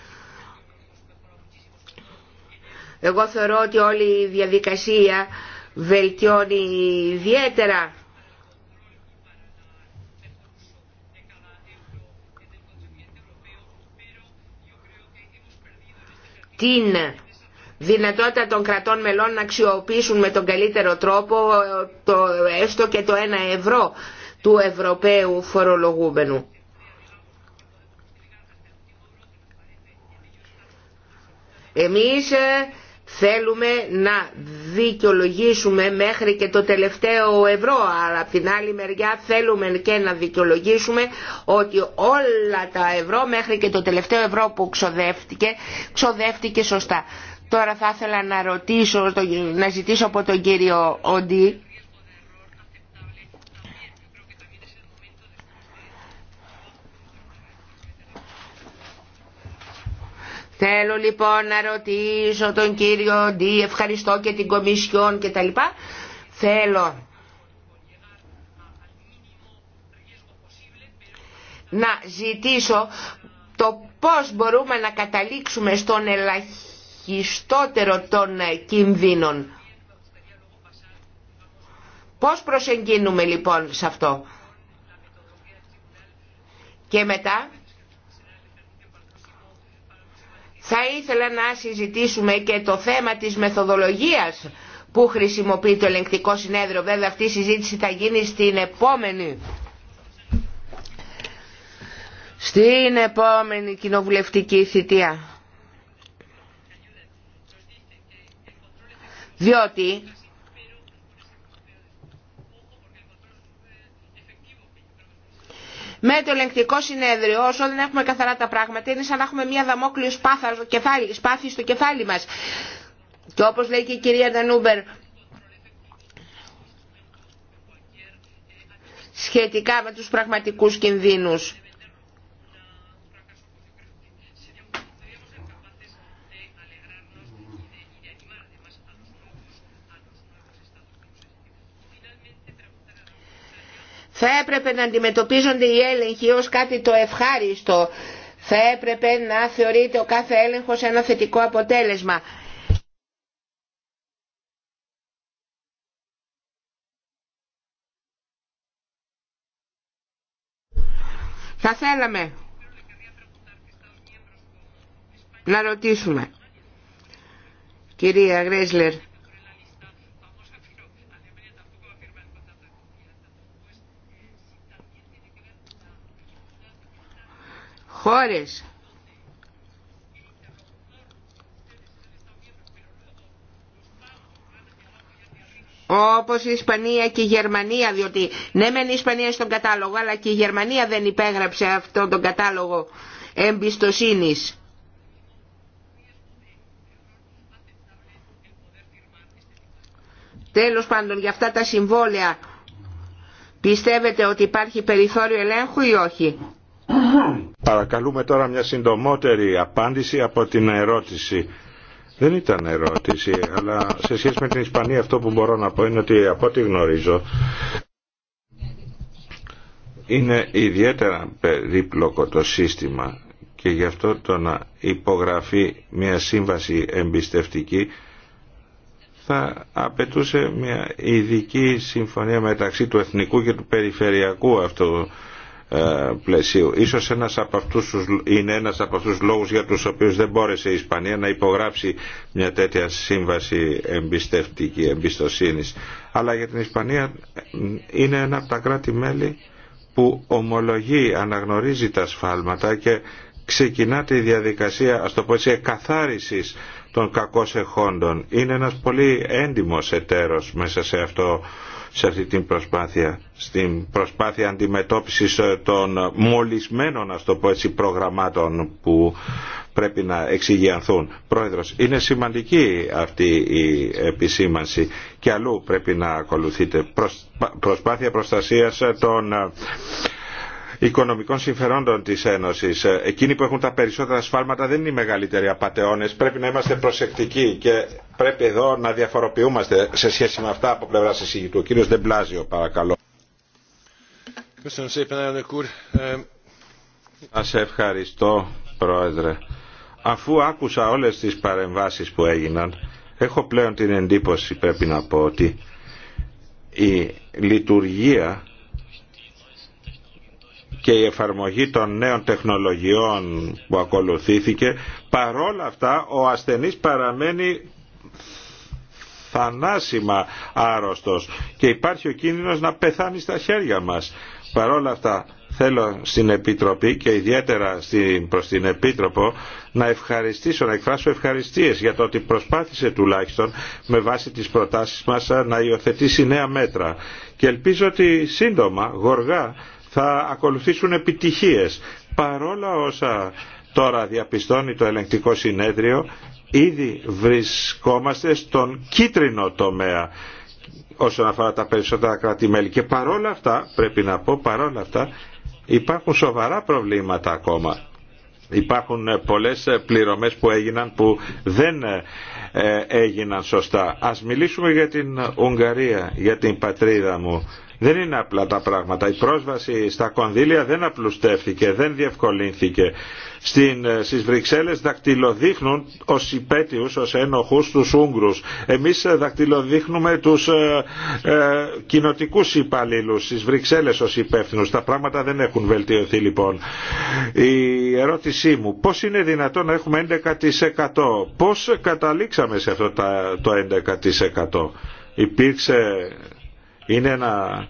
Εγώ θεωρώ ότι όλη η διαδικασία βελτιώνει ιδιαίτερα την δυνατότητα των κρατών μελών να αξιοποιήσουν με τον καλύτερο τρόπο το, έστω και το ένα ευρώ του Ευρωπαίου φορολογούμενου. Εμείς ε, Θέλουμε να δικαιολογήσουμε μέχρι και το τελευταίο ευρώ, αλλά από την άλλη μεριά θέλουμε και να δικαιολογήσουμε ότι όλα τα ευρώ μέχρι και το τελευταίο ευρώ που ξοδεύτηκε, ξοδεύτηκε σωστά. Τώρα θα ήθελα να ρωτήσω, να ζητήσω από τον κύριο Όντι, Θέλω λοιπόν να ρωτήσω τον κύριο Ντί, ευχαριστώ και την Κομισιόν και τα λοιπά. Θέλω να ζητήσω το πώς μπορούμε να καταλήξουμε στον ελαχιστότερο των κινδύνων. Πώς προσεγγίνουμε λοιπόν σε αυτό. Και μετά Θα ήθελα να συζητήσουμε και το θέμα της μεθοδολογίας που χρησιμοποιεί το ελεγκτικό συνέδριο. Βέβαια αυτή η συζήτηση θα γίνει στην επόμενη στην επόμενη κοινοβουλευτική θητεία. Διότι με το ελεγκτικό συνέδριο όσο δεν έχουμε καθαρά τα πράγματα είναι σαν να έχουμε μια δαμόκλειο σπάθη στο κεφάλι μας. Και όπως λέει και η κυρία Ντανούμπερ σχετικά με τους πραγματικούς κινδύνους. Θα έπρεπε να αντιμετωπίζονται οι έλεγχοι ως κάτι το ευχάριστο. Θα έπρεπε να θεωρείται ο κάθε έλεγχος ένα θετικό αποτέλεσμα. Θα θέλαμε να ρωτήσουμε. Κυρία Γκρέσλερ, χώρες όπως η Ισπανία και η Γερμανία διότι ναι μεν η Ισπανία στον κατάλογο αλλά και η Γερμανία δεν υπέγραψε αυτό τον κατάλογο εμπιστοσύνης. Τέλος πάντων για αυτά τα συμβόλαια πιστεύετε ότι υπάρχει περιθώριο ελέγχου ή όχι. Παρακαλούμε τώρα μια συντομότερη απάντηση από την ερώτηση. Δεν ήταν ερώτηση, αλλά σε σχέση με την Ισπανία αυτό που μπορώ να πω είναι ότι από ό,τι γνωρίζω είναι ιδιαίτερα περίπλοκο το σύστημα και γι' αυτό το να υπογραφεί μια σύμβαση εμπιστευτική θα απαιτούσε μια ειδική συμφωνία μεταξύ του εθνικού και του περιφερειακού αυτού ε, πλαισίου. Ίσως ένας από αυτούς είναι ένας από αυτούς τους λόγους για τους οποίους δεν μπόρεσε η Ισπανία να υπογράψει μια τέτοια σύμβαση εμπιστευτική, εμπιστοσύνης. Αλλά για την Ισπανία ε, είναι ένα από τα κράτη-μέλη που ομολογεί, αναγνωρίζει τα σφάλματα και ξεκινά τη διαδικασία, ας το πω έτσι, εκαθάρισης των κακώς εχόντων. Είναι ένας πολύ έντιμος εταίρος μέσα σε αυτό σε αυτή την προσπάθεια, στην προσπάθεια αντιμετώπισης ε, των μολυσμένων, ας το πω έτσι, προγραμμάτων που πρέπει να εξηγιανθούν. Πρόεδρος, είναι σημαντική αυτή η επισήμανση και αλλού πρέπει να ακολουθείτε. Προσπάθεια προστασίας ε, των ε, οικονομικών συμφερόντων της Ένωσης. Ε, εκείνοι που έχουν τα περισσότερα σφάλματα δεν είναι οι μεγαλύτεροι απαταιώνες. Πρέπει να είμαστε προσεκτικοί και πρέπει εδώ να διαφοροποιούμαστε σε σχέση με αυτά από πλευρά εισηγητού. Ο κύριος Δεμπλάζιο παρακαλώ. Σας ευχαριστώ Πρόεδρε. Αφού άκουσα όλες τις παρεμβάσεις που έγιναν, έχω πλέον την εντύπωση πρέπει να πω ότι η λειτουργία και η εφαρμογή των νέων τεχνολογιών που ακολουθήθηκε, παρόλα αυτά ο ασθενής παραμένει θανάσιμα άρρωστος και υπάρχει ο κίνδυνος να πεθάνει στα χέρια μας. Παρόλα αυτά θέλω στην Επιτροπή και ιδιαίτερα στην, προς την Επίτροπο να ευχαριστήσω, να εκφράσω ευχαριστίες για το ότι προσπάθησε τουλάχιστον με βάση τις προτάσεις μας να υιοθετήσει νέα μέτρα. Και ελπίζω ότι σύντομα, γοργά, θα ακολουθήσουν επιτυχίες. Παρόλα όσα τώρα διαπιστώνει το ελεγκτικό συνέδριο, ήδη βρισκόμαστε στον κίτρινο τομέα όσον αφορά τα περισσότερα κράτη-μέλη. Και παρόλα αυτά, πρέπει να πω, παρόλα αυτά, υπάρχουν σοβαρά προβλήματα ακόμα. Υπάρχουν ε, πολλές ε, πληρωμές που έγιναν που δεν ε, έγιναν σωστά. Ας μιλήσουμε για την Ουγγαρία, για την πατρίδα μου δεν είναι απλά τα πράγματα. Η πρόσβαση στα κονδύλια δεν απλουστεύθηκε. δεν διευκολύνθηκε. Στην, ε, στις Βρυξέλλες δακτυλοδείχνουν ως υπέτειους, ως ένοχους τους Ούγγρους. Εμείς ε, δακτυλοδείχνουμε τους ε, ε, κοινοτικούς υπαλλήλους στις Βρυξέλλες ως υπεύθυνους. Τα πράγματα δεν έχουν βελτιωθεί λοιπόν. Η ερώτησή μου, πώς είναι δυνατόν να έχουμε 11%. Πώς καταλήξαμε σε αυτό το 11%. Υπήρξε είναι ένα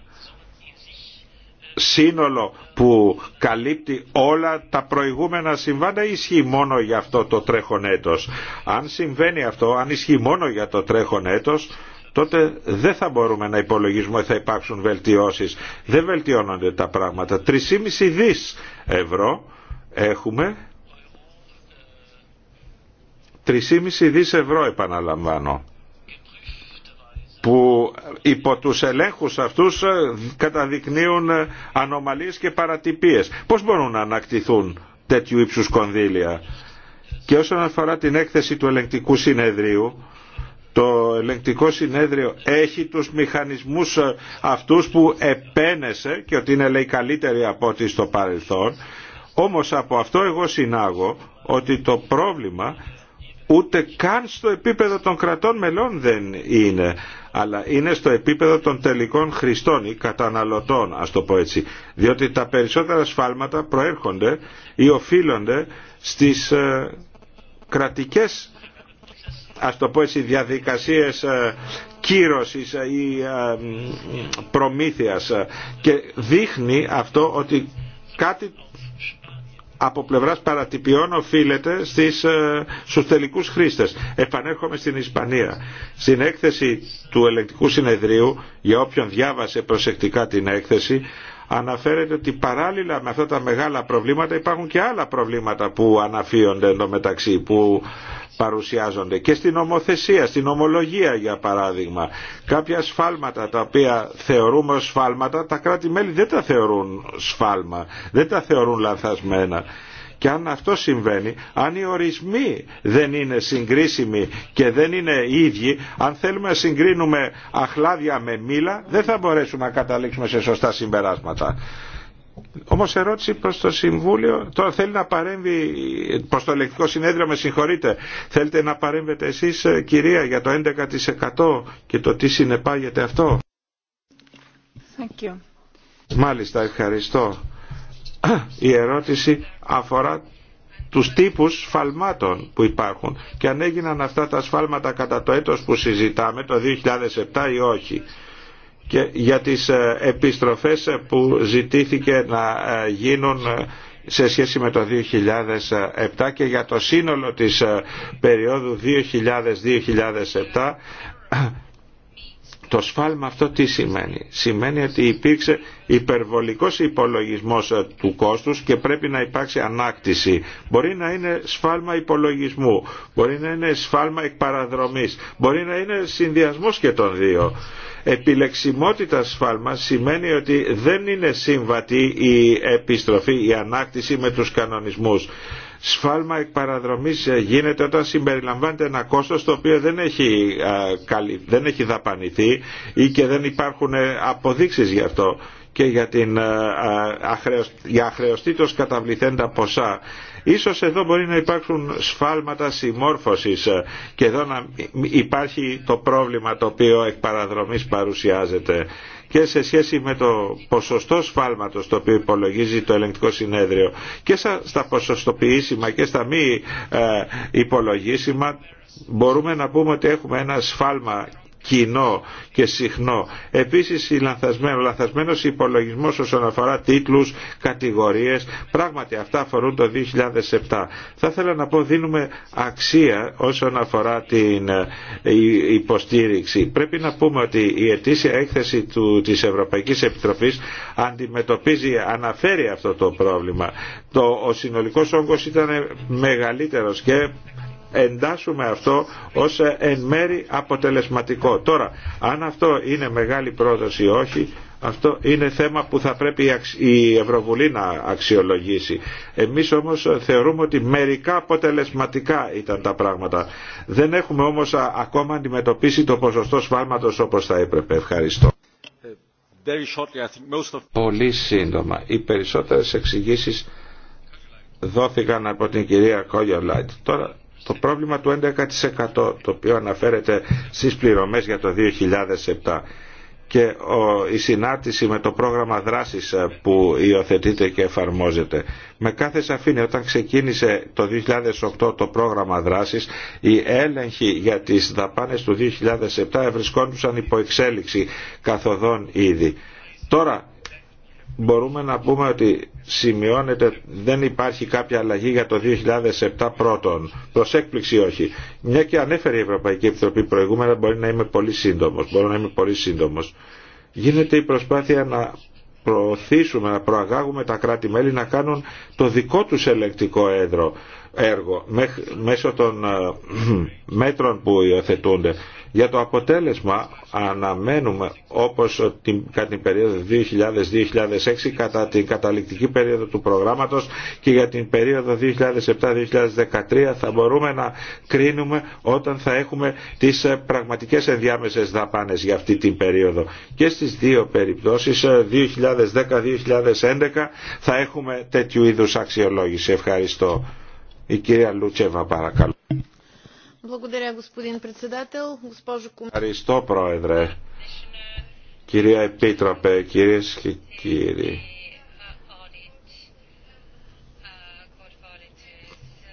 σύνολο που καλύπτει όλα τα προηγούμενα συμβάντα ή ισχύει μόνο για αυτό το τρέχον έτος. Αν συμβαίνει αυτό, αν ισχύει μόνο για το τρέχον έτος, τότε δεν θα μπορούμε να υπολογίζουμε ότι θα υπάρξουν βελτιώσεις. Δεν βελτιώνονται τα πράγματα. 3,5 δις ευρώ έχουμε. 3,5 δις ευρώ επαναλαμβάνω που υπό τους ελέγχους αυτούς ε, καταδεικνύουν ε, ανομαλίες και παρατυπίες. Πώς μπορούν να ανακτηθούν τέτοιου ύψους κονδύλια. Και όσον αφορά την έκθεση του ελεγκτικού συνεδρίου, το ελεγκτικό συνέδριο έχει τους μηχανισμούς ε, αυτούς που επένεσε και ότι είναι λέει καλύτεροι από ό,τι στο παρελθόν. Όμως από αυτό εγώ συνάγω ότι το πρόβλημα ούτε καν στο επίπεδο των κρατών μελών δεν είναι αλλά είναι στο επίπεδο των τελικών χρηστών ή καταναλωτών ας το πω έτσι διότι τα περισσότερα σφάλματα προέρχονται ή οφείλονται στις ε, κρατικές ας το πω έτσι διαδικασίες ε, κύρωσης ε, ή προμήθειας και δείχνει αυτό ότι κάτι από πλευράς παρατυπιών οφείλεται στις, ε, στους τελικούς χρήστες. Επανέρχομαι στην Ισπανία. Στην έκθεση του ελεκτικού συνεδρίου, για όποιον διάβασε προσεκτικά την έκθεση, αναφέρεται ότι παράλληλα με αυτά τα μεγάλα προβλήματα υπάρχουν και άλλα προβλήματα που αναφύονται εντωμεταξύ, που παρουσιάζονται και στην ομοθεσία, στην ομολογία για παράδειγμα. Κάποια σφάλματα τα οποία θεωρούμε σφάλματα, τα κράτη-μέλη δεν τα θεωρούν σφάλμα, δεν τα θεωρούν λανθασμένα. Και αν αυτό συμβαίνει, αν οι ορισμοί δεν είναι συγκρίσιμοι και δεν είναι ίδιοι, αν θέλουμε να συγκρίνουμε αχλάδια με μήλα, δεν θα μπορέσουμε να καταλήξουμε σε σωστά συμπεράσματα. Όμως ερώτηση προς το Συμβούλιο, τώρα θέλει να παρέμβει, προς το ελεκτικό συνέδριο με συγχωρείτε, θέλετε να παρέμβετε εσείς ε, κυρία για το 11% και το τι συνεπάγεται αυτό. Thank you. Μάλιστα, ευχαριστώ. Η ερώτηση αφορά τους τύπους σφαλμάτων που υπάρχουν και αν έγιναν αυτά τα σφάλματα κατά το έτος που συζητάμε, το 2007 ή όχι και για τις ε, επιστροφές που ζητήθηκε να ε, γίνουν ε, σε σχέση με το 2007 και για το σύνολο της περίοδου 2000-2007 το σφάλμα αυτό τι σημαίνει. Σημαίνει ότι υπήρξε υπερβολικός υπολογισμός του κόστους και πρέπει να υπάρξει ανάκτηση. Μπορεί να είναι σφάλμα υπολογισμού, μπορεί να είναι σφάλμα εκπαραδρομής, μπορεί να είναι συνδυασμός και των δύο. Επιλεξιμότητα σφάλμα σημαίνει ότι δεν είναι σύμβατη η επιστροφή, η ανάκτηση με τους κανονισμούς. Σφάλμα εκ παραδρομής γίνεται όταν συμπεριλαμβάνεται ένα κόστος το οποίο δεν έχει, δεν έχει δαπανηθεί ή και δεν υπάρχουν ε, αποδείξεις γι' αυτό και για, την, ε, για αχρεωστήτως καταβληθέντα ποσά. Ίσως εδώ μπορεί να υπάρξουν σφάλματα συμμόρφωσης ε, και εδώ να υπάρχει το πρόβλημα το οποίο εκ παραδρομής παρουσιάζεται και σε σχέση με το ποσοστό σφάλματος το οποίο υπολογίζει το ελεγκτικό συνέδριο και στα ποσοστοποιήσιμα και στα μη ε, υπολογίσιμα μπορούμε να πούμε ότι έχουμε ένα σφάλμα κοινό και συχνό. Επίσης ο λανθασμένο, λανθασμένος υπολογισμός όσον αφορά τίτλους, κατηγορίες, πράγματι αυτά αφορούν το 2007. Θα ήθελα να πω δίνουμε αξία όσον αφορά την ε, υποστήριξη. Πρέπει να πούμε ότι η ετήσια έκθεση του, της Ευρωπαϊκής Επιτροπής αντιμετωπίζει, αναφέρει αυτό το πρόβλημα. Το, ο συνολικός όγκος ήταν μεγαλύτερος και εντάσσουμε αυτό ως εν μέρη αποτελεσματικό. Τώρα, αν αυτό είναι μεγάλη πρόταση, ή όχι, αυτό είναι θέμα που θα πρέπει η Ευρωβουλή να αξιολογήσει. Εμείς όμως θεωρούμε ότι μερικά αποτελεσματικά ήταν τα πράγματα. Δεν έχουμε όμως ακόμα αντιμετωπίσει το ποσοστό σφάλματος όπως θα έπρεπε. Ευχαριστώ. Πολύ σύντομα. Οι περισσότερες εξηγήσει δόθηκαν από την κυρία Κόγιο Λάιτ. Τώρα το πρόβλημα του 11% το οποίο αναφέρεται στις πληρωμές για το 2007 και η συνάρτηση με το πρόγραμμα δράσης ε, που υιοθετείται και εφαρμόζεται. Με κάθε σαφήνεια όταν ξεκίνησε το 2008 το πρόγραμμα δράσης οι έλεγχοι για τις δαπάνες του 2007 ευρισκόντουσαν υπό εξέλιξη καθοδόν ήδη. Τώρα μπορούμε να πούμε ότι σημειώνεται δεν υπάρχει κάποια αλλαγή για το 2007 πρώτον. Προς έκπληξη όχι. Μια και ανέφερε η Ευρωπαϊκή Επιτροπή προηγούμενα μπορεί να είμαι πολύ σύντομος. Μπορώ να είμαι πολύ σύντομος. Γίνεται η προσπάθεια να προωθήσουμε, να προαγάγουμε τα κράτη-μέλη να κάνουν το δικό τους ελεκτικό έδρο, έργο μέσω των ε, μέτρων που υιοθετούνται. Για το αποτέλεσμα αναμένουμε όπως την, κατά την περίοδο 2000-2006 κατά την καταληκτική περίοδο του προγράμματος και για την περίοδο 2007-2013 θα μπορούμε να κρίνουμε όταν θα έχουμε τις ε, πραγματικές ενδιάμεσες δαπάνες για αυτή την περίοδο. Και στις δύο περιπτώσεις 2010-2011 ε, θα έχουμε τέτοιου είδους αξιολόγηση. Ευχαριστώ. Η κυρία Λούτσεβα παρακαλώ. Ευχαριστώ Πρόεδρε. Κυρία Επίτροπε, κύριε και κύριοι.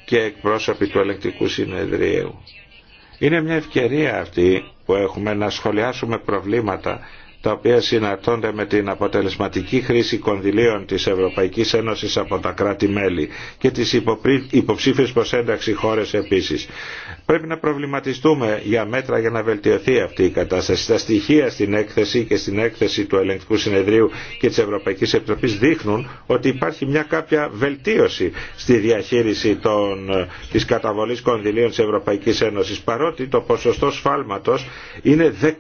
και εκπρόσωποι του ελεκτικού συνεδρίου. Είναι μια ευκαιρία αυτή που έχουμε να σχολιάσουμε προβλήματα τα οποία συναρτώνται με την αποτελεσματική χρήση κονδυλίων της Ευρωπαϊκής Ένωσης από τα κράτη-μέλη και τις υποψήφιες προς ένταξη χώρες επίσης. Πρέπει να προβληματιστούμε για μέτρα για να βελτιωθεί αυτή η κατάσταση. Τα στοιχεία στην έκθεση και στην έκθεση του Ελεγκτικού Συνεδρίου και της Ευρωπαϊκής Επιτροπής δείχνουν ότι υπάρχει μια κάποια βελτίωση στη διαχείριση των, της καταβολής κονδυλίων της Ευρωπαϊκής Ένωσης παρότι το ποσοστό σφάλματος είναι 18%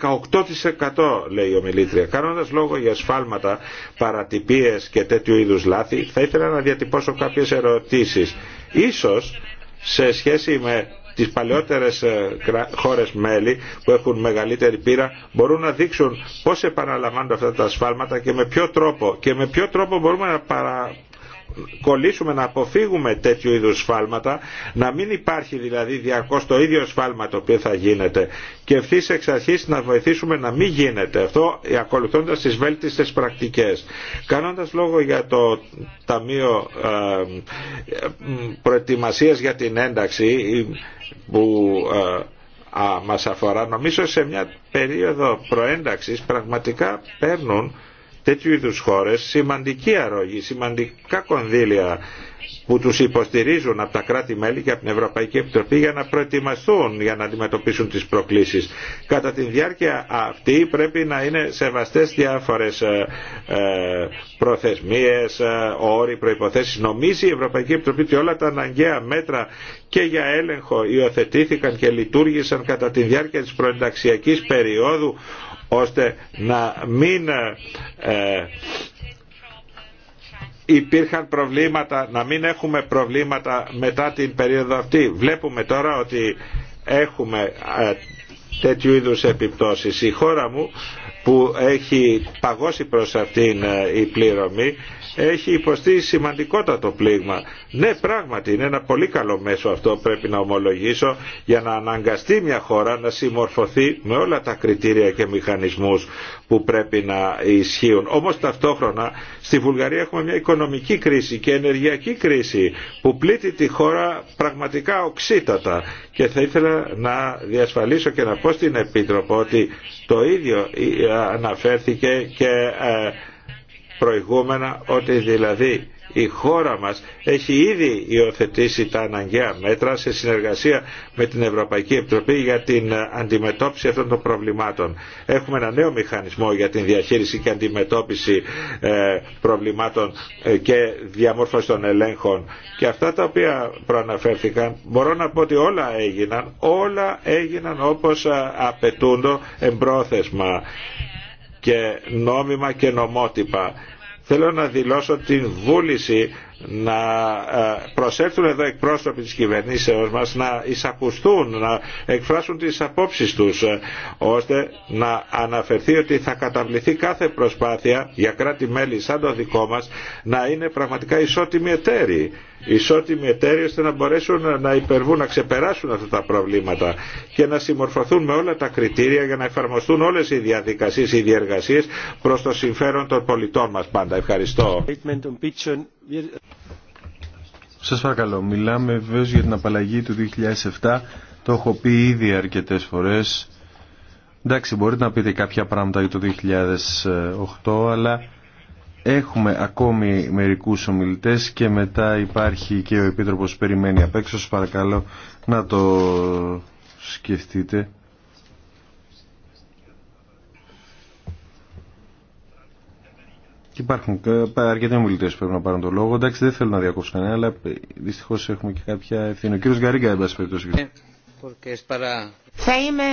λέει ο ομιλήτρια. Κάνοντας λόγο για σφάλματα, παρατυπίες και τέτοιου είδους λάθη θα ήθελα να διατυπώσω κάποιες ερωτήσεις. Ίσως σε σχέση με τις παλαιότερες ε, χώρες μέλη που έχουν μεγαλύτερη πείρα μπορούν να δείξουν πώς επαναλαμβάνονται αυτά τα σφάλματα και με ποιο τρόπο και με ποιο τρόπο μπορούμε να παρα, κολλήσουμε να αποφύγουμε τέτοιου είδους σφάλματα, να μην υπάρχει δηλαδή διαρκώ το ίδιο σφάλμα το οποίο θα γίνεται και ευθύ εξ αρχή να βοηθήσουμε να μην γίνεται αυτό ακολουθώντας τις βέλτιστες πρακτικές. κανοντά λόγο για το Ταμείο ε, ε, προετοιμασία για την Ένταξη που ε, μας αφορά, νομίζω σε μια περίοδο προένταξης πραγματικά παίρνουν τέτοιου είδους χώρες σημαντική αρρωγή, σημαντικά κονδύλια που τους υποστηρίζουν από τα κράτη-μέλη και από την Ευρωπαϊκή Επιτροπή για να προετοιμαστούν για να αντιμετωπίσουν τις προκλήσεις. Κατά τη διάρκεια αυτή πρέπει να είναι σεβαστές διάφορες ε, ε, προθεσμίες, ε, όροι, προϋποθέσεις. Νομίζει η Ευρωπαϊκή Επιτροπή ότι όλα τα αναγκαία μέτρα και για έλεγχο υιοθετήθηκαν και λειτουργήσαν κατά τη διάρκεια της προενταξιακής περίοδου ώστε να μην ε, υπήρχαν προβλήματα, να μην έχουμε προβλήματα μετά την περίοδο αυτή. Βλέπουμε τώρα ότι έχουμε ε, τέτοιου είδους επιπτώσεις. Η χώρα μου που έχει παγώσει προς αυτήν ε, η πληρωμή έχει υποστεί σημαντικότατο πλήγμα. Ναι, πράγματι είναι ένα πολύ καλό μέσο αυτό πρέπει να ομολογήσω για να αναγκαστεί μια χώρα να συμμορφωθεί με όλα τα κριτήρια και μηχανισμούς που πρέπει να ισχύουν. Όμως ταυτόχρονα στη Βουλγαρία έχουμε μια οικονομική κρίση και ενεργειακή κρίση που πλήττει τη χώρα πραγματικά οξύτατα και θα ήθελα να διασφαλίσω και να πω στην Επίτροπο ότι το ίδιο ε, αναφέρθηκε και ε, προηγούμενα ότι δηλαδή η χώρα μας έχει ήδη υιοθετήσει τα αναγκαία μέτρα σε συνεργασία με την Ευρωπαϊκή Επιτροπή για την αντιμετώπιση αυτών των προβλημάτων. Έχουμε ένα νέο μηχανισμό για την διαχείριση και αντιμετώπιση ε, προβλημάτων ε, και διαμόρφωση των ελέγχων και αυτά τα οποία προαναφέρθηκαν μπορώ να πω ότι όλα έγιναν, όλα έγιναν όπως ε, απαιτούντο εμπρόθεσμα και νόμιμα και νομότυπα. Θέλω να δηλώσω την βούληση να ε, προσέλθουν εδώ εκπρόσωποι της κυβερνήσεως μας να εισακουστούν, να εκφράσουν τις απόψεις τους ε, ώστε να αναφερθεί ότι θα καταβληθεί κάθε προσπάθεια για κράτη-μέλη σαν το δικό μας να είναι πραγματικά ισότιμοι εταίροι ισότιμοι εταίροι ώστε να μπορέσουν να υπερβούν, να ξεπεράσουν αυτά τα προβλήματα και να συμμορφωθούν με όλα τα κριτήρια για να εφαρμοστούν όλες οι διαδικασίες, οι διεργασίες προς το συμφέρον των πολιτών μας πάντα. Ευχαριστώ. Σας παρακαλώ, μιλάμε βέβαια για την απαλλαγή του 2007. Το έχω πει ήδη αρκετές φορές. Εντάξει, μπορείτε να πείτε κάποια πράγματα για το 2008, αλλά έχουμε ακόμη μερικούς ομιλητές και μετά υπάρχει και ο Επίτροπος περιμένει απ' έξω. Σας παρακαλώ να το σκεφτείτε. Και υπάρχουν αρκετοί ομιλητέ που πρέπει να πάρουν το λόγο. Εντάξει, δεν θέλω να διακόψω κανένα, αλλά ε, δυστυχώ έχουμε και κάποια ευθύνη. Ο κύριο Γκαρίγκα, εν πάση περιπτώσει. Ε, Θα είμαι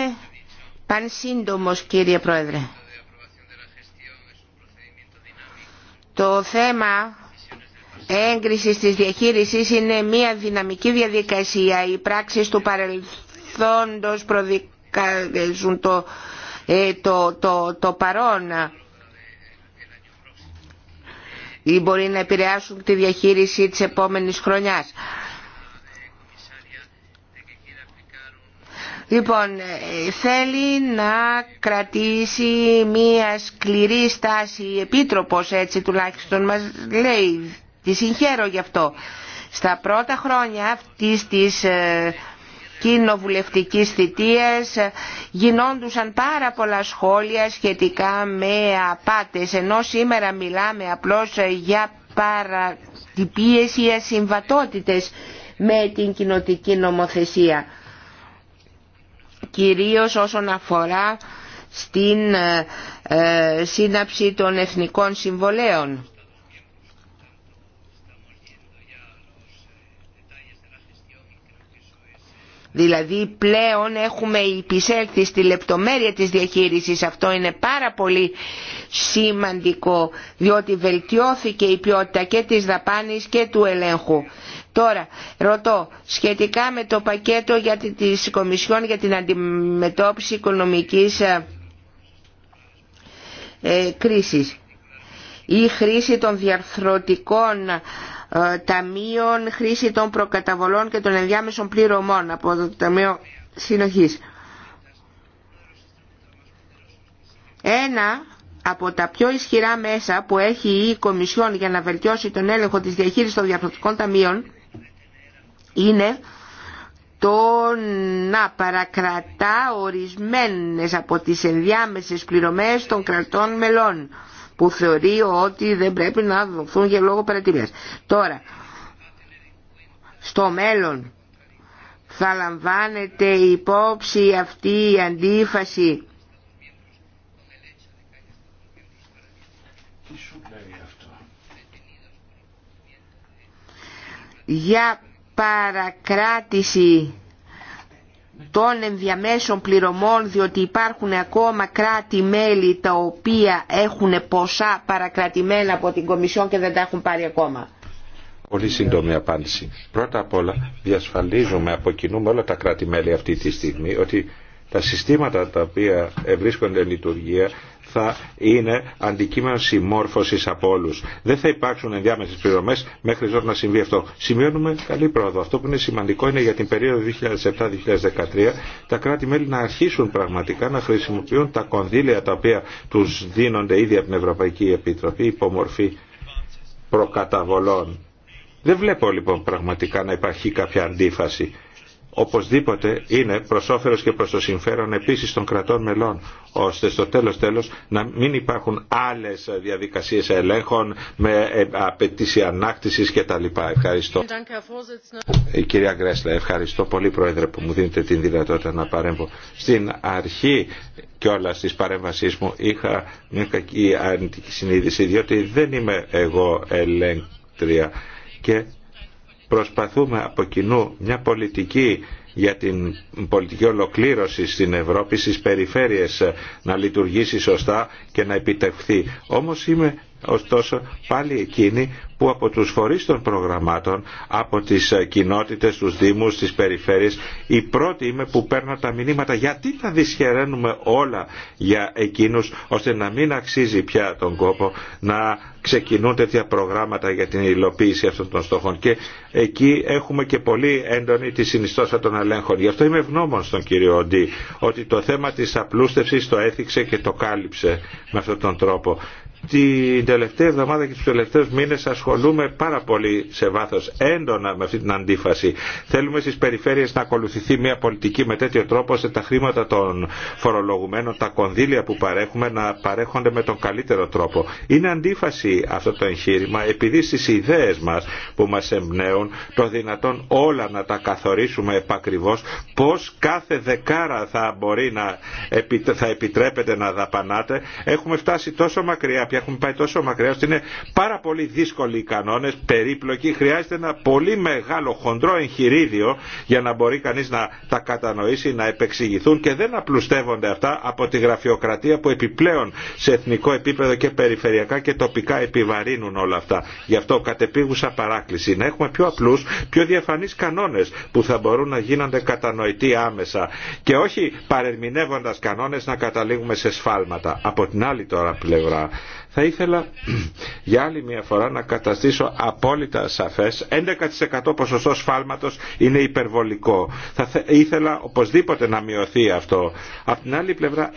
πανσύντομο, κύριε Πρόεδρε. Το θέμα έγκριση τη διαχείριση είναι μια δυναμική διαδικασία. Οι πράξει του παρελθόντο προδικάζουν το ε, παρόν ή μπορεί να επηρεάσουν τη διαχείριση της επόμενης χρονιάς. Λοιπόν, θέλει να κρατήσει μία σκληρή στάση η επίτροπος, έτσι τουλάχιστον μας λέει, τη συγχαίρω γι' αυτό. Στα πρώτα χρόνια αυτής της ε, κοινοβουλευτικής θητείας γινόντουσαν πάρα πολλά σχόλια σχετικά με απάτες ενώ σήμερα μιλάμε απλώς για παρατυπίες ή ασυμβατότητες με την κοινοτική νομοθεσία κυρίως όσον αφορά στην ε, σύναψη των εθνικών συμβολέων. Δηλαδή πλέον έχουμε υπησέλθει στη λεπτομέρεια της διαχείρισης. Αυτό είναι πάρα πολύ σημαντικό διότι βελτιώθηκε η ποιότητα και της δαπάνης και του ελέγχου. Τώρα, ρωτώ, σχετικά με το πακέτο για της Κομισιόν για την αντιμετώπιση οικονομικής ε, ε κρίσης. Η χρήση των διαρθρωτικών ε, ταμείων χρήση των προκαταβολών και των ενδιάμεσων πληρωμών από το Ταμείο Συνοχής. Ένα από τα πιο ισχυρά μέσα που έχει η Κομισιόν για να βελτιώσει τον έλεγχο της διαχείρισης των διαφορετικών ταμείων είναι το να παρακρατά ορισμένες από τις ενδιάμεσες πληρωμές των κρατών μελών που θεωρεί ότι δεν πρέπει να δοθούν για λόγο παρατηρίας. Τώρα, στο μέλλον θα λαμβάνεται υπόψη αυτή η αντίφαση για παρακράτηση των ενδιαμέσων πληρωμών διότι υπάρχουν ακόμα κράτη-μέλη τα οποία έχουν ποσά παρακρατημένα από την Κομισιόν και δεν τα έχουν πάρει ακόμα. Πολύ σύντομη απάντηση. Πρώτα απ' όλα διασφαλίζουμε αποκινούμε όλα τα κράτη-μέλη αυτή τη στιγμή ότι τα συστήματα τα οποία βρίσκονται λειτουργία θα είναι αντικείμενο συμμόρφωση από όλου. Δεν θα υπάρξουν ενδιάμεσε πληρωμέ μέχρι ότου να συμβεί αυτό. Σημειώνουμε καλή πρόοδο. Αυτό που είναι σημαντικό είναι για την περίοδο 2007-2013 τα κράτη-μέλη να αρχίσουν πραγματικά να χρησιμοποιούν τα κονδύλια τα οποία του δίνονται ήδη από την Ευρωπαϊκή Επιτροπή υπό μορφή προκαταβολών. Δεν βλέπω λοιπόν πραγματικά να υπάρχει κάποια αντίφαση οπωσδήποτε είναι προς και προς το συμφέρον επίσης των κρατών μελών ώστε στο τέλος τέλος να μην υπάρχουν άλλες διαδικασίες ελέγχων με ε, απαιτήσει ανάκτησης κτλ. Ευχαριστώ. Η ε, κυρία Γκρέσλα, ευχαριστώ πολύ Πρόεδρε που μου δίνετε την δυνατότητα να παρέμβω. Στην αρχή και όλα στις παρέμβασή μου είχα μια κακή αρνητική συνείδηση διότι δεν είμαι εγώ ελέγκτρια και προσπαθούμε από κοινού μια πολιτική για την πολιτική ολοκλήρωση στην Ευρώπη, στις περιφέρειες να λειτουργήσει σωστά και να επιτευχθεί. Όμως είμαι ωστόσο πάλι εκείνοι που από τους φορείς των προγραμμάτων, από τις ε, κοινότητες, τους δήμους, τις περιφέρειες, οι πρώτοι είμαι που παίρνω τα μηνύματα γιατί τα δυσχεραίνουμε όλα για εκείνους ώστε να μην αξίζει πια τον κόπο να ξεκινούν τέτοια προγράμματα για την υλοποίηση αυτών των στόχων και εκεί έχουμε και πολύ έντονη τη συνιστόσα των ελέγχων. Γι' αυτό είμαι ευγνώμων στον κύριο Οντή ότι το θέμα της απλούστευσης το έθιξε και το κάλυψε με αυτόν τον τρόπο την τελευταία εβδομάδα και του τελευταίους μήνες ασχολούμαι πάρα πολύ σε βάθος έντονα με αυτή την αντίφαση. Θέλουμε στις περιφέρειες να ακολουθηθεί μια πολιτική με τέτοιο τρόπο ώστε τα χρήματα των φορολογουμένων, τα κονδύλια που παρέχουμε να παρέχονται με τον καλύτερο τρόπο. Είναι αντίφαση αυτό το εγχείρημα επειδή στις ιδέες μας που μας εμπνέουν το δυνατόν όλα να τα καθορίσουμε επακριβώς πώς κάθε δεκάρα θα μπορεί να θα επιτρέπεται να δαπανάτε έχουμε φτάσει τόσο μακριά και έχουν πάει τόσο μακριά ώστε είναι πάρα πολύ δύσκολοι οι κανόνες, περίπλοκοι. Χρειάζεται ένα πολύ μεγάλο χοντρό εγχειρίδιο για να μπορεί κανεί να τα κατανοήσει, να επεξηγηθούν και δεν απλουστεύονται αυτά από τη γραφειοκρατία που επιπλέον σε εθνικό επίπεδο και περιφερειακά και τοπικά επιβαρύνουν όλα αυτά. Γι' αυτό κατεπίγουσα παράκληση να έχουμε πιο απλούς, πιο διαφανεί κανόνε που θα μπορούν να γίνονται κατανοητοί άμεσα και όχι παρερμηνεύοντας κανόνε να καταλήγουμε σε σφάλματα. Από την άλλη τώρα πλευρά θα ήθελα για άλλη μια φορά να καταστήσω απόλυτα σαφές 11% ποσοστό σφάλματος είναι υπερβολικό. Θα ήθελα οπωσδήποτε να μειωθεί αυτό. Από την άλλη πλευρά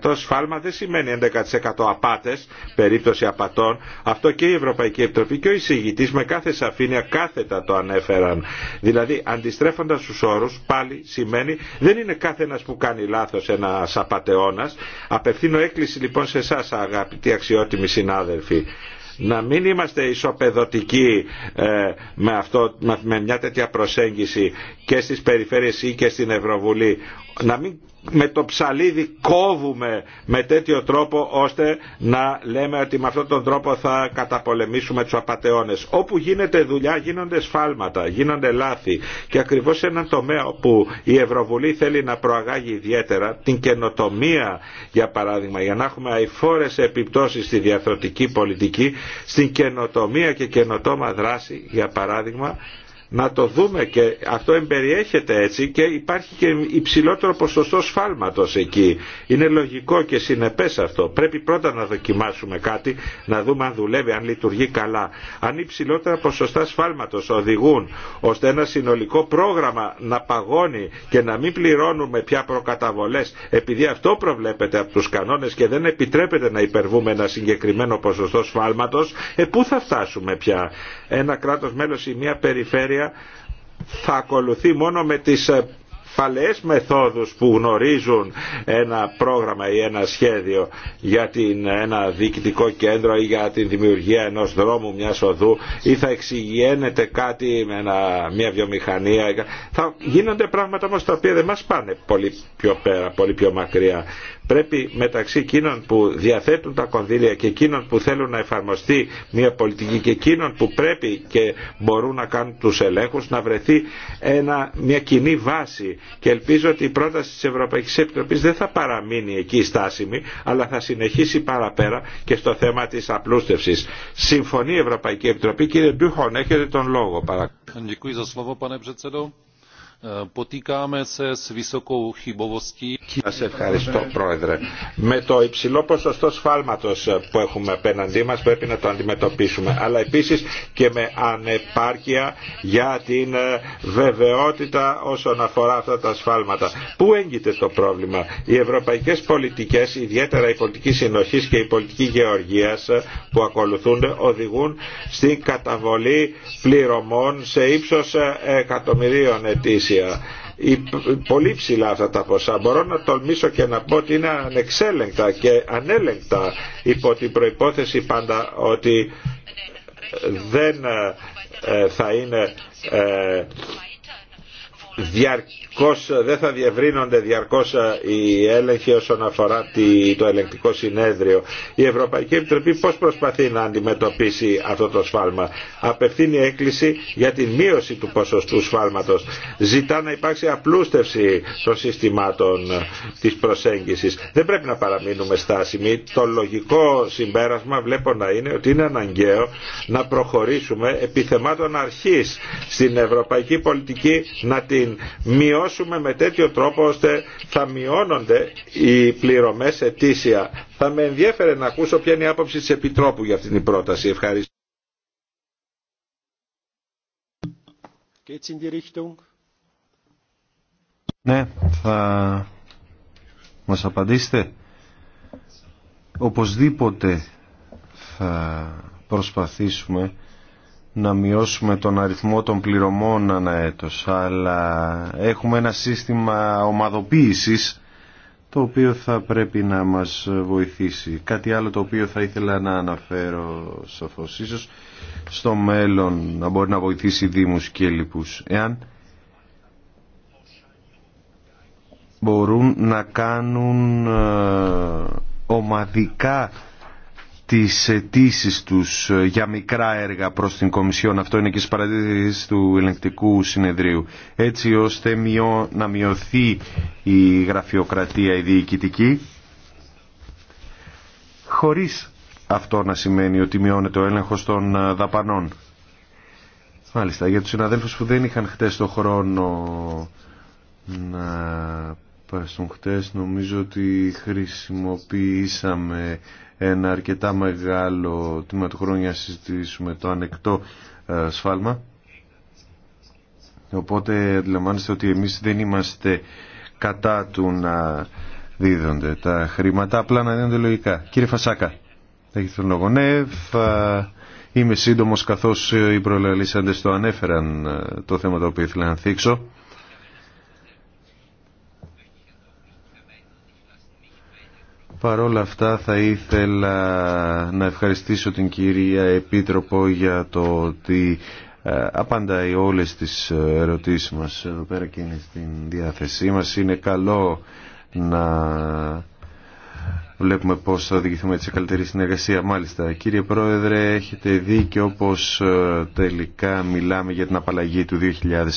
11% σφάλμα δεν σημαίνει 11% απάτες, περίπτωση απατών. Αυτό και η Ευρωπαϊκή Επιτροπή και ο εισηγητής με κάθε σαφήνεια κάθετα το ανέφεραν. Δηλαδή αντιστρέφοντας τους όρους πάλι σημαίνει δεν είναι κάθε ένας που κάνει λάθος ένας απατεώνας. Απευθύνω έκκληση λοιπόν σε εσά αγάπη αγαπητοί αξιότιμοι συνάδελφοι να μην είμαστε ισοπεδωτικοί ε, με, αυτό, με μια τέτοια προσέγγιση και στις περιφέρειες ή και στην Ευρωβουλή να μην με το ψαλίδι κόβουμε με τέτοιο τρόπο ώστε να λέμε ότι με αυτόν τον τρόπο θα καταπολεμήσουμε τους απαταιώνες. Όπου γίνεται δουλειά γίνονται σφάλματα, γίνονται λάθη και ακριβώς σε έναν τομέα όπου η Ευρωβουλή θέλει να προαγάγει ιδιαίτερα την καινοτομία για παράδειγμα για να έχουμε αηφόρες επιπτώσεις στη διαθροτική πολιτική, στην καινοτομία και καινοτόμα δράση για παράδειγμα να το δούμε και αυτό εμπεριέχεται έτσι και υπάρχει και υψηλότερο ποσοστό σφάλματος εκεί. Είναι λογικό και συνεπές αυτό. Πρέπει πρώτα να δοκιμάσουμε κάτι, να δούμε αν δουλεύει, αν λειτουργεί καλά. Αν υψηλότερα ποσοστά σφάλματος οδηγούν ώστε ένα συνολικό πρόγραμμα να παγώνει και να μην πληρώνουμε πια προκαταβολές επειδή αυτό προβλέπεται από τους κανόνες και δεν επιτρέπεται να υπερβούμε ένα συγκεκριμένο ποσοστό σφάλματος, ε, πού θα φτάσουμε πια ένα κράτος μέλος ή μια περιφέρεια θα ακολουθεί μόνο με τις ε, παλαιές μεθόδους που γνωρίζουν ένα πρόγραμμα ή ένα σχέδιο για την, ένα διοικητικό κέντρο ή για τη δημιουργία ενός δρόμου, μιας οδού ή θα εξηγιένεται κάτι με μια βιομηχανία. Θα γίνονται πράγματα όμως τα οποία δεν μας πάνε πολύ πιο πέρα, πολύ πιο μακριά πρέπει μεταξύ εκείνων που διαθέτουν τα κονδύλια και εκείνων που θέλουν να εφαρμοστεί μια πολιτική και εκείνων που πρέπει και μπορούν να κάνουν τους ελέγχους να βρεθεί ένα, μια κοινή βάση και ελπίζω ότι η πρόταση της Ευρωπαϊκής Επιτροπής δεν θα παραμείνει εκεί στάσιμη αλλά θα συνεχίσει παραπέρα και στο θέμα της απλούστευσης. Συμφωνεί η Ευρωπαϊκή Επιτροπή. Κύριε Ντούχον, έχετε τον λόγο παρακαλώ. Σα ευχαριστώ πρόεδρε. Με το υψηλό ποσοστό σφάλματο που έχουμε απέναντί μα πρέπει να το αντιμετωπίσουμε. Αλλά επίση και με ανεπάρκεια για την ε, βεβαιότητα όσον αφορά αυτά τα σφάλματα. Πού έγκυται το πρόβλημα. Οι ευρωπαϊκέ πολιτικέ, ιδιαίτερα η πολιτική συνοχή και η πολιτική γεωργία ε, που ακολουθούν οδηγούν στην καταβολή πληρωμών σε ύψο ε, εκατομμυρίων ετήσια πολύ ψηλά αυτά τα ποσά. Μπορώ να τολμήσω και να πω ότι είναι ανεξέλεγκτα και ανέλεγκτα υπό την προϋπόθεση πάντα ότι δεν ε, θα είναι ε, διαρκώς, δεν θα διευρύνονται διαρκώς ε, οι έλεγχοι όσον αφορά το ελεγκτικό συνέδριο. Η Ευρωπαϊκή Επιτροπή πώς προσπαθεί να αντιμετωπίσει αυτό το σφάλμα. Απευθύνει έκκληση για την μείωση του ποσοστού σφάλματος. Ζητά να υπάρξει απλούστευση των συστημάτων ε, της προσέγγισης. Δεν πρέπει να παραμείνουμε στάσιμοι. Το λογικό συμπέρασμα βλέπω να είναι ότι είναι αναγκαίο να προχωρήσουμε επιθεμάτων αρχής στην ευρωπαϊκή πολιτική να την μειώσουμε με τέτοιο τρόπο ώστε θα μειώνονται οι πληρωμές ετήσια. Θα με ενδιέφερε να ακούσω ποια είναι η άποψη της Επιτρόπου για αυτήν την πρόταση. Ευχαριστώ. Ναι, θα μας απαντήσετε. Οπωσδήποτε θα προσπαθήσουμε να μειώσουμε τον αριθμό των πληρωμών ανά έτος, αλλά έχουμε ένα σύστημα ομαδοποίησης το οποίο θα πρέπει να μας βοηθήσει. Κάτι άλλο το οποίο θα ήθελα να αναφέρω σαφώς, ίσως στο μέλλον να μπορεί να βοηθήσει δήμους και λοιπούς. Εάν μπορούν να κάνουν ε, ομαδικά τις αιτήσει τους ε, για μικρά έργα προς την Κομισιόν. Αυτό είναι και στις παρατηρήσεις του ελεγκτικού συνεδρίου. Έτσι ώστε να μειωθεί η γραφειοκρατία η διοικητική χωρίς αυτό να σημαίνει ότι μειώνεται ο έλεγχος των ε, δαπανών. Μάλιστα, για τους συναδέλφους που δεν είχαν χτες το χρόνο να πάσουν χτες, νομίζω ότι χρησιμοποιήσαμε ένα αρκετά μεγάλο τμήμα του χρόνου για να συζητήσουμε το ανεκτό ε, σφάλμα. Οπότε αντιλαμβάνεστε ότι εμείς δεν είμαστε κατά του να δίδονται τα χρήματα, απλά να δίνονται λογικά. Κύριε Φασάκα, έχετε τον λόγο. Ναι, θα... είμαι σύντομος καθώς οι προλαλήσαντες το ανέφεραν ε, το θέμα το οποίο ήθελα να θίξω. Παρόλα αυτά θα ήθελα να ευχαριστήσω την κυρία Επίτροπο για το ότι ε, απαντάει όλες τις ε, ερωτήσεις μας εδώ πέρα και είναι στην διάθεσή μας. Είναι καλό να βλέπουμε πώς θα οδηγηθούμε σε καλύτερη συνεργασία. Μάλιστα, κύριε Πρόεδρε, έχετε δίκιο πως ε, τελικά προεδρε εχετε δει και όπω τελικα μιλαμε για την απαλλαγή του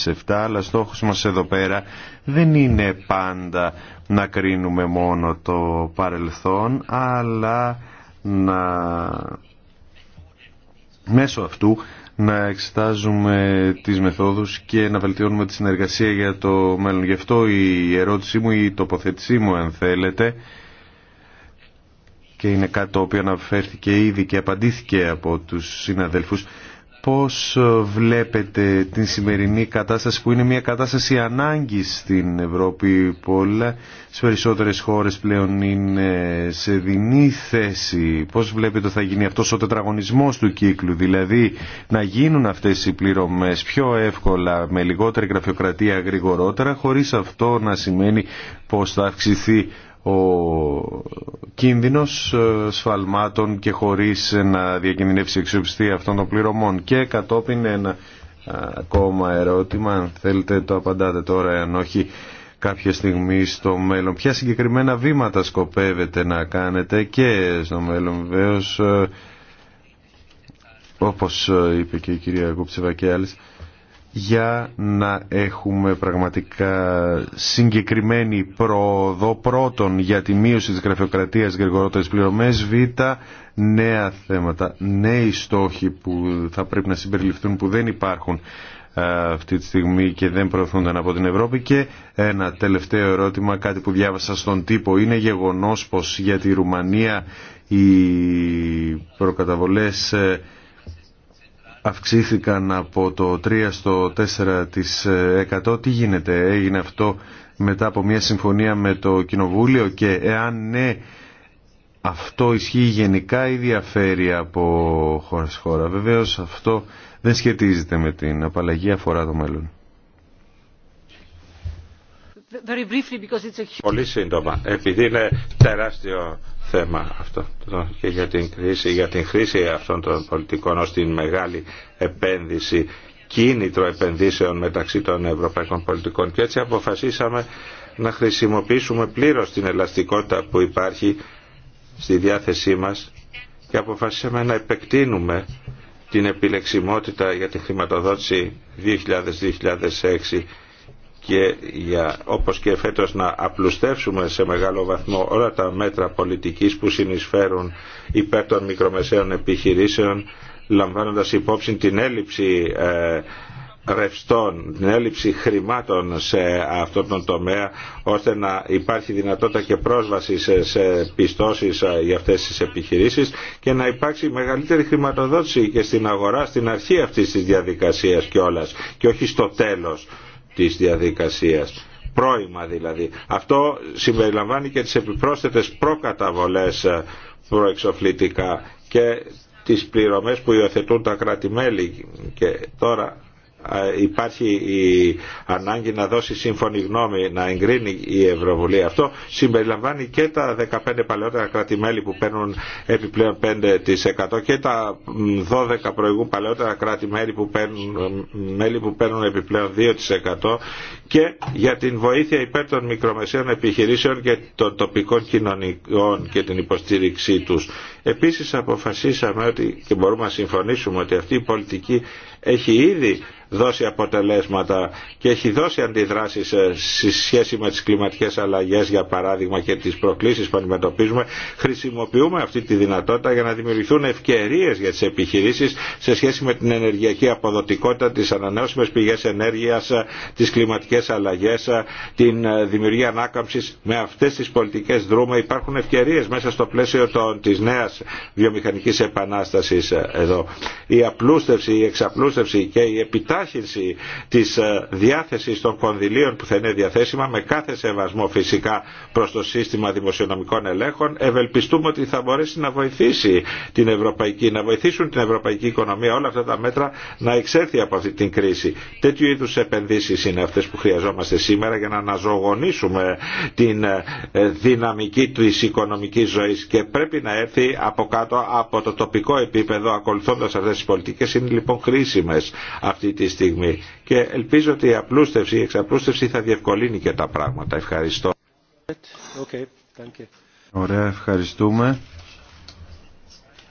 2007, αλλά στόχος μας εδώ πέρα δεν είναι πάντα να κρίνουμε μόνο το παρελθόν, αλλά να μέσω αυτού να εξετάζουμε τις μεθόδους και να βελτιώνουμε τη συνεργασία για το μέλλον. Γι' αυτό η ερώτησή μου, η τοποθέτησή μου αν θέλετε, και είναι κάτι το οποίο αναφέρθηκε ήδη και απαντήθηκε από τους συναδέλφους πώς βλέπετε την σημερινή κατάσταση που είναι μια κατάσταση ανάγκης στην Ευρώπη πολλά στις περισσότερες χώρες πλέον είναι σε δινή θέση πώς βλέπετε θα γίνει αυτός ο τετραγωνισμός του κύκλου δηλαδή να γίνουν αυτές οι πληρωμές πιο εύκολα με λιγότερη γραφειοκρατία γρηγορότερα χωρίς αυτό να σημαίνει πως θα αυξηθεί ο κίνδυνος ε, σφαλμάτων και χωρίς να διακινδυνεύσει η εξοπιστία αυτών των πληρωμών και κατόπιν ένα ακόμα ερώτημα αν θέλετε το απαντάτε τώρα αν όχι κάποια στιγμή στο μέλλον ποια συγκεκριμένα βήματα σκοπεύετε να κάνετε και στο μέλλον βεβαίω, ε, όπως ε, είπε και η κυρία Κούψεβα για να έχουμε πραγματικά συγκεκριμένη πρόοδο πρώτον για τη μείωση της γραφειοκρατίας γρηγορότερες πληρωμές β, νέα θέματα, νέοι στόχοι που θα πρέπει να συμπεριληφθούν που δεν υπάρχουν ε, αυτή τη στιγμή και δεν προωθούνται από την Ευρώπη και ένα τελευταίο ερώτημα, κάτι που διάβασα στον τύπο είναι γεγονός πως για τη Ρουμανία οι προκαταβολές ε, αυξήθηκαν από το 3 στο 4% ε, τι γίνεται έγινε αυτό μετά από μια συμφωνία με το Κοινοβούλιο και εάν ναι αυτό ισχύει γενικά ή διαφέρει από χώρα σε χώρα βεβαίως αυτό δεν σχετίζεται με την απαλλαγή αφορά το μέλλον Πολύ σύντομα, επειδή είναι τεράστιο θέμα αυτό και για την κρίση, για την χρήση αυτών των πολιτικών ως την μεγάλη επένδυση, κίνητρο επενδύσεων μεταξύ των ευρωπαϊκών πολιτικών και έτσι αποφασίσαμε να χρησιμοποιήσουμε πλήρως την ελαστικότητα που υπάρχει στη διάθεσή μας και αποφασίσαμε να επεκτείνουμε την επιλεξιμότητα για τη χρηματοδότηση 2000-2006 και για, όπως και φέτος να απλουστεύσουμε σε μεγάλο βαθμό όλα τα μέτρα πολιτικής που συνεισφέρουν υπέρ των μικρομεσαίων επιχειρήσεων λαμβάνοντας υπόψη την έλλειψη ε, ρευστών, την έλλειψη χρημάτων σε αυτόν τον τομέα ώστε να υπάρχει δυνατότητα και πρόσβαση σε, σε πιστώσεις ε, για αυτές τις επιχειρήσεις και να υπάρξει μεγαλύτερη χρηματοδότηση και στην αγορά στην αρχή αυτής της διαδικασίας κιόλας και όχι στο τέλος της διαδικασίας πρόημα δηλαδή. Αυτό συμπεριλαμβάνει και τις επιπρόσθετες προκαταβολές ε, προεξοφλητικά και τις πληρωμές που υιοθετούν τα κράτη-μέλη και τώρα υπάρχει η ανάγκη να δώσει σύμφωνη γνώμη, να εγκρίνει η Ευρωβουλή. Αυτό συμπεριλαμβάνει και τα 15 παλαιότερα κράτη-μέλη που παίρνουν επιπλέον 5% και τα 12 προηγού παλαιότερα κράτη-μέλη που, παίρνουν, που παίρνουν επιπλέον 2% και για την βοήθεια υπέρ των μικρομεσαίων επιχειρήσεων και των τοπικών κοινωνικών και την υποστήριξή τους. Επίσης αποφασίσαμε ότι και μπορούμε να συμφωνήσουμε ότι αυτή η πολιτική έχει ήδη δώσει αποτελέσματα και έχει δώσει αντιδράσεις ε, σε σχέση με τις κλιματικές αλλαγές για παράδειγμα και τι προκλήσεις που αντιμετωπίζουμε χρησιμοποιούμε αυτή τη δυνατότητα για να δημιουργηθούν ευκαιρίες για τις επιχειρήσεις σε σχέση με την ενεργειακή αποδοτικότητα, τις ανανεώσιμες πηγές ενέργειας, ε, τις κλιματικές αλλαγές, ε, την δημιουργία ανάκαμψης. Με αυτές τις πολιτικές δρούμε υπάρχουν ευκαιρίες μέσα στο πλαίσιο τη της νέας βιομηχανικής επανάστασης εδώ. Η απλούστευση, η εξαπλούστευση και η επιτάχυνση εξεράχυνση της ε, διάθεσης των κονδυλίων που θα είναι διαθέσιμα με κάθε σεβασμό φυσικά προς το σύστημα δημοσιονομικών ελέγχων ευελπιστούμε ότι θα μπορέσει να βοηθήσει την ευρωπαϊκή, να βοηθήσουν την ευρωπαϊκή οικονομία όλα αυτά τα μέτρα να εξέλθει από αυτή την κρίση. Τέτοιου είδους επενδύσεις είναι αυτές που χρειαζόμαστε σήμερα για να αναζωογονήσουμε την ε, δυναμική της οικονομικής ζωής και πρέπει να έρθει από κάτω από το τοπικό επίπεδο ακολουθώντας αυτές τις πολιτικές είναι λοιπόν χρήσιμες αυτή στιγμή και ελπίζω ότι η απλούστευση, η εξαπλούστευση θα διευκολύνει και τα πράγματα. Ευχαριστώ. Okay, Ωραία, ευχαριστούμε.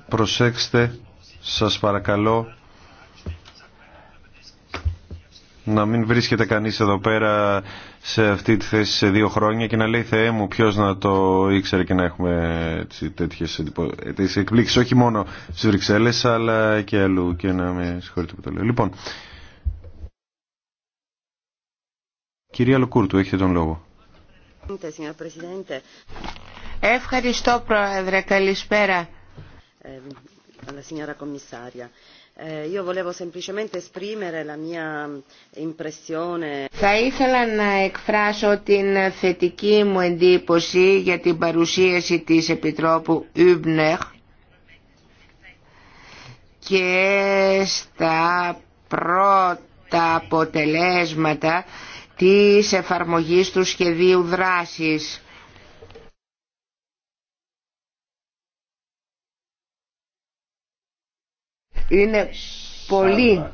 Προσέξτε, σας παρακαλώ να μην βρίσκεται κανείς εδώ πέρα σε αυτή τη θέση σε δύο χρόνια και να λέει Θεέ μου ποιος να το ήξερε και να έχουμε τέτοιες, τέτοιες ε, εκπλήξεις όχι μόνο στις Βρυξέλλες αλλά και αλλού και να με συγχωρείτε που το λέω. Λοιπόν, Κυρία Λοκούρτου, έχετε τον λόγο. Ευχαριστώ, Πρόεδρε. Καλησπέρα. Ε, ε, Θα ήθελα να εκφράσω την θετική μου εντύπωση για την παρουσίαση της Επιτρόπου Υμπνεχ και στα πρώτα αποτελέσματα της εφαρμογής του σχεδίου δράσης. Είναι πολύ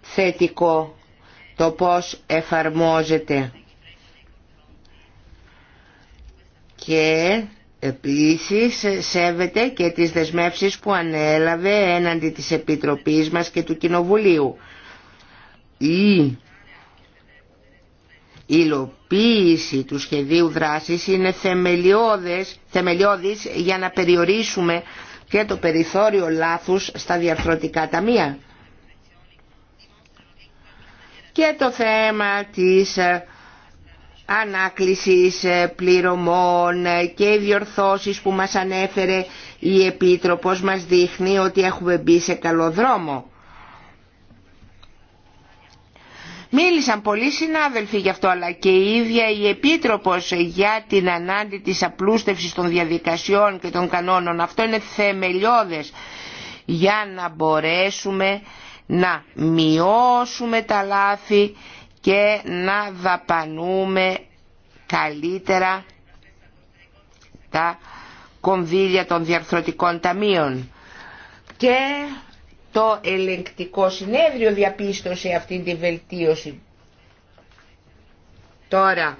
θετικό το πώς εφαρμόζεται και επίσης σέβεται και τις δεσμεύσεις που ανέλαβε έναντι της Επιτροπής μας και του Κοινοβουλίου η υλοποίηση του σχεδίου δράσης είναι θεμελιώδες, θεμελιώδης για να περιορίσουμε και το περιθώριο λάθους στα διαρθρωτικά ταμεία. Και το θέμα της ε, ανάκλησης ε, πληρωμών ε, και οι διορθώσεις που μας ανέφερε η Επίτροπος μας δείχνει ότι έχουμε μπει σε καλό δρόμο. Μίλησαν πολλοί συνάδελφοι γι' αυτό αλλά και η ίδια η Επίτροπος για την ανάγκη της απλούστευσης των διαδικασιών και των κανόνων. Αυτό είναι θεμελιώδες για να μπορέσουμε να μειώσουμε τα λάθη και να δαπανούμε καλύτερα τα κονδύλια των διαρθρωτικών ταμείων. Και το ελεγκτικό συνέδριο διαπίστωσε αυτή τη βελτίωση. Τώρα,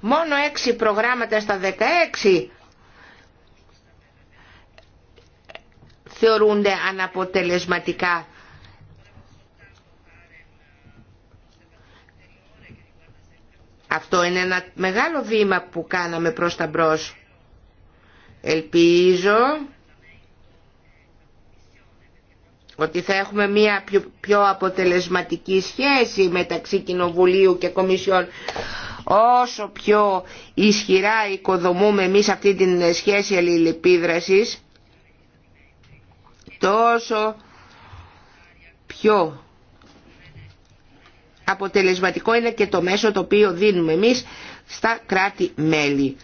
μόνο έξι προγράμματα στα 16 θεωρούνται αναποτελεσματικά Αυτό είναι ένα μεγάλο βήμα που κάναμε προς τα μπρος. Ελπίζω ότι θα έχουμε μία πιο αποτελεσματική σχέση μεταξύ Κοινοβουλίου και Κομισιόν. Όσο πιο ισχυρά οικοδομούμε εμείς αυτή την σχέση αλληλεπίδρασης, τόσο πιο αποτελεσματικό είναι και το μέσο το οποίο δίνουμε εμείς στα κράτη-μέλη.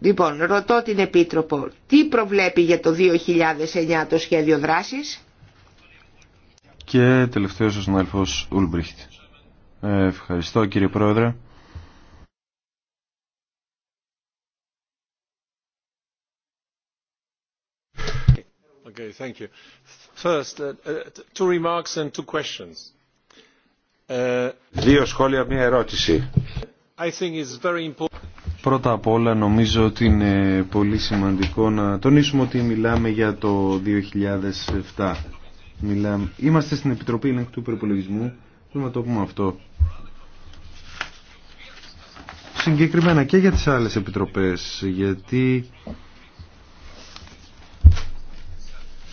Λοιπόν, ρωτώ την Επίτροπο, τι προβλέπει για το 2009 το σχέδιο δράσης. Και τελευταίος ο συνάδελφος Ούλμπριχτ. Ε, ευχαριστώ κύριε Πρόεδρε. Okay, thank you. First, uh, uh, two remarks and two questions. Ε, δύο σχόλια, μία ερώτηση. Πρώτα απ' όλα νομίζω ότι είναι πολύ σημαντικό να τονίσουμε ότι μιλάμε για το 2007. Μιλάμε... Είμαστε στην Επιτροπή Ελέγχου του Υπερπολογισμού. Πρέπει να το πούμε αυτό. Συγκεκριμένα και για τις άλλες επιτροπές, γιατί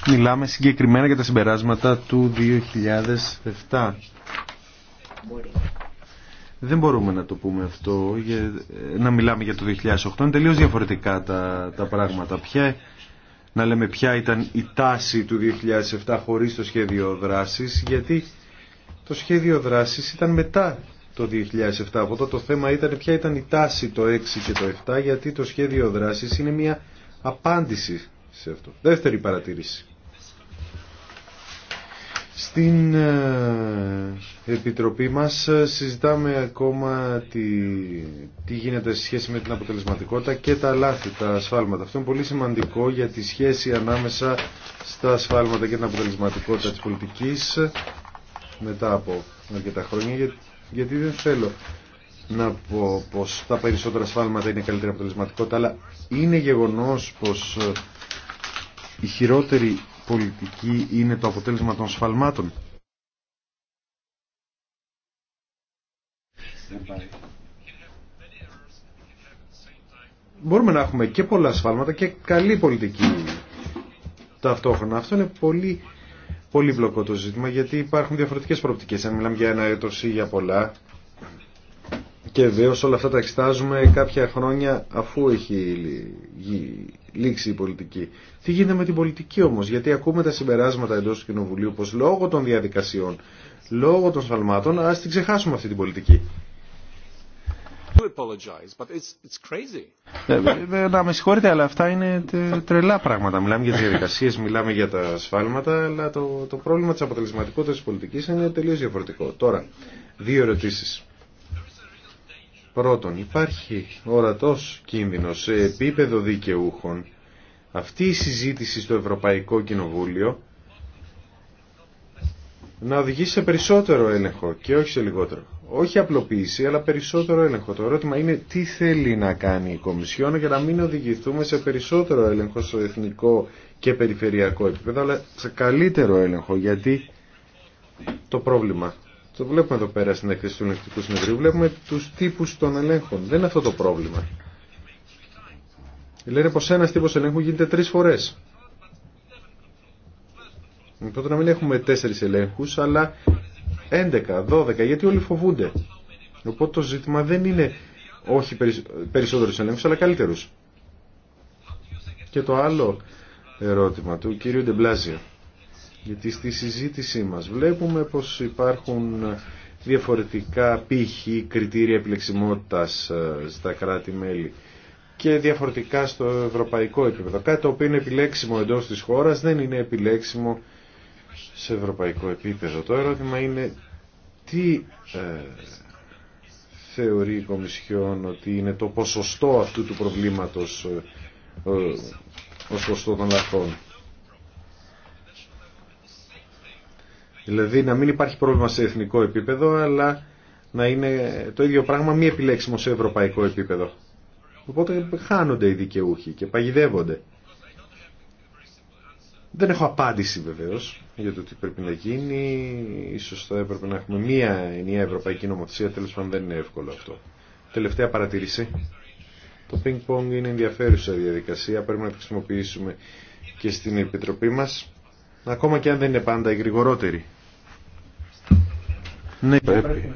μιλάμε συγκεκριμένα για τα συμπεράσματα του 2007 δεν μπορούμε να το πούμε αυτό, για, να μιλάμε για το 2008, είναι τελείως διαφορετικά τα, τα πράγματα. Ποια, να λέμε ποια ήταν η τάση του 2007 χωρίς το σχέδιο δράσης, γιατί το σχέδιο δράσης ήταν μετά το 2007. Οπότε το θέμα ήταν ποια ήταν η τάση το 6 και το 7, γιατί το σχέδιο δράσης είναι μια απάντηση σε αυτό. Δεύτερη παρατήρηση. Στην ε, Επιτροπή μας ε, συζητάμε ακόμα τι, τι γίνεται σε σχέση με την αποτελεσματικότητα και τα λάθη, τα ασφάλματα. Αυτό είναι πολύ σημαντικό για τη σχέση ανάμεσα στα ασφάλματα και την αποτελεσματικότητα της πολιτικής μετά από αρκετά χρόνια, γιατί δεν θέλω να πω πως τα περισσότερα ασφάλματα είναι καλύτερη αποτελεσματικότητα, αλλά είναι γεγονός πως ε, η χειρότερη πολιτική είναι το αποτέλεσμα των σφαλμάτων. Μπορούμε να έχουμε και πολλά σφάλματα και καλή πολιτική ταυτόχρονα. Αυτό είναι πολύ βλοκό το ζήτημα γιατί υπάρχουν διαφορετικές προοπτικές. Αν μιλάμε για ένα έτος ή για πολλά και βέβαια όλα αυτά τα εξετάζουμε κάποια χρόνια αφού έχει λήξει η πολιτική. Τι γίνεται με την πολιτική όμως, γιατί ακούμε τα συμπεράσματα εντός του Κοινοβουλίου πως λόγω των διαδικασιών, λόγω των σφαλμάτων, ας την ξεχάσουμε αυτή την πολιτική. Ε, ε, ε, να με συγχωρείτε, αλλά αυτά είναι τρελά πράγματα. Μιλάμε για τι διαδικασίε, μιλάμε για τα σφάλματα, αλλά το, το πρόβλημα τη αποτελεσματικότητα τη πολιτική είναι τελείω διαφορετικό. Τώρα, δύο ερωτήσει. Πρώτον, υπάρχει ορατός κίνδυνος σε επίπεδο δικαιούχων. Αυτή η συζήτηση στο Ευρωπαϊκό Κοινοβούλιο να οδηγήσει σε περισσότερο έλεγχο και όχι σε λιγότερο. Όχι απλοποίηση, αλλά περισσότερο έλεγχο. Το ερώτημα είναι τι θέλει να κάνει η Κομισιόν για να μην οδηγηθούμε σε περισσότερο έλεγχο στο εθνικό και περιφερειακό επίπεδο, αλλά σε καλύτερο έλεγχο, γιατί το πρόβλημα το βλέπουμε εδώ πέρα στην έκθεση του Ελεγκτικού Συνεδρίου, βλέπουμε τους τύπους των ελέγχων. Δεν είναι αυτό το πρόβλημα. Λένε πω ένα τύπο ελέγχου γίνεται τρει φορές. Οπότε να μην έχουμε τέσσερι ελέγχου, αλλά 11, 12, γιατί όλοι φοβούνται. Οπότε το ζήτημα δεν είναι όχι περισσότερου ελέγχου, αλλά καλύτερου. Και το άλλο ερώτημα του κύριου Ντεμπλάζια γιατί στη συζήτησή μας βλέπουμε πως υπάρχουν διαφορετικά πύχη κριτήρια επιλεξιμότητας ε, στα κράτη-μέλη και διαφορετικά στο ευρωπαϊκό επίπεδο. Κάτι το οποίο είναι επιλέξιμο εντός της χώρας δεν είναι επιλέξιμο σε ευρωπαϊκό επίπεδο. Το ερώτημα είναι τι ε, θεωρεί η Κομισιόν ότι είναι το ποσοστό αυτού του προβλήματος ε, ως ε, ποσοστό των λαχών. Δηλαδή να μην υπάρχει πρόβλημα σε εθνικό επίπεδο, αλλά να είναι το ίδιο πράγμα μη επιλέξιμο σε ευρωπαϊκό επίπεδο. Οπότε χάνονται οι δικαιούχοι και παγιδεύονται. Δεν έχω απάντηση βεβαίω για το τι πρέπει να γίνει. Ίσως θα έπρεπε να έχουμε μία ενιαία ευρωπαϊκή νομοθεσία. Τέλο πάντων δεν είναι εύκολο αυτό. Τελευταία παρατήρηση. Το ping-pong είναι ενδιαφέρουσα διαδικασία. Πρέπει να το χρησιμοποιήσουμε και στην Επιτροπή μα. Ακόμα και αν δεν είναι πάντα η γρηγορότερη. Ναι. Πρέπει,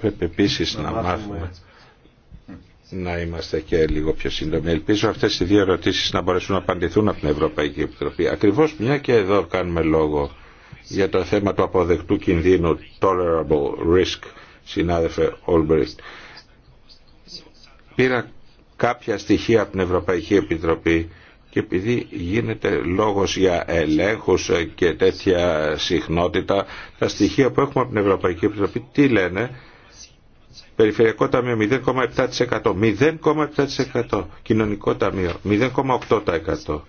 πρέπει επίσης να, μάθουμε να είμαστε και λίγο πιο σύντομοι. Ελπίζω αυτές οι δύο ερωτήσεις να μπορέσουν να απαντηθούν από την Ευρωπαϊκή Επιτροπή. Ακριβώς μια και εδώ κάνουμε λόγο για το θέμα του αποδεκτού κινδύνου tolerable risk, συνάδελφε Ολμπρίστ. Πήρα κάποια στοιχεία από την Ευρωπαϊκή Επιτροπή και επειδή γίνεται λόγος για ελέγχους και τέτοια συχνότητα, τα στοιχεία που έχουμε από την Ευρωπαϊκή Επιτροπή τι λένε, Περιφερειακό Ταμείο 0,7%, 0,7%, Κοινωνικό Ταμείο 0,8%.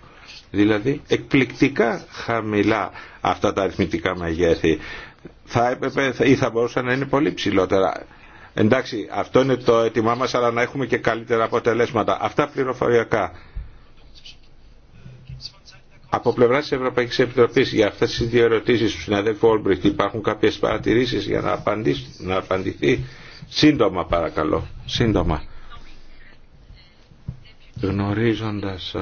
Δηλαδή εκπληκτικά χαμηλά αυτά τα αριθμητικά μεγέθη. Θα έπρεπε ή θα μπορούσαν να είναι πολύ ψηλότερα. Εντάξει, αυτό είναι το έτοιμά μας, αλλά να έχουμε και καλύτερα αποτελέσματα. Αυτά πληροφοριακά. Από πλευρά τη Ευρωπαϊκή Επιτροπή για αυτέ τι δύο ερωτήσει του συναδέλφου Όλμπριχτ υπάρχουν κάποιε παρατηρήσει για να, να απαντηθεί. Σύντομα παρακαλώ. Σύντομα. Γνωρίζοντα ε,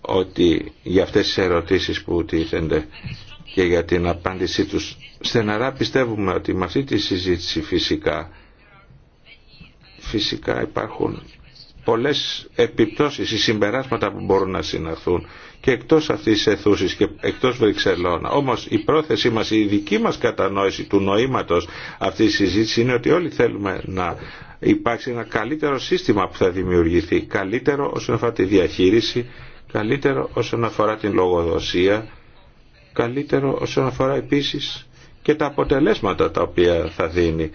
ότι για αυτές τις ερωτήσεις που τίθενται και για την απάντησή τους στεναρά πιστεύουμε ότι με αυτή τη συζήτηση φυσικά φυσικά υπάρχουν πολλές επιπτώσεις ή συμπεράσματα που μπορούν να συναρθούν και εκτός αυτής τη αιθούση και εκτός Βρυξελών. Όμως η πρόθεσή μας, η δική μας κατανόηση του νοήματος αυτής τη συζήτηση είναι ότι όλοι θέλουμε να υπάρξει ένα καλύτερο σύστημα που θα δημιουργηθεί, καλύτερο όσον αφορά τη διαχείριση, καλύτερο όσον αφορά την λογοδοσία, καλύτερο όσον αφορά επίση και τα αποτελέσματα τα οποία θα δίνει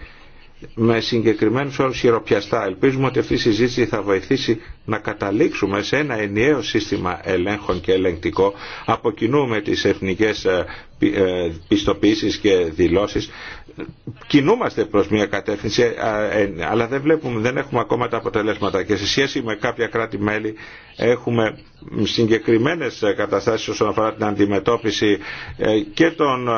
με συγκεκριμένους όρους χειροπιαστά. Ελπίζουμε ότι αυτή η συζήτηση θα βοηθήσει να καταλήξουμε σε ένα ενιαίο σύστημα ελέγχων και ελεγκτικό Αποκινούμε τις εθνικές ε, ε, πιστοποίησεις και δηλώσεις. Κινούμαστε προς μια κατεύθυνση ε, αλλά δεν βλέπουμε, δεν έχουμε ακόμα τα αποτελέσματα και σε σχέση με κάποια κράτη-μέλη έχουμε συγκεκριμένες καταστάσεις όσον αφορά την αντιμετώπιση ε, και των ε, ε,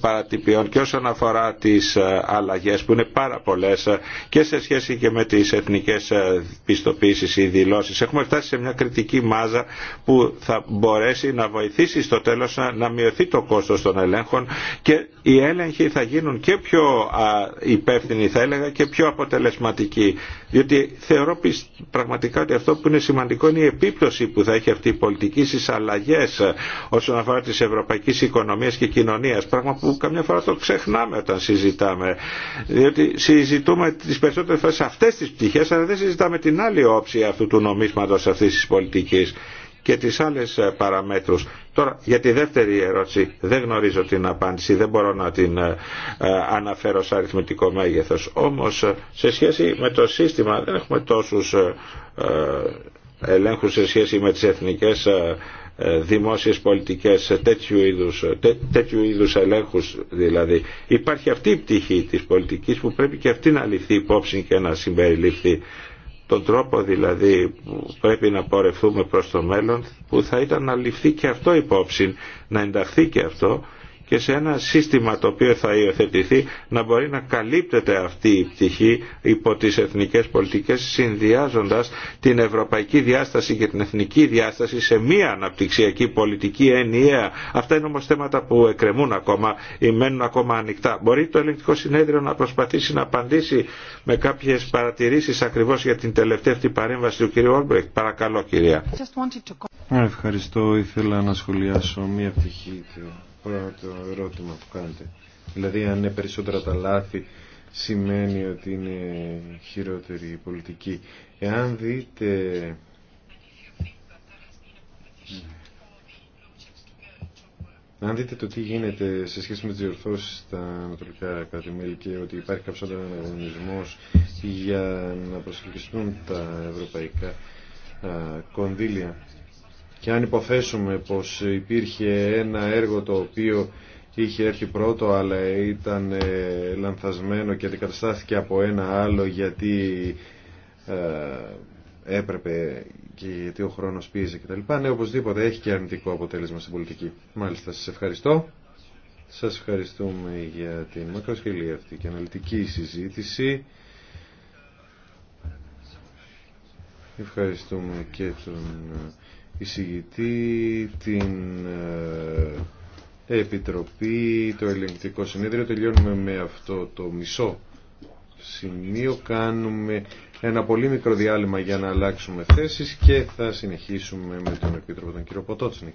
παρατυπιών και όσον αφορά τις αλλαγές που είναι πάρα πολλές και σε σχέση και με τις εθνικές πιστοποίησεις ή δηλώσεις. Έχουμε φτάσει σε μια κριτική μάζα που θα μπορέσει να βοηθήσει στο τέλος να μειωθεί το κόστος των ελέγχων και οι έλεγχοι θα γίνουν και πιο υπεύθυνοι θα έλεγα και πιο αποτελεσματικοί. Διότι θεωρώ πραγματικά ότι αυτό που είναι σημαντικό είναι η επίπτωση που θα έχει αυτή η πολιτική στις αλλαγές ε, όσον αφορά τις ευρωπαϊκές οικονομίες και κοινωνίας. Πράγμα που καμιά φορά το ξεχνάμε όταν συζητάμε. Διότι συζητούμε τις περισσότερες φορές αυτές τις πτυχές αλλά δεν συζητάμε την άλλη όψη αυτού του νομίσματος αυτής της πολιτικής και τις άλλες ε, παραμέτρους. Τώρα για τη δεύτερη ερώτηση δεν γνωρίζω την απάντηση, δεν μπορώ να την ε, ε, αναφέρω σε αριθμητικό μέγεθος. Όμως σε σχέση με το σύστημα δεν έχουμε τόσους ελέγχους σε σχέση με τις εθνικές δημόσιες πολιτικές τέτοιου είδους, τέ, τέτοιου είδους ελέγχους δηλαδή. Υπάρχει αυτή η πτυχή της πολιτικής που πρέπει και αυτή να ληφθεί υπόψη και να συμπεριληφθεί τον τρόπο δηλαδή που πρέπει να πορευτούμε προς το μέλλον που θα ήταν να ληφθεί και αυτό υπόψη, να ενταχθεί και αυτό και σε ένα σύστημα το οποίο θα υιοθετηθεί να μπορεί να καλύπτεται αυτή η πτυχή υπό τις εθνικές πολιτικές συνδυάζοντας την ευρωπαϊκή διάσταση και την εθνική διάσταση σε μία αναπτυξιακή πολιτική ενιαία. Αυτά είναι όμως θέματα που εκκρεμούν ακόμα ή μένουν ακόμα ανοιχτά. Μπορεί το ελεγκτικό συνέδριο να προσπαθήσει να απαντήσει με κάποιες παρατηρήσεις ακριβώς για την τελευταία αυτή παρέμβαση του κ. Όλμπρεκτ. Παρακαλώ κυρία. Ευχαριστώ. Ήθελα να σχολιάσω μία πτυχή το ερώτημα που κάνετε. Δηλαδή αν είναι περισσότερα τα λάθη σημαίνει ότι είναι χειρότερη η πολιτική. Εάν δείτε Αν δείτε το τι γίνεται σε σχέση με τις διορθώσεις στα ανατολικά κρατημέλη και ότι υπάρχει κάποιος ανταγωνισμός για να προσελκυστούν τα ευρωπαϊκά κονδύλια και αν υποθέσουμε πως υπήρχε ένα έργο το οποίο είχε έρθει πρώτο αλλά ήταν ε, λανθασμένο και αντικαταστάθηκε από ένα άλλο γιατί ε, έπρεπε και γιατί ο χρόνος πίεζε κτλ. Ναι, οπωσδήποτε έχει και αρνητικό αποτέλεσμα στην πολιτική. Μάλιστα, σας ευχαριστώ. Σας ευχαριστούμε για την μακροσχελή αυτή και αναλυτική συζήτηση. Ευχαριστούμε και τον εισηγητή, την ε, Επιτροπή, το Ελεγκτικό Συνέδριο. Τελειώνουμε με αυτό το μισό σημείο. Κάνουμε ένα πολύ μικρό διάλειμμα για να αλλάξουμε θέσεις και θα συνεχίσουμε με τον Επίτροπο, τον κύριο Ποτότσνικ.